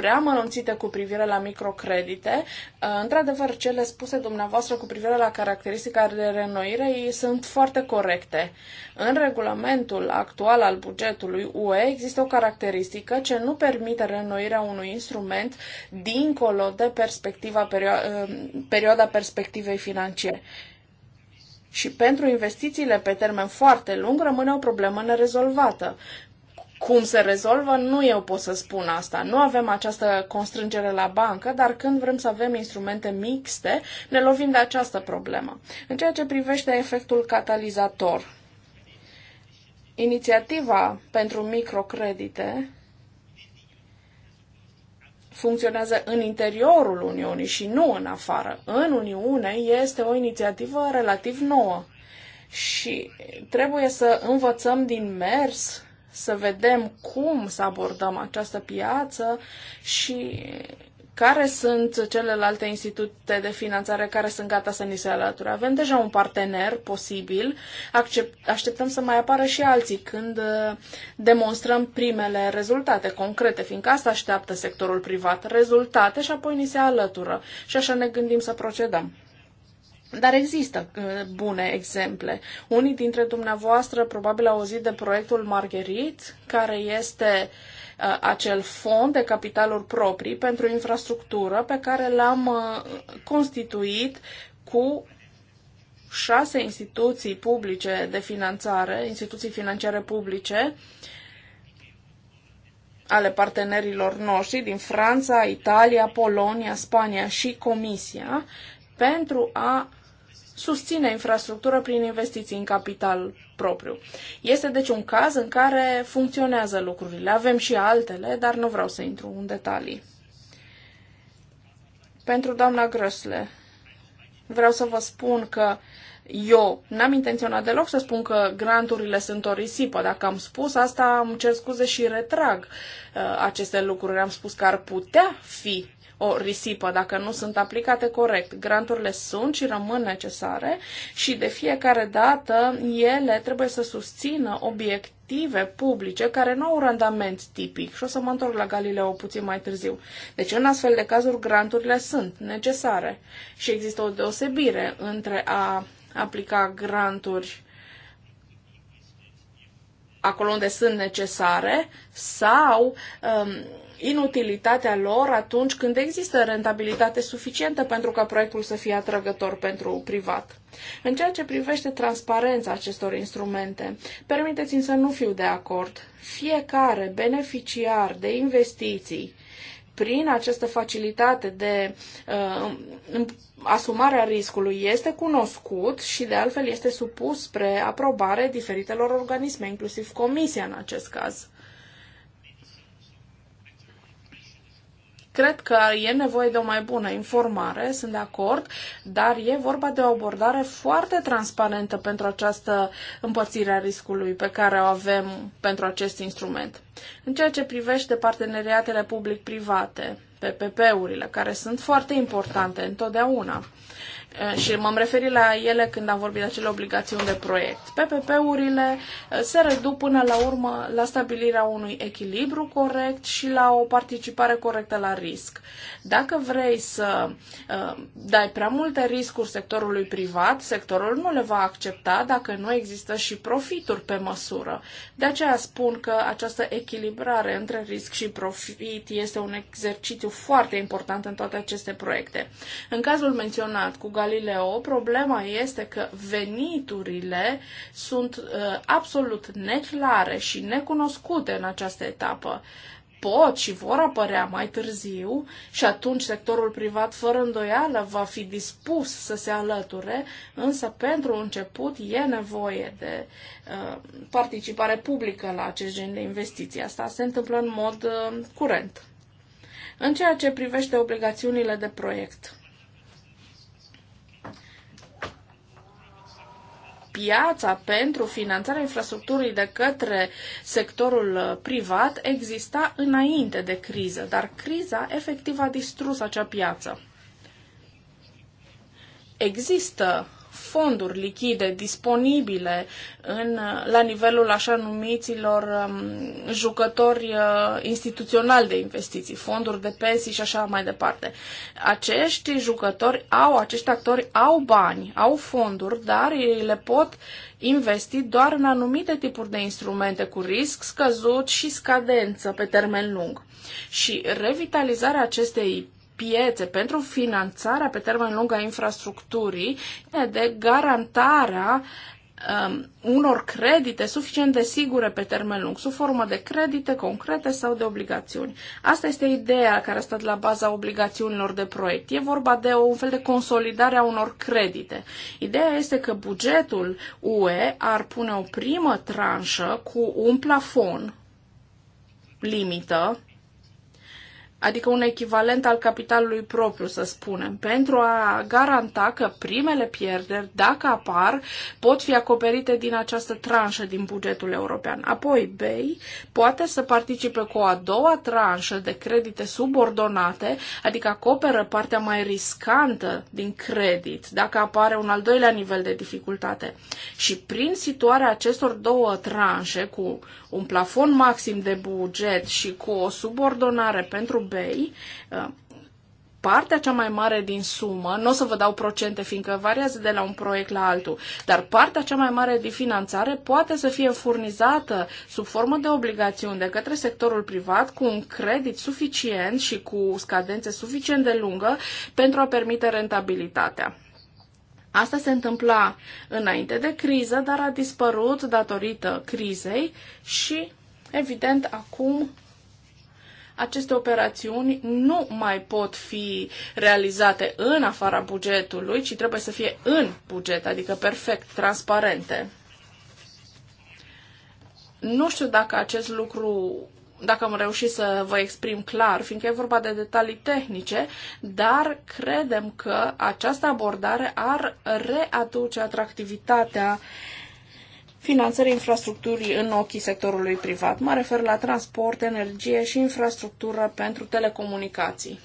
prea mănunțite cu privire la microcredite. Uh, într-adevăr, cele spuse dumneavoastră cu privire la caracteristica de renoire sunt foarte corecte. În regulamentul actual al bugetului UE există o caracteristică ce nu permite renoirea unui instrument dincolo de perspectiva perio- uh, perioada perspectivei financiare și pentru investițiile pe termen foarte lung rămâne o problemă nerezolvată. Cum se rezolvă? Nu eu pot să spun asta. Nu avem această constrângere la bancă, dar când vrem să avem instrumente mixte, ne lovim de această problemă. În ceea ce privește efectul catalizator, inițiativa pentru microcredite funcționează în interiorul Uniunii și nu în afară. În Uniune este o inițiativă relativ nouă și trebuie să învățăm din mers să vedem cum să abordăm această piață și care sunt celelalte institute de finanțare care sunt gata să ni se alăture. Avem deja un partener posibil, accept, așteptăm să mai apară și alții când uh, demonstrăm primele rezultate concrete, fiindcă asta așteaptă sectorul privat, rezultate și apoi ni se alătură. Și așa ne gândim să procedăm. Dar există uh, bune exemple. Unii dintre dumneavoastră probabil au auzit de proiectul Margherit, care este uh, acel fond de capitaluri proprii pentru infrastructură pe care l-am uh, constituit cu șase instituții publice de finanțare, instituții financiare publice, ale partenerilor noștri din Franța, Italia, Polonia, Spania și Comisia, pentru a susține infrastructură prin investiții în capital propriu. Este deci un caz în care funcționează lucrurile. Avem și altele, dar nu vreau să intru în detalii. Pentru doamna Grăsle, vreau să vă spun că eu n-am intenționat deloc să spun că granturile sunt o risipă. Dacă am spus asta, îmi cer scuze și retrag uh, aceste lucruri. Am spus că ar putea fi o risipă dacă nu sunt aplicate corect. Granturile sunt și rămân necesare și de fiecare dată ele trebuie să susțină obiective publice care nu au randament tipic și o să mă întorc la Galileo puțin mai târziu. Deci în astfel de cazuri granturile sunt necesare și există o deosebire între a aplica granturi acolo unde sunt necesare sau um, inutilitatea lor atunci când există rentabilitate suficientă pentru ca proiectul să fie atrăgător pentru privat. În ceea ce privește transparența acestor instrumente, permiteți-mi să nu fiu de acord. Fiecare beneficiar de investiții prin această facilitate de uh, asumarea riscului este cunoscut și de altfel este supus spre aprobare diferitelor organisme, inclusiv comisia în acest caz. Cred că e nevoie de o mai bună informare, sunt de acord, dar e vorba de o abordare foarte transparentă pentru această împărțire a riscului pe care o avem pentru acest instrument. În ceea ce privește parteneriatele public-private, PPP-urile, care sunt foarte importante întotdeauna, Eh, și m-am referit la ele când am vorbit de acele obligațiuni de proiect. PPP-urile eh, se reduc până la urmă la stabilirea unui echilibru corect și la o participare corectă la risc. Dacă vrei să eh, dai prea multe riscuri sectorului privat, sectorul nu le va accepta dacă nu există și profituri pe măsură. De aceea spun că această echilibrare între risc și profit este un exercițiu foarte important în toate aceste proiecte. În cazul menționat cu Galileo, problema este că veniturile sunt uh, absolut neclare și necunoscute în această etapă. Pot și vor apărea mai târziu și atunci sectorul privat fără îndoială va fi dispus să se alăture, însă pentru început e nevoie de uh, participare publică la acest gen de investiții. Asta se întâmplă în mod uh, curent. În ceea ce privește obligațiunile de proiect, piața pentru finanțarea infrastructurii de către sectorul uh, privat exista înainte de criză, dar criza efectiv a distrus acea piață. Există fonduri lichide disponibile în, la nivelul așa numiților um, jucători uh, instituționali de investiții, fonduri de pensii și așa mai departe. Acești jucători au, acești actori au bani, au fonduri, dar ei le pot investi doar în anumite tipuri de instrumente cu risc scăzut și scadență pe termen lung. Și revitalizarea acestei piețe pentru finanțarea pe termen lung a infrastructurii, de garantarea um, unor credite suficient de sigure pe termen lung, sub formă de credite concrete sau de obligațiuni. Asta este ideea care a stat la baza obligațiunilor de proiect. E vorba de o un fel de consolidare a unor credite. Ideea este că bugetul UE ar pune o primă tranșă cu un plafon limită adică un echivalent al capitalului propriu, să spunem, pentru a garanta că primele pierderi, dacă apar, pot fi acoperite din această tranșă din bugetul european. Apoi, BEI poate să participe cu o a doua tranșă de credite subordonate, adică acoperă partea mai riscantă din credit, dacă apare un al doilea nivel de dificultate. Și prin situarea acestor două tranșe, cu un plafon maxim de buget și cu o subordonare pentru bei, uh, partea cea mai mare din sumă, nu o să vă dau procente fiindcă variază de la un proiect la altul, dar partea cea mai mare din finanțare poate să fie furnizată sub formă de obligațiuni de către sectorul privat cu un credit suficient și cu scadențe suficient de lungă pentru a permite rentabilitatea. Asta se întâmpla înainte de criză, dar a dispărut datorită crizei și, evident, acum aceste operațiuni nu mai pot fi realizate în afara bugetului, ci trebuie să fie în buget, adică perfect transparente. Nu știu dacă acest lucru dacă am reușit să vă exprim clar, fiindcă e vorba de detalii tehnice, dar credem că această abordare ar readuce atractivitatea finanțării infrastructurii în ochii sectorului privat. Mă refer la transport, energie și infrastructură pentru telecomunicații.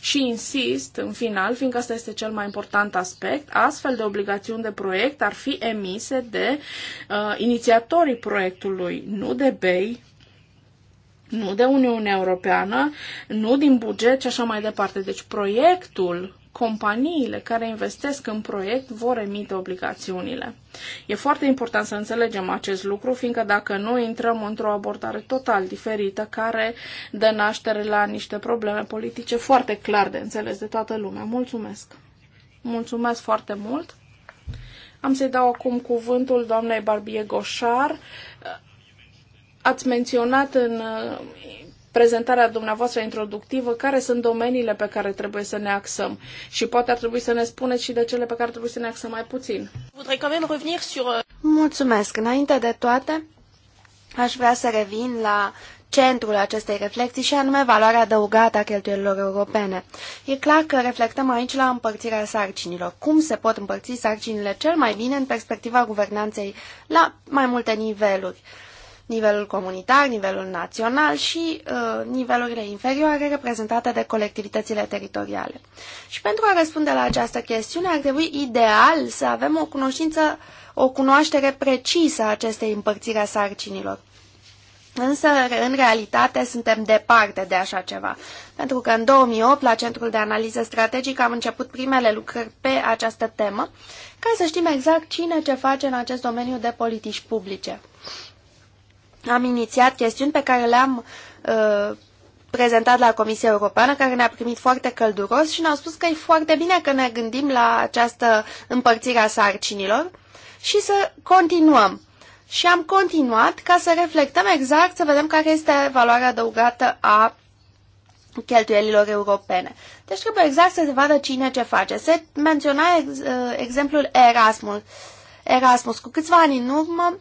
Și insist, în final, fiindcă asta este cel mai important aspect, astfel de obligațiuni de proiect ar fi emise de uh, inițiatorii proiectului, nu de BEI, nu de Uniunea Europeană, nu din buget și așa mai departe. Deci proiectul companiile care investesc în proiect vor emite obligațiunile. E foarte important să înțelegem acest lucru, fiindcă dacă nu intrăm într-o abordare total diferită, care dă naștere la niște probleme politice foarte clar de înțeles de toată lumea. Mulțumesc! Mulțumesc foarte mult! Am să-i dau acum cuvântul doamnei Barbie Goșar. Ați menționat în prezentarea dumneavoastră introductivă care sunt domeniile pe care trebuie să ne axăm și poate ar trebui să ne spuneți și de cele pe care trebuie să ne axăm mai puțin. Euh, Mulțumesc. Înainte de toate, aș vrea să revin la centrul acestei reflexii și anume valoarea adăugată a cheltuielilor europene. E clar că reflectăm aici la împărțirea sarcinilor. Cum se pot împărți sarcinile cel mai bine în perspectiva guvernanței la mai multe niveluri? nivelul comunitar, nivelul național și uh, nivelurile inferioare reprezentate de colectivitățile teritoriale. Și pentru a răspunde la această chestiune ar trebui ideal să avem o cunoștință, o cunoaștere precisă a acestei împărțiri a sarcinilor. Însă, în realitate, suntem departe de așa ceva, pentru că în 2008, la Centrul de Analiză Strategică, am început primele lucrări pe această temă, ca să știm exact cine ce face în acest domeniu de politici publice am inițiat chestiuni pe care le-am uh, prezentat la Comisia Europeană, care ne-a primit foarte călduros și ne-au spus că e foarte bine că ne gândim la această împărțire a sarcinilor și să continuăm. Și am continuat ca să reflectăm exact, să vedem care este valoarea adăugată a cheltuielilor europene. Deci trebuie exact să se vadă cine ce face. Se menționa ex, uh, exemplul Erasmus. Erasmus, cu câțiva ani în urmă,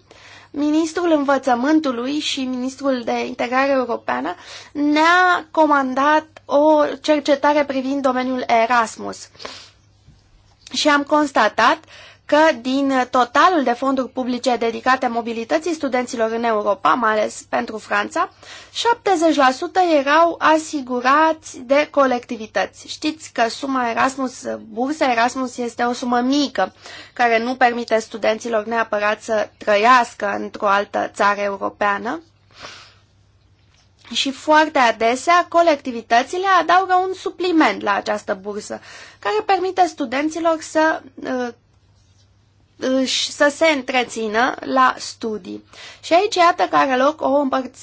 ministrul învățământului și ministrul de integrare europeană ne-a comandat o cercetare privind domeniul Erasmus. Și am constatat că din totalul de fonduri publice dedicate mobilității studenților în Europa, mai ales pentru Franța, 70% erau asigurați de colectivități. Știți că suma Erasmus, bursa Erasmus este o sumă mică, care nu permite studenților neapărat să trăiască într-o altă țară europeană. Și foarte adesea, colectivitățile adaugă un supliment la această bursă, care permite studenților să uh, să se întrețină la studii. Și aici iată că are loc o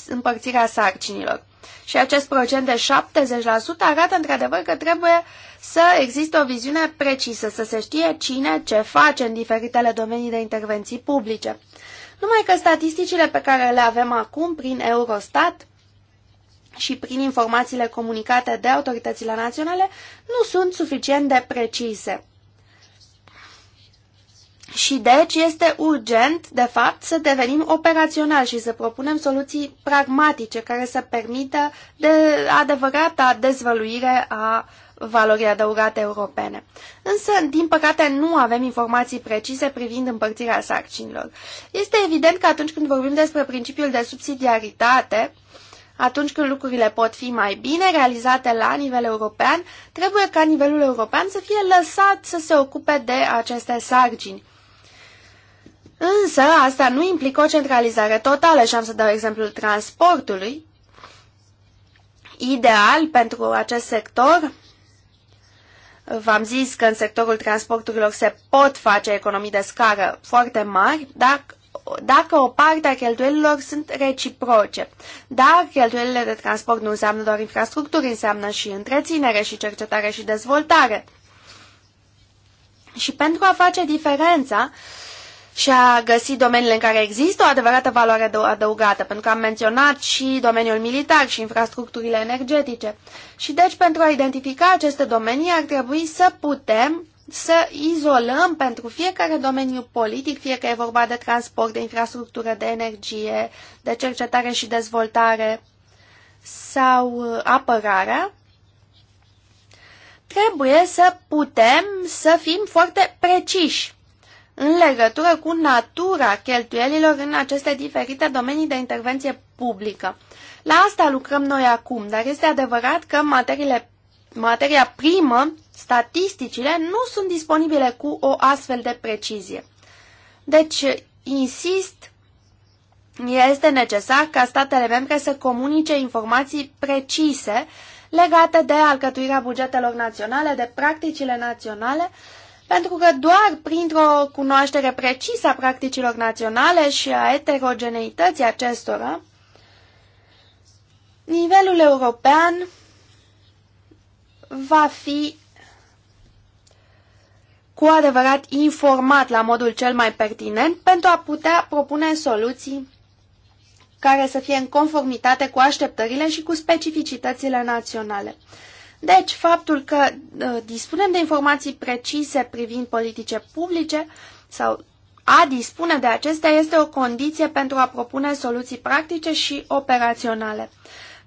împărțire a sarcinilor. Și acest procent de 70% arată într-adevăr că trebuie să existe o viziune precisă, să se știe cine ce face în diferitele domenii de intervenții publice. Numai că statisticile pe care le avem acum prin Eurostat și prin informațiile comunicate de autoritățile naționale nu sunt suficient de precise. Și deci este urgent, de fapt, să devenim operaționali și să propunem soluții pragmatice care să permită de adevărata dezvăluire a valorii adăugate europene. Însă, din păcate, nu avem informații precise privind împărțirea sarcinilor. Este evident că atunci când vorbim despre principiul de subsidiaritate, atunci când lucrurile pot fi mai bine realizate la nivel european, trebuie ca nivelul european să fie lăsat să se ocupe de aceste sarcini Însă, asta nu implică o centralizare totală și am să dau exemplul transportului. Ideal pentru acest sector, v-am zis că în sectorul transporturilor se pot face economii de scară foarte mari, dar dacă o parte a cheltuielilor sunt reciproce. Dar cheltuielile de transport nu înseamnă doar infrastructuri, înseamnă și întreținere, și cercetare, și dezvoltare. Și pentru a face diferența, uh, și a găsi domeniile în care există o adevărată valoare adăugată, pentru că am menționat și domeniul militar și infrastructurile energetice. Și deci, pentru a identifica aceste domenii, ar trebui să putem să izolăm pentru fiecare domeniu politic, fie că e vorba de transport, de infrastructură, de energie, de cercetare și dezvoltare sau uh, apărarea, trebuie să putem să fim foarte preciși în legătură cu natura cheltuielilor în aceste diferite domenii de intervenție publică. La asta lucrăm noi acum, dar este adevărat că materiile, materia primă, statisticile, nu sunt disponibile cu o astfel de precizie. Deci, insist, este necesar ca statele membre să comunice informații precise legate de alcătuirea bugetelor naționale, de practicile naționale, pentru că doar printr-o cunoaștere precisă a practicilor naționale și a eterogeneității acestora, nivelul european va fi cu adevărat informat la modul cel mai pertinent pentru a putea propune soluții care să fie în conformitate cu așteptările și cu specificitățile naționale. Deci, faptul că uh, dispunem de informații precise privind politice publice sau a dispune de acestea este o condiție pentru a propune soluții practice și operaționale.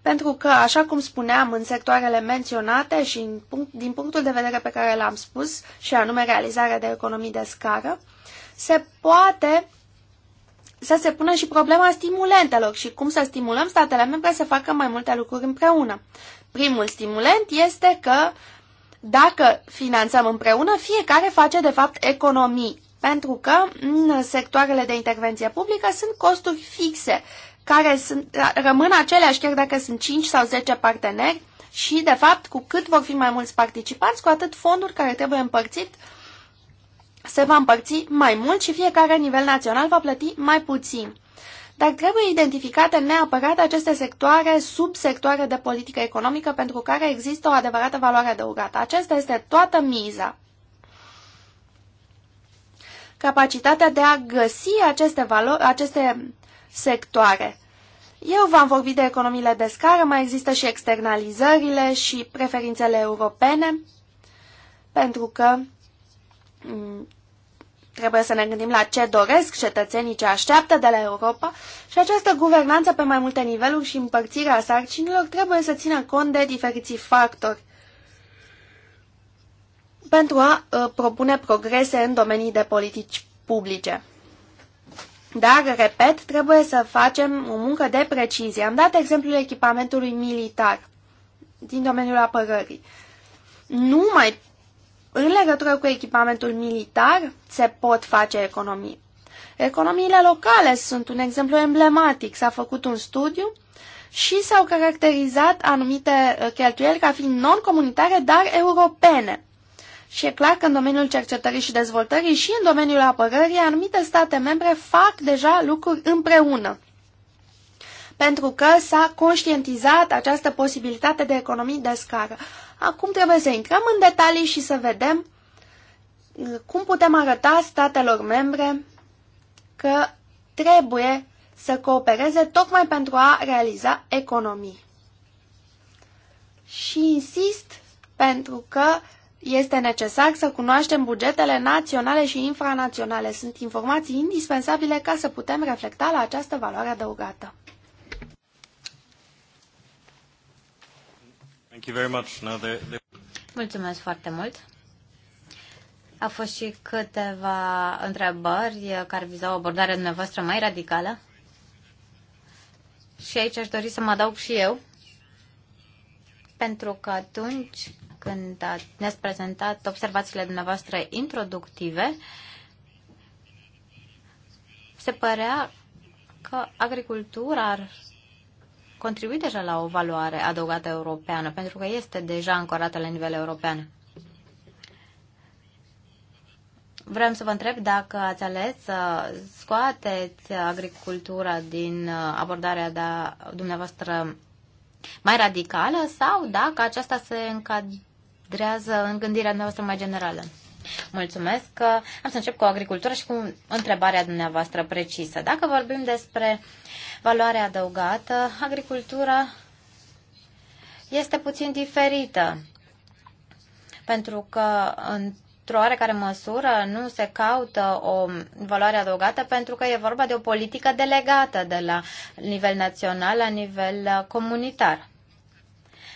Pentru că, așa cum spuneam în sectoarele menționate și în punct, din punctul de vedere pe care l-am spus, și anume realizarea de economii de scară, se poate să se pună și problema stimulentelor și cum să stimulăm statele membre să facă mai multe lucruri împreună. Primul stimulent este că dacă finanțăm împreună, fiecare face de fapt economii, pentru că în sectoarele de intervenție publică sunt costuri fixe, care sunt, rămân aceleași chiar dacă sunt 5 sau 10 parteneri și, de fapt, cu cât vor fi mai mulți participanți, cu atât fondul care trebuie împărțit se va împărți mai mult și fiecare nivel național va plăti mai puțin dar trebuie identificate neapărat aceste sectoare, subsectoare de politică economică pentru care există o adevărată valoare adăugată. Aceasta este toată miza. Capacitatea de a găsi aceste, valori, aceste sectoare. Eu v-am vorbit de economiile de scară, mai există și externalizările și preferințele europene, pentru că Trebuie să ne gândim la ce doresc cetățenii, ce așteaptă de la Europa și această guvernanță pe mai multe niveluri și împărțirea sarcinilor trebuie să țină cont de diferiții factori pentru a uh, propune progrese în domenii de politici publice. Dar, repet, trebuie să facem o muncă de precizie. Am dat exemplul echipamentului militar din domeniul apărării. Nu mai. În legătură cu echipamentul militar, se pot face economii. Economiile locale sunt un exemplu emblematic. S-a făcut un studiu și s-au caracterizat anumite uh, cheltuieli ca fiind non-comunitare, dar europene. Și e clar că în domeniul cercetării și dezvoltării și în domeniul apărării, anumite state membre fac deja lucruri împreună. Pentru că s-a conștientizat această posibilitate de economii de scară. Acum trebuie să intrăm în detalii și să vedem uh, cum putem arăta statelor membre că trebuie să coopereze tocmai pentru a realiza economii. Și insist pentru că este necesar să cunoaștem bugetele naționale și infranaționale. Sunt informații indispensabile ca să putem reflecta la această valoare adăugată. Mulțumesc foarte mult. A fost și câteva întrebări care vizau abordarea dumneavoastră mai radicală. Și aici aș dori să mă adaug și eu, pentru că atunci când ne-ați prezentat observațiile dumneavoastră introductive, se părea că agricultura ar contribuit deja la o valoare adăugată europeană, pentru că este deja ancorată la nivel european. Vreau să vă întreb dacă ați ales să scoateți agricultura din uh, abordarea de da, dumneavoastră mai radicală sau dacă aceasta se încadrează în gândirea noastră mai generală. Mulțumesc. Am să încep cu agricultura și cu întrebarea dumneavoastră precisă. Dacă vorbim despre valoarea adăugată, agricultura este puțin diferită, pentru că în într-o oarecare măsură nu se caută o valoare adăugată pentru că e vorba de o politică delegată de la nivel național la nivel comunitar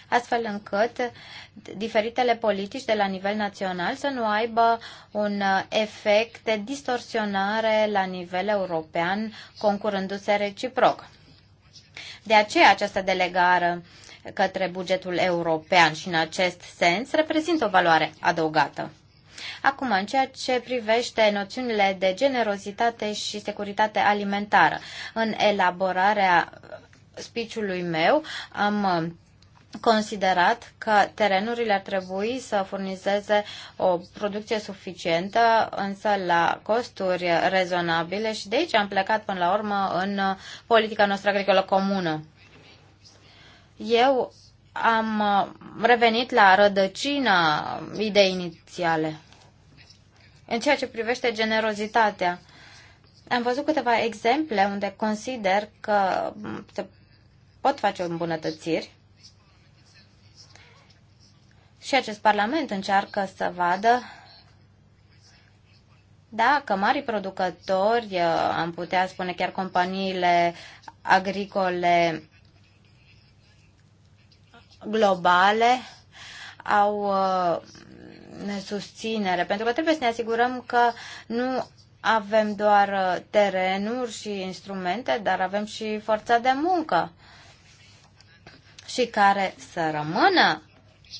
astfel încât diferitele politici de la nivel național să nu aibă un uh, efect de distorsionare la nivel european, concurându-se reciproc. De aceea această delegare către bugetul european și în acest sens reprezintă o valoare adăugată. Acum, în ceea ce privește noțiunile de generozitate și securitate alimentară, în elaborarea uh, spiciului meu am uh, considerat că terenurile ar trebui să furnizeze o producție suficientă, însă la costuri rezonabile și de aici am plecat până la urmă în politica noastră agricolă comună. Eu am revenit la rădăcina ideii inițiale. În ceea ce privește generozitatea, am văzut câteva exemple unde consider că se pot face îmbunătățiri și acest Parlament încearcă să vadă dacă mari producători, uh, am putea spune chiar companiile agricole globale, au uh, susținere, pentru că trebuie să ne asigurăm că nu avem doar uh, terenuri și instrumente, dar avem și forța de muncă și care să rămână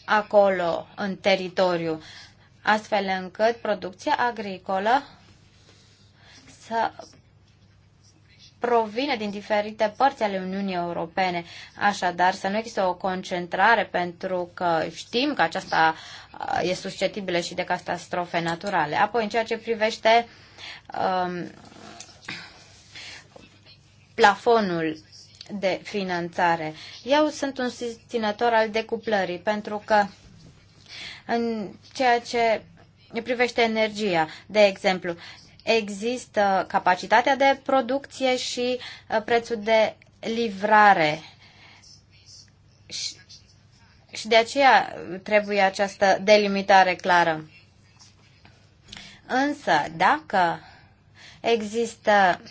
acolo în teritoriu, astfel încât producția agricolă să provine din diferite părți ale Uniunii Europene. Așadar, să nu există o concentrare pentru că știm că aceasta uh, e susceptibilă și de catastrofe naturale. Apoi, în ceea ce privește um, plafonul de finanțare. Eu sunt un susținător al decuplării pentru că în ceea ce privește energia, de exemplu, există capacitatea de producție și uh, prețul de livrare. Și de aceea trebuie această delimitare clară. Însă, dacă există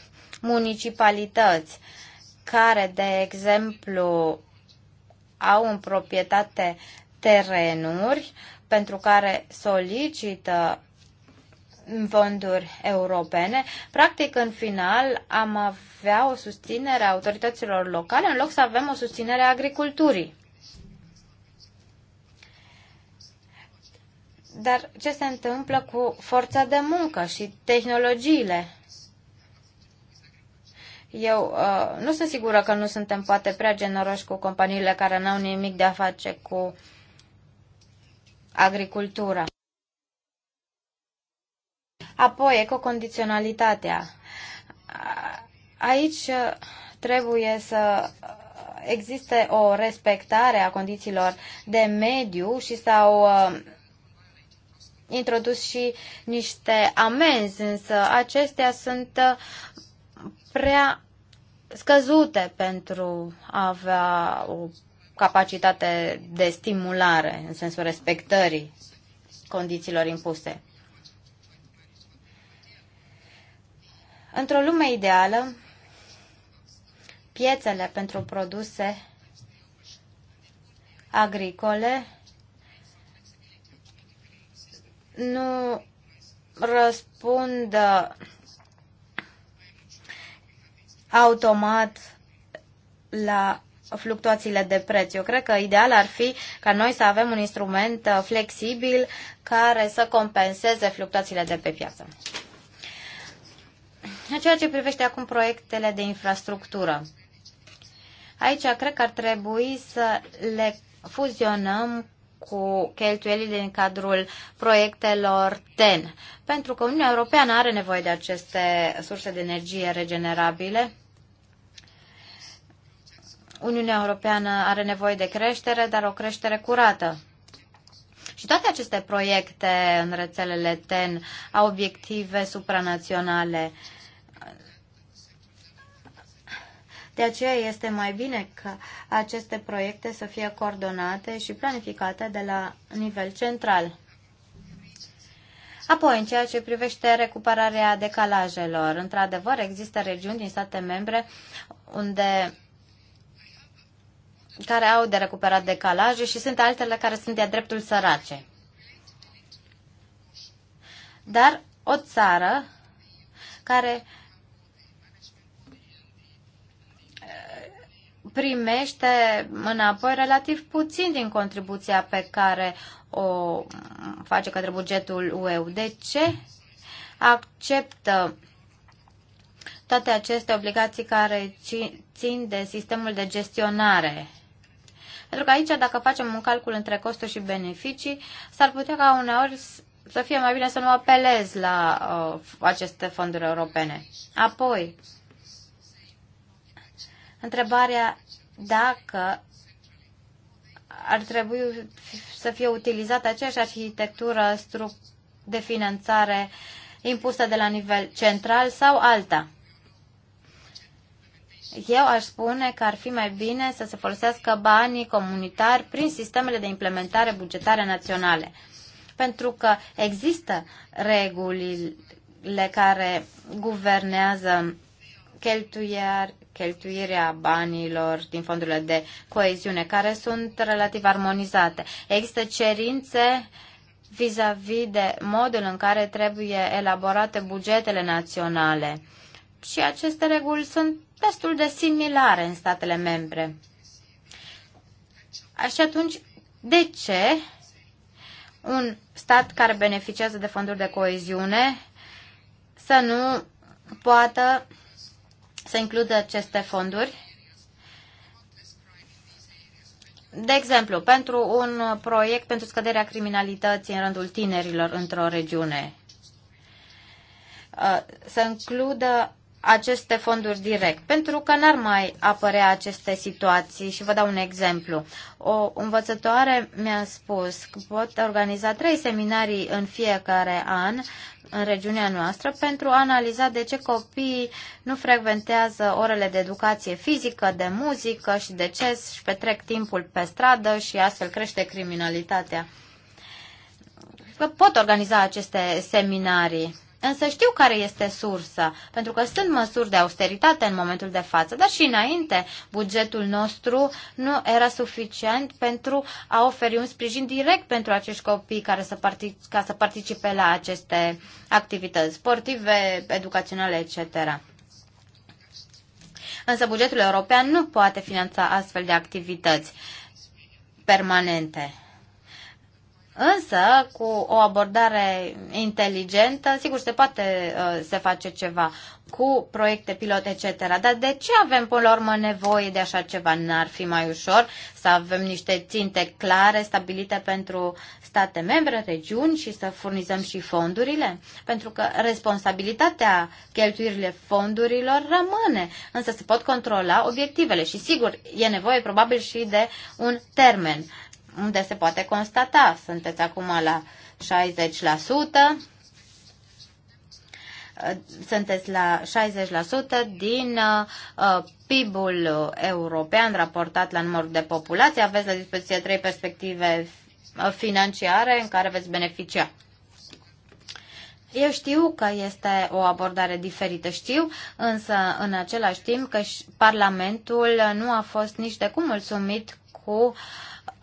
municipalități care, de exemplu, au în proprietate terenuri pentru care solicită fonduri europene, practic în final am avea o susținere a autorităților locale în loc să avem o susținere a agriculturii. Dar ce se întâmplă cu forța de muncă și tehnologiile? Eu uh, nu sunt sigură că nu suntem poate prea generoși cu companiile care n-au nimic de a face cu agricultura. Apoi, ecocondiționalitatea. Aici uh, trebuie să existe o respectare a condițiilor de mediu și s-au uh, introdus și niște amenzi, însă acestea sunt uh, prea scăzute pentru a avea o capacitate de stimulare în sensul respectării condițiilor impuse. Într-o lume ideală, piețele pentru produse agricole nu răspund automat la fluctuațiile de preț. Eu cred că ideal ar fi ca noi să avem un instrument uh, flexibil care să compenseze fluctuațiile de pe piață. În ceea ce privește acum proiectele de infrastructură, aici cred că ar trebui să le fuzionăm cu cheltuielile din cadrul proiectelor TEN, pentru că Uniunea Europeană are nevoie de aceste surse de energie regenerabile Uniunea Europeană are nevoie de creștere, dar o creștere curată. Și toate aceste proiecte în rețelele TEN au obiective supranaționale. De aceea este mai bine ca aceste proiecte să fie coordonate și planificate de la nivel central. Apoi, în ceea ce privește recuperarea decalajelor, într-adevăr, există regiuni din state membre unde care au de recuperat decalaje și sunt altele care sunt de dreptul sărace. Dar o țară care eh, primește înapoi relativ puțin din contribuția pe care o face către bugetul UE. De ce acceptă toate aceste obligații care țin de sistemul de gestionare pentru că aici, dacă facem un calcul între costuri și beneficii, s-ar putea ca uneori să fie mai bine să nu apelez la uh, aceste fonduri europene. Apoi, întrebarea dacă ar trebui să fie utilizată aceeași arhitectură de finanțare impusă de la nivel central sau alta. Eu aș spune că ar fi mai bine să se folosească banii comunitari prin sistemele de implementare bugetare naționale. Pentru că există regulile care guvernează cheltuieri, cheltuirea banilor din fondurile de coeziune, care sunt relativ armonizate. Există cerințe vis-a-vis -vis de modul în care trebuie elaborate bugetele naționale. Și aceste reguli sunt destul de similare în statele membre. Și atunci, de ce un stat care beneficiază de fonduri de coeziune să nu poată să includă aceste fonduri? De exemplu, pentru un proiect pentru scăderea criminalității în rândul tinerilor într-o regiune, uh, să includă aceste fonduri direct, pentru că n-ar mai apărea aceste situații și vă dau un exemplu. O învățătoare mi-a spus că pot organiza trei seminarii în fiecare an în regiunea noastră pentru a analiza de ce copiii nu frecventează orele de educație fizică, de muzică și de ce își petrec timpul pe stradă și astfel crește criminalitatea. pot organiza aceste seminarii Însă știu care este sursa, pentru că sunt măsuri de austeritate în momentul de față, dar și înainte bugetul nostru nu era suficient pentru a oferi un sprijin direct pentru acești copii care să ca să participe la aceste activități sportive, educaționale, etc. Însă bugetul european nu poate finanța astfel de activități permanente. Însă, cu o abordare inteligentă, sigur, se poate uh, se face ceva cu proiecte pilot, etc. Dar de ce avem, până la urmă, nevoie de așa ceva? N-ar fi mai ușor să avem niște ținte clare, stabilite pentru state membre, regiuni și să furnizăm și fondurile? Pentru că responsabilitatea cheltuirile fondurilor rămâne, însă se pot controla obiectivele și, sigur, e nevoie probabil și de un termen. Uh, unde se poate constata. Sunteți acum la 60%, sunteți la 60% din uh, PIB-ul european raportat la numărul de populație. Aveți la dispoziție trei perspective uh, financiare în care veți beneficia. Eu știu că este o abordare diferită, știu, însă în același timp că Parlamentul nu a fost nici de cum mulțumit cu uh,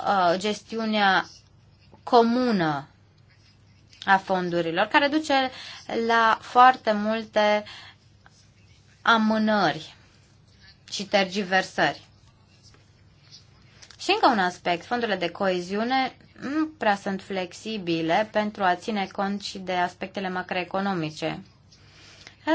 Uh, gestiunea comună a fondurilor, care duce la foarte multe amânări și tergiversări. Și încă un aspect, fondurile de coeziune nu prea sunt flexibile pentru a ține cont și de aspectele macroeconomice.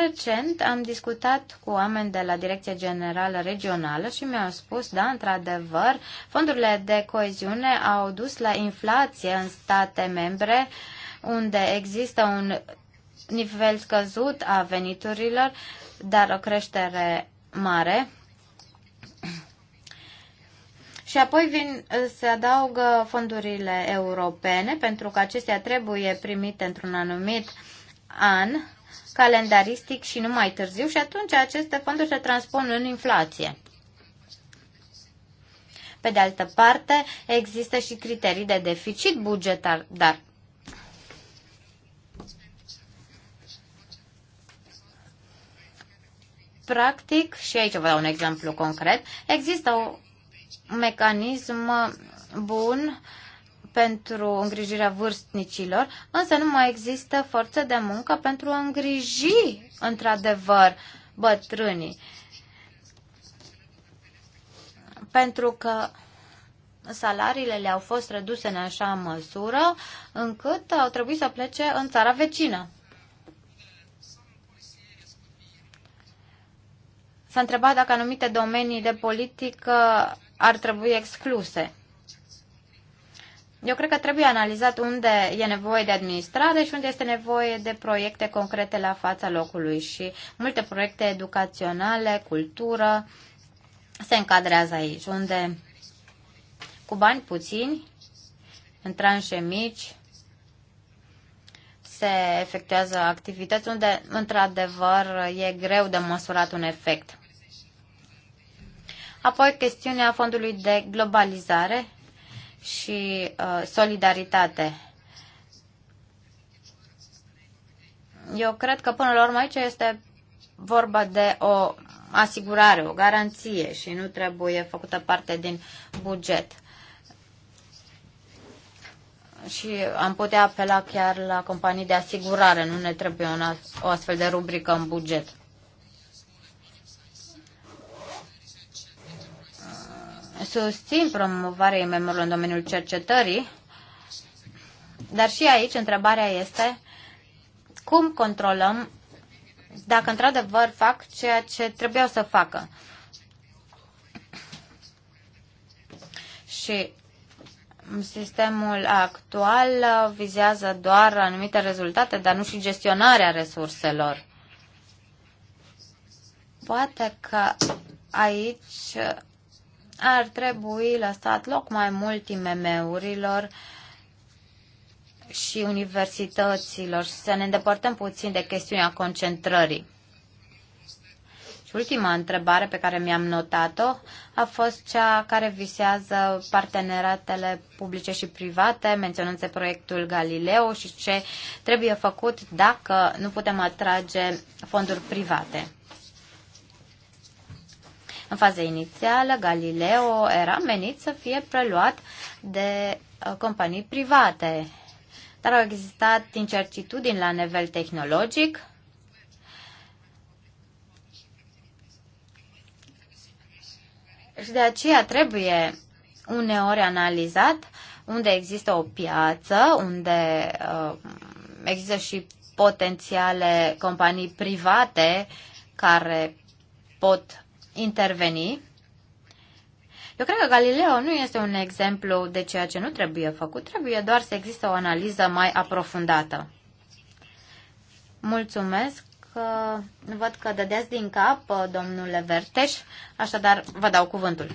Recent am discutat cu oameni de la Direcția Generală Regională și mi-au spus, da, într-adevăr, fondurile de coeziune au dus la inflație în state membre unde există un nivel scăzut a veniturilor, dar o creștere mare. Și apoi vin, se adaugă fondurile europene, pentru că acestea trebuie primite într-un anumit an calendaristic și nu mai târziu și atunci aceste fonduri se transpun în inflație. Pe de altă parte, există și criterii de deficit bugetar, dar practic, și aici vă dau un exemplu concret, există un mecanism bun pentru îngrijirea vârstnicilor, însă nu mai există forță de muncă pentru a îngriji într-adevăr bătrânii. Pentru că salariile le-au fost reduse în așa măsură încât au trebuit să plece în țara vecină. S-a întrebat dacă anumite domenii de politică ar trebui excluse. Eu cred că trebuie analizat unde e nevoie de administrare și unde este nevoie de proiecte concrete la fața locului și multe proiecte educaționale, cultură, se încadrează aici, unde cu bani puțini, în tranșe mici, se efectuează activități unde, într-adevăr, e greu de măsurat un efect. Apoi, chestiunea fondului de globalizare și uh, solidaritate. Eu cred că până la urmă aici este vorba de o asigurare, o garanție și nu trebuie făcută parte din buget. Și am putea apela chiar la companii de asigurare, nu ne trebuie una, o astfel de rubrică în buget. susțin promovarea IMM-urilor în domeniul cercetării, dar și aici întrebarea este cum controlăm dacă într-adevăr fac ceea ce trebuiau să facă. Și sistemul actual vizează doar anumite rezultate, dar nu și gestionarea resurselor. Poate că aici ar trebui lăsat loc mai mult IMM-urilor și universităților și să ne îndepărtăm puțin de chestiunea concentrării. Și ultima întrebare pe care mi-am notat-o a fost cea care visează parteneratele publice și private, menționând se proiectul Galileo și ce trebuie făcut dacă nu putem atrage fonduri private. În faza inițială, Galileo era menit să fie preluat de uh, companii private, dar au existat incertitudini la nivel tehnologic. Și de aceea trebuie uneori analizat unde există o piață, unde uh, există și potențiale companii private care pot interveni. Eu cred că Galileo nu este un exemplu de ceea ce nu trebuie făcut, trebuie doar să există o analiză mai aprofundată. Mulțumesc că văd că dădeați din cap, domnule Verteș, așadar vă dau cuvântul.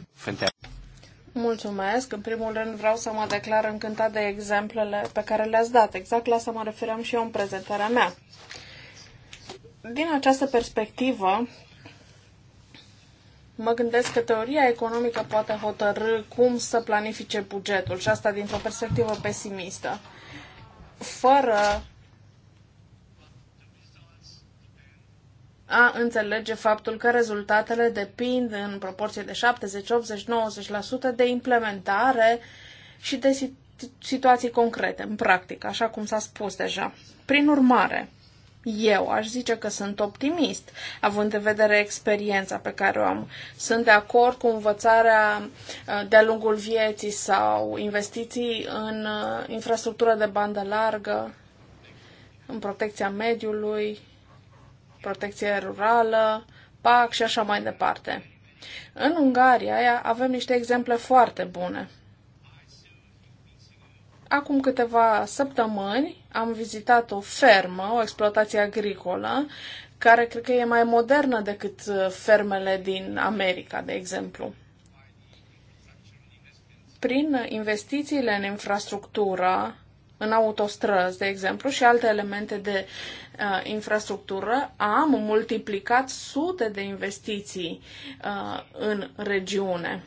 Mulțumesc. În primul rând vreau să mă declar încântat de exemplele pe care le-ați dat. Exact la asta mă referam și eu în prezentarea mea. Din această perspectivă, mă gândesc că teoria economică poate hotărâ cum să planifice bugetul și asta dintr-o perspectivă pesimistă. Fără a înțelege faptul că rezultatele depind în proporție de 70, 80, 90% de implementare și de situații concrete, în practică, așa cum s-a spus deja. Prin urmare, eu aș zice că sunt optimist, având în vedere experiența pe care o am. Sunt de acord cu învățarea uh, de-a lungul vieții sau investiții în uh, infrastructură de bandă largă, în protecția mediului, protecția rurală, PAC și așa mai departe. În Ungaria avem niște exemple foarte bune. Acum câteva săptămâni am vizitat o fermă, o exploatație agricolă, care cred că e mai modernă decât uh, fermele din America, de exemplu. Prin investițiile în infrastructură, în autostrăzi, de exemplu, și alte elemente de uh, infrastructură, am multiplicat sute de investiții uh, în regiune.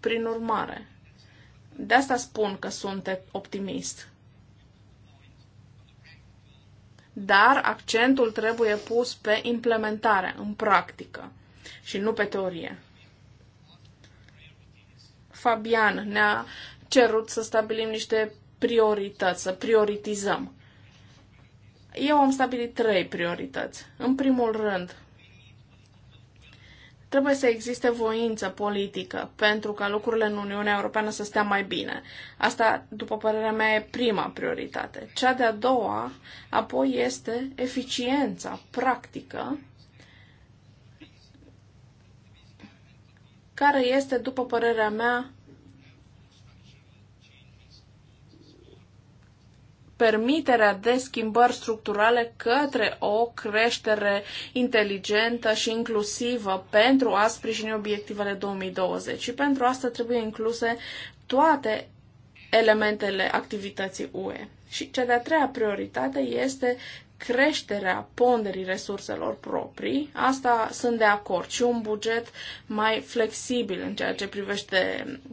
Prin urmare, de asta spun că sunt optimist dar accentul trebuie pus pe implementare, în practică și nu pe teorie. Fabian ne-a cerut să stabilim niște priorități, să prioritizăm. Eu am stabilit trei priorități. În primul rând, Trebuie să existe voință politică pentru ca lucrurile în Uniunea Europeană să stea mai bine. Asta, după părerea mea, e prima prioritate. Cea de-a doua, apoi, este eficiența practică care este, după părerea mea, permiterea de schimbări structurale către o creștere inteligentă și inclusivă pentru a sprijini obiectivele 2020. Și pentru asta trebuie incluse toate elementele activității UE. Și cea de-a treia prioritate este creșterea ponderii resurselor proprii, asta sunt de acord, și un buget mai flexibil în ceea ce privește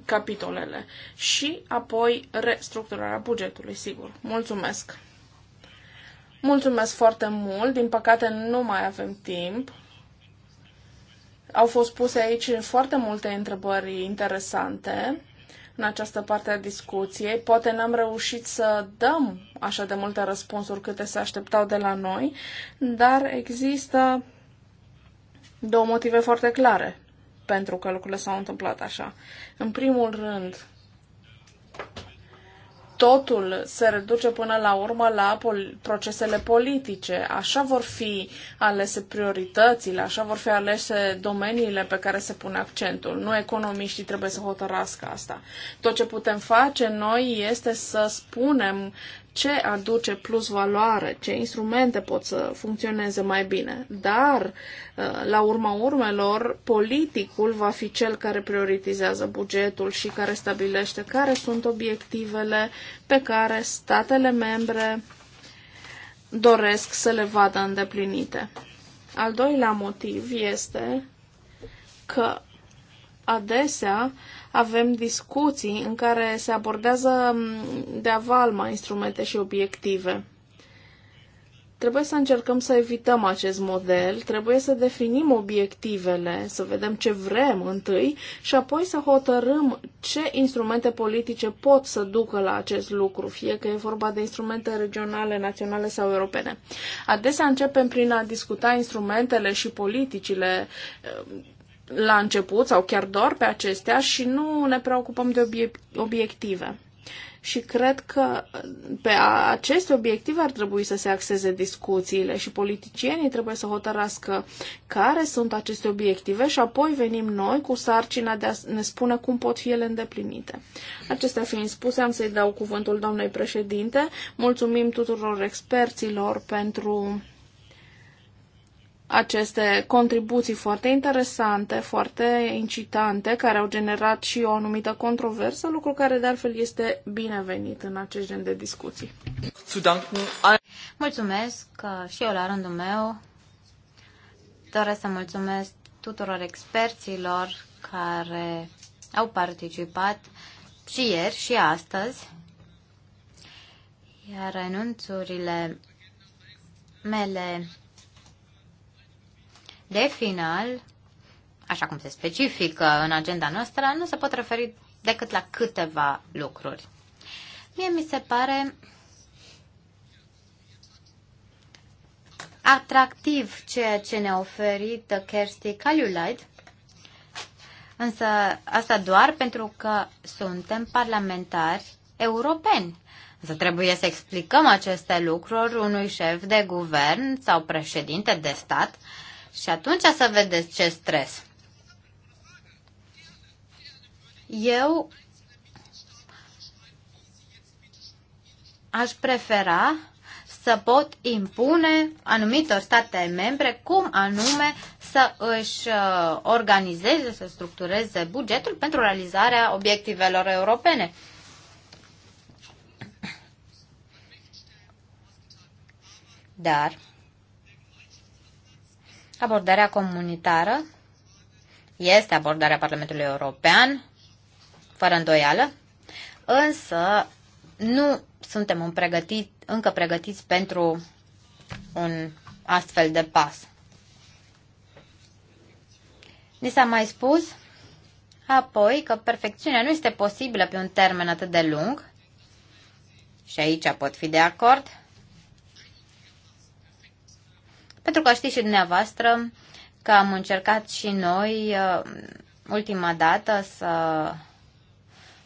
capitolele și apoi restructurarea bugetului, sigur. Mulțumesc! Mulțumesc foarte mult, din păcate nu mai avem timp. Au fost puse aici foarte multe întrebări interesante în această parte a discuției. Poate n-am reușit să dăm așa de multe răspunsuri câte se așteptau de la noi, dar există două motive foarte clare pentru că lucrurile s-au întâmplat așa. În primul rând, totul se reduce până la urmă la pol- procesele politice. Așa vor fi alese prioritățile, așa vor fi alese domeniile pe care se pune accentul. Nu economiștii trebuie să hotărască asta. Tot ce putem face noi este să spunem ce aduce plus valoare, ce instrumente pot să funcționeze mai bine. Dar, uh, la urma urmelor, politicul va fi cel care prioritizează bugetul și care stabilește care sunt obiectivele pe care statele membre doresc să le vadă îndeplinite. Al doilea motiv este că adesea uh, avem discuții în care se abordează mm, de avalma instrumente și obiective. Trebuie să încercăm să evităm acest model, trebuie să definim obiectivele, să vedem ce vrem întâi și apoi să hotărâm ce instrumente politice pot să ducă la acest lucru, fie că e vorba de instrumente regionale, naționale sau europene. Adesea începem prin a discuta instrumentele și politicile la început sau chiar doar pe acestea și nu ne preocupăm de obiective. Și cred că pe aceste obiective ar trebui să se axeze discuțiile și politicienii trebuie să hotărască care sunt aceste obiective și apoi venim noi cu sarcina de a ne spune cum pot fi ele îndeplinite. Acestea fiind spuse, am să-i dau cuvântul doamnei președinte. Mulțumim tuturor experților pentru aceste contribuții foarte interesante, foarte incitante, care au generat și o anumită controversă, lucru care de altfel este binevenit în acest gen de discuții. Mulțumesc uh, și eu la rândul meu doresc să mulțumesc tuturor experților care au participat și ieri și astăzi, iar renunțurile mele de final, așa cum se specifică în agenda noastră, nu se pot referi decât la câteva lucruri. Mie mi se pare atractiv ceea ce ne-a oferit Kersti Caliulide, însă asta doar pentru că suntem parlamentari europeni. Însă trebuie să explicăm aceste lucruri unui șef de guvern sau președinte de stat și atunci să vedeți ce stres. Eu aș prefera să pot impune anumitor state membre cum anume să își uh, organizeze, să structureze bugetul pentru realizarea obiectivelor europene. Dar Abordarea comunitară este abordarea Parlamentului European, fără îndoială, însă nu suntem în pregătit, încă pregătiți pentru un astfel de pas. Ni s-a mai spus apoi că perfecțiunea nu este posibilă pe un termen atât de lung, și aici pot fi de acord, pentru că știți și dumneavoastră că am încercat și noi uh, ultima dată să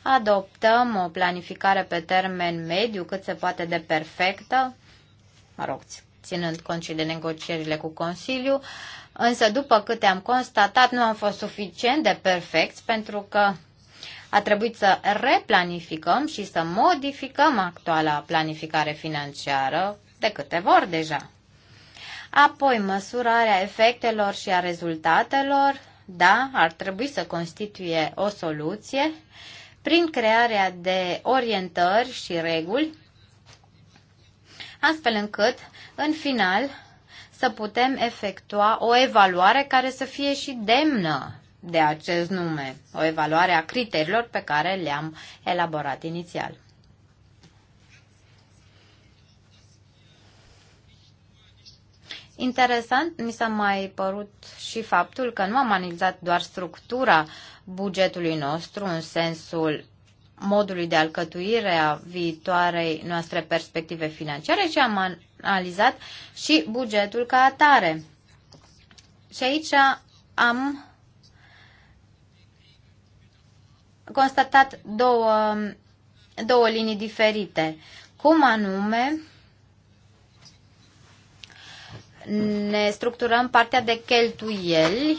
adoptăm o planificare pe termen mediu cât se poate de perfectă, mă rog, ținând cont și de negocierile cu Consiliu, însă după câte am constatat nu am fost suficient de perfecți pentru că a trebuit să replanificăm și să modificăm actuala planificare financiară de câteva ori deja. Apoi, măsurarea efectelor și a rezultatelor, da, ar trebui să constituie o soluție prin crearea de orientări și reguli, astfel încât, în final, să putem efectua o evaluare care să fie și demnă de acest nume, o evaluare a criteriilor pe care le-am elaborat inițial. Interesant mi s-a mai părut și faptul că nu am analizat doar structura bugetului nostru în sensul modului de alcătuire a viitoarei noastre perspective financiare, ci am analizat și bugetul ca atare. Și aici am constatat două, două linii diferite. Cum anume ne structurăm partea de cheltuieli,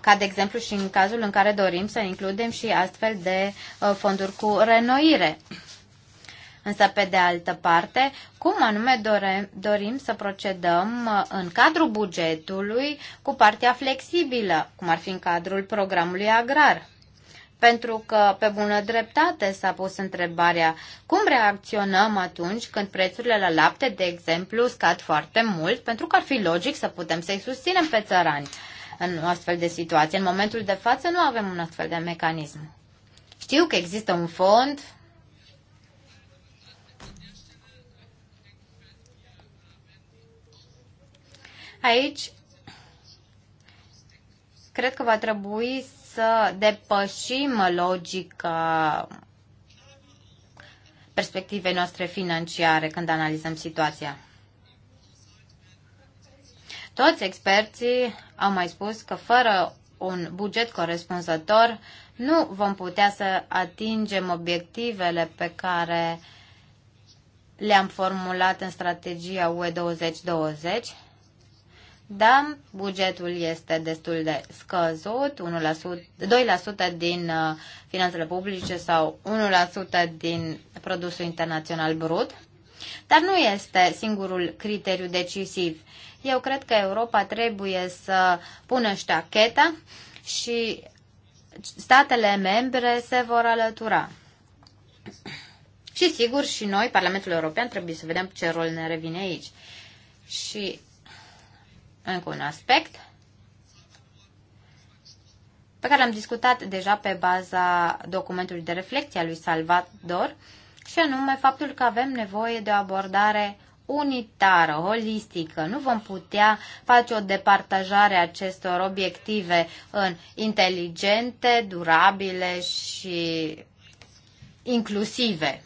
ca de exemplu și în cazul în care dorim să includem și astfel de uh, fonduri cu renoire. Însă, pe de altă parte, cum anume dorim, dorim să procedăm uh, în cadrul bugetului cu partea flexibilă, cum ar fi în cadrul programului agrar? pentru că pe bună dreptate s-a pus întrebarea cum reacționăm atunci când prețurile la lapte, de exemplu, scad foarte mult, pentru că ar fi logic să putem să-i susținem pe țărani în o astfel de situație. În momentul de față nu avem un astfel de mecanism. Știu că există un fond. Aici cred că va trebui să depășim logica perspectivei noastre financiare când analizăm situația. Toți experții au mai spus că fără un buget corespunzător nu vom putea să atingem obiectivele pe care le-am formulat în strategia UE 2020 da, bugetul este destul de scăzut, 1%, 2% din uh, finanțele publice sau 1% din produsul internațional brut, dar nu este singurul criteriu decisiv. Eu cred că Europa trebuie să pună ștacheta și statele membre se vor alătura. Și sigur, și noi, Parlamentul European, trebuie să vedem ce rol ne revine aici. Și încă un aspect pe care l-am discutat deja pe baza documentului de reflecție a lui Salvador, și anume faptul că avem nevoie de o abordare unitară, holistică. Nu vom putea face o departajare acestor obiective în inteligente, durabile și inclusive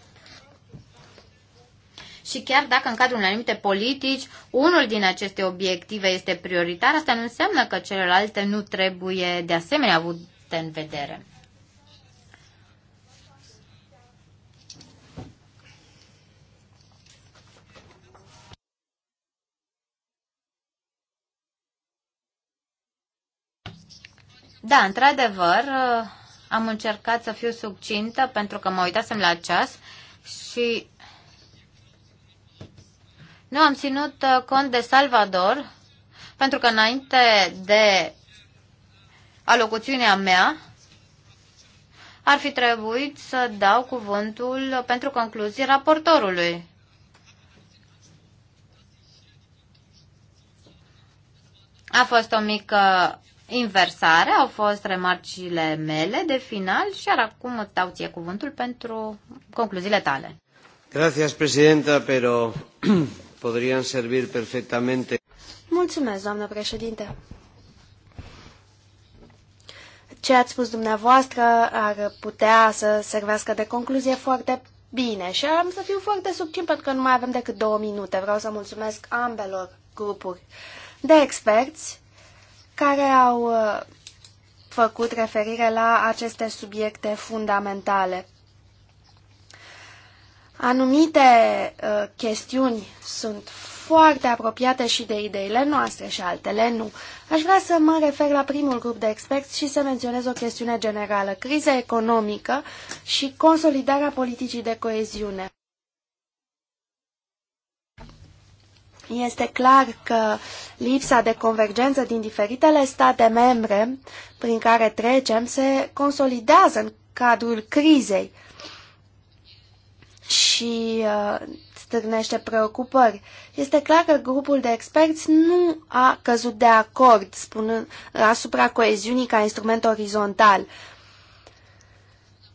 și chiar dacă în cadrul unei anumite politici unul din aceste obiective este prioritar, asta nu înseamnă că celelalte nu trebuie de asemenea avute în vedere. Da, într-adevăr, am încercat să fiu succintă pentru că mă uitasem la ceas și nu am ținut uh, cont de Salvador, pentru că înainte de alocuțiunea mea, ar fi trebuit să dau cuvântul pentru concluzii raportorului. A fost o mică inversare, au fost remarcile mele de final și ar acum îți dau ție cuvântul pentru concluziile tale. Gracias, presidenta, pero podrían servir perfectamente. Mulțumesc, doamnă președinte. Ce ați spus dumneavoastră ar putea să servească de concluzie foarte bine și am să fiu foarte subțin pentru că nu mai avem decât două minute. Vreau să mulțumesc ambelor grupuri de experți care au uh, făcut referire la aceste subiecte fundamentale. Anumite uh, chestiuni sunt foarte apropiate și de ideile noastre și altele nu. Aș vrea să mă refer la primul grup de experți și să menționez o chestiune generală, criza economică și consolidarea politicii de coeziune. Este clar că lipsa de convergență din diferitele state membre prin care trecem se consolidează în cadrul crizei, și uh, stârnește preocupări. Este clar că grupul de experți nu a căzut de acord spunând, asupra coeziunii ca instrument orizontal.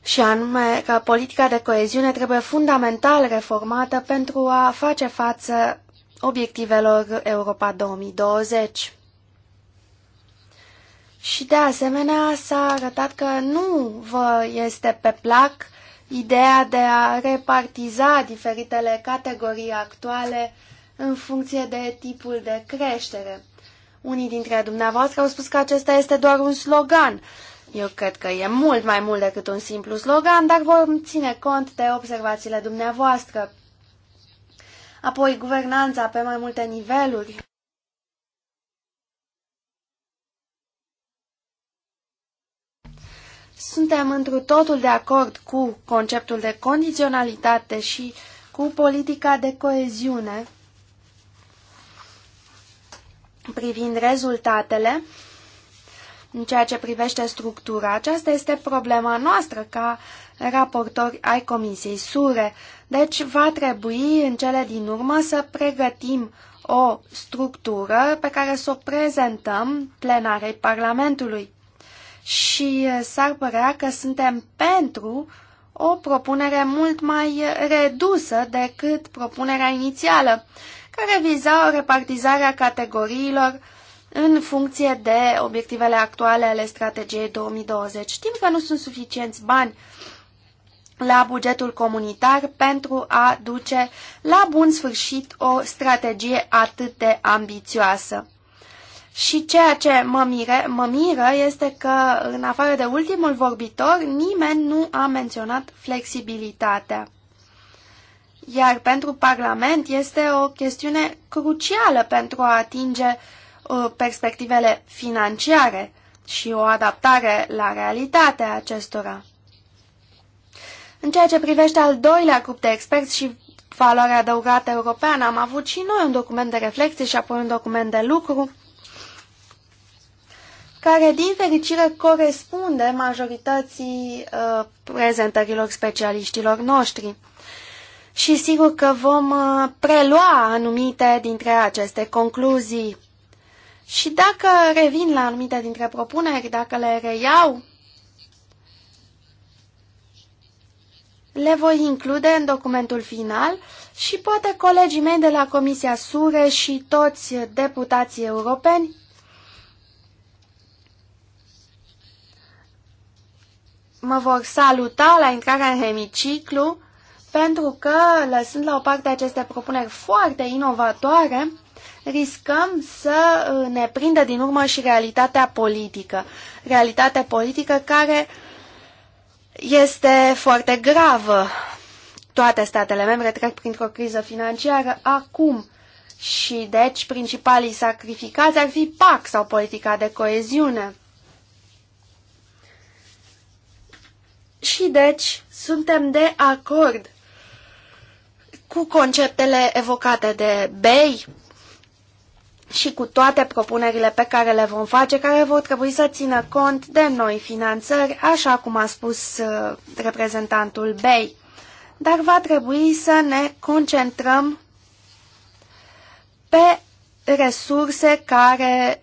Și anume că politica de coeziune trebuie fundamental reformată pentru a face față obiectivelor Europa 2020. Și de asemenea s-a arătat că nu vă este pe plac ideea de a repartiza diferitele categorii actuale în funcție de tipul de creștere. Unii dintre dumneavoastră au spus că acesta este doar un slogan. Eu cred că e mult mai mult decât un simplu slogan, dar vom ține cont de observațiile dumneavoastră. Apoi, guvernanța pe mai multe niveluri. Suntem întru totul de acord cu conceptul de condiționalitate și cu politica de coeziune privind rezultatele în ceea ce privește structura. Aceasta este problema noastră ca raportori ai Comisiei Sure. Deci va trebui în cele din urmă să pregătim o structură pe care să o prezentăm plenarei Parlamentului și eh, s-ar părea că suntem pentru o propunere mult mai eh, redusă decât propunerea inițială, care viza o repartizare categoriilor în funcție de obiectivele actuale ale strategiei 2020. Știm că nu sunt suficienți bani la bugetul comunitar pentru a duce la bun sfârșit o strategie atât de ambițioasă. Și ceea ce mă, mire, mă miră este că, în afară de ultimul vorbitor, nimeni nu a menționat flexibilitatea. Iar pentru Parlament este o chestiune crucială pentru a atinge uh, perspectivele financiare și o adaptare la realitatea acestora. În ceea ce privește al doilea grup de experți și valoarea adăugată europeană, am avut și noi un document de reflexie și apoi un document de lucru care, din fericire, corespunde majorității uh, prezentărilor specialiștilor noștri. Și sigur că vom uh, prelua anumite dintre aceste concluzii. Și dacă revin la anumite dintre propuneri, dacă le reiau, le voi include în documentul final și poate colegii mei de la Comisia Sure și toți deputații europeni mă vor saluta la intrarea în hemiciclu, pentru că, lăsând la o parte aceste propuneri foarte inovatoare, riscăm să uh, ne prindă din urmă și realitatea politică. Realitatea politică care este foarte gravă. Toate statele membre trec printr-o criză financiară acum și, deci, principalii sacrificați ar fi PAC sau politica de coeziune. Și deci suntem de acord cu conceptele evocate de Bay și cu toate propunerile pe care le vom face, care vor trebui să țină cont de noi finanțări, așa cum a spus uh, reprezentantul Bay. Dar va trebui să ne concentrăm pe resurse care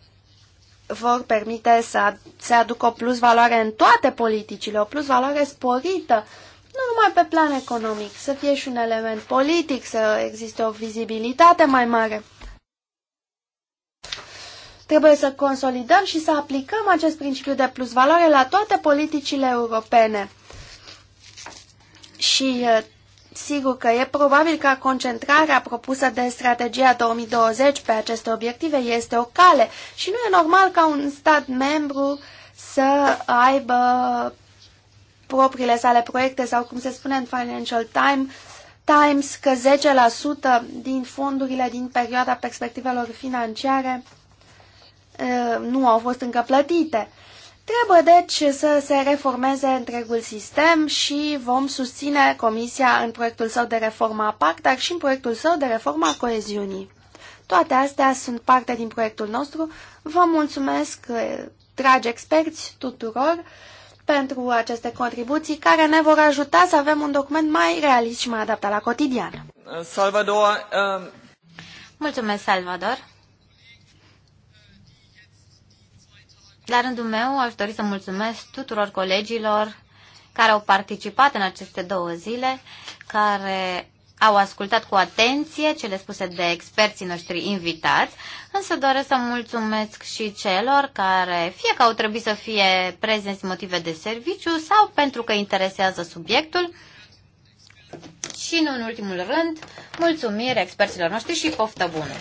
vor permite să se aducă o plus valoare în toate politicile, o plus valoare sporită, nu numai pe plan economic, să fie și un element politic, să existe o vizibilitate mai mare. Trebuie să consolidăm și să aplicăm acest principiu de plus valoare la toate politicile europene. Și uh, Sigur că e probabil că concentrarea propusă de strategia 2020 pe aceste obiective este o cale și nu e normal ca un stat membru să aibă propriile sale proiecte sau cum se spune în Financial Times, Times că 10% din fondurile din perioada perspectivelor financiare eh, nu au fost încă plătite. Trebuie deci să se reformeze întregul sistem și vom susține Comisia în proiectul său de reformă a PAC, dar și în proiectul său de reformă a coeziunii. Toate astea sunt parte din proiectul nostru. Vă mulțumesc, eh, dragi experți, tuturor, pentru aceste contribuții care ne vor ajuta să avem un document mai realist și mai adaptat la cotidian. Salvador. Uh... Mulțumesc, Salvador. La rândul meu, aș dori să mulțumesc tuturor colegilor care au participat în aceste două zile, care au ascultat cu atenție cele spuse de experții noștri invitați, însă doresc să mulțumesc și celor care fie că au trebuit să fie prezenți motive de serviciu sau pentru că interesează subiectul. Și nu în ultimul rând, mulțumire experților noștri și poftă bună!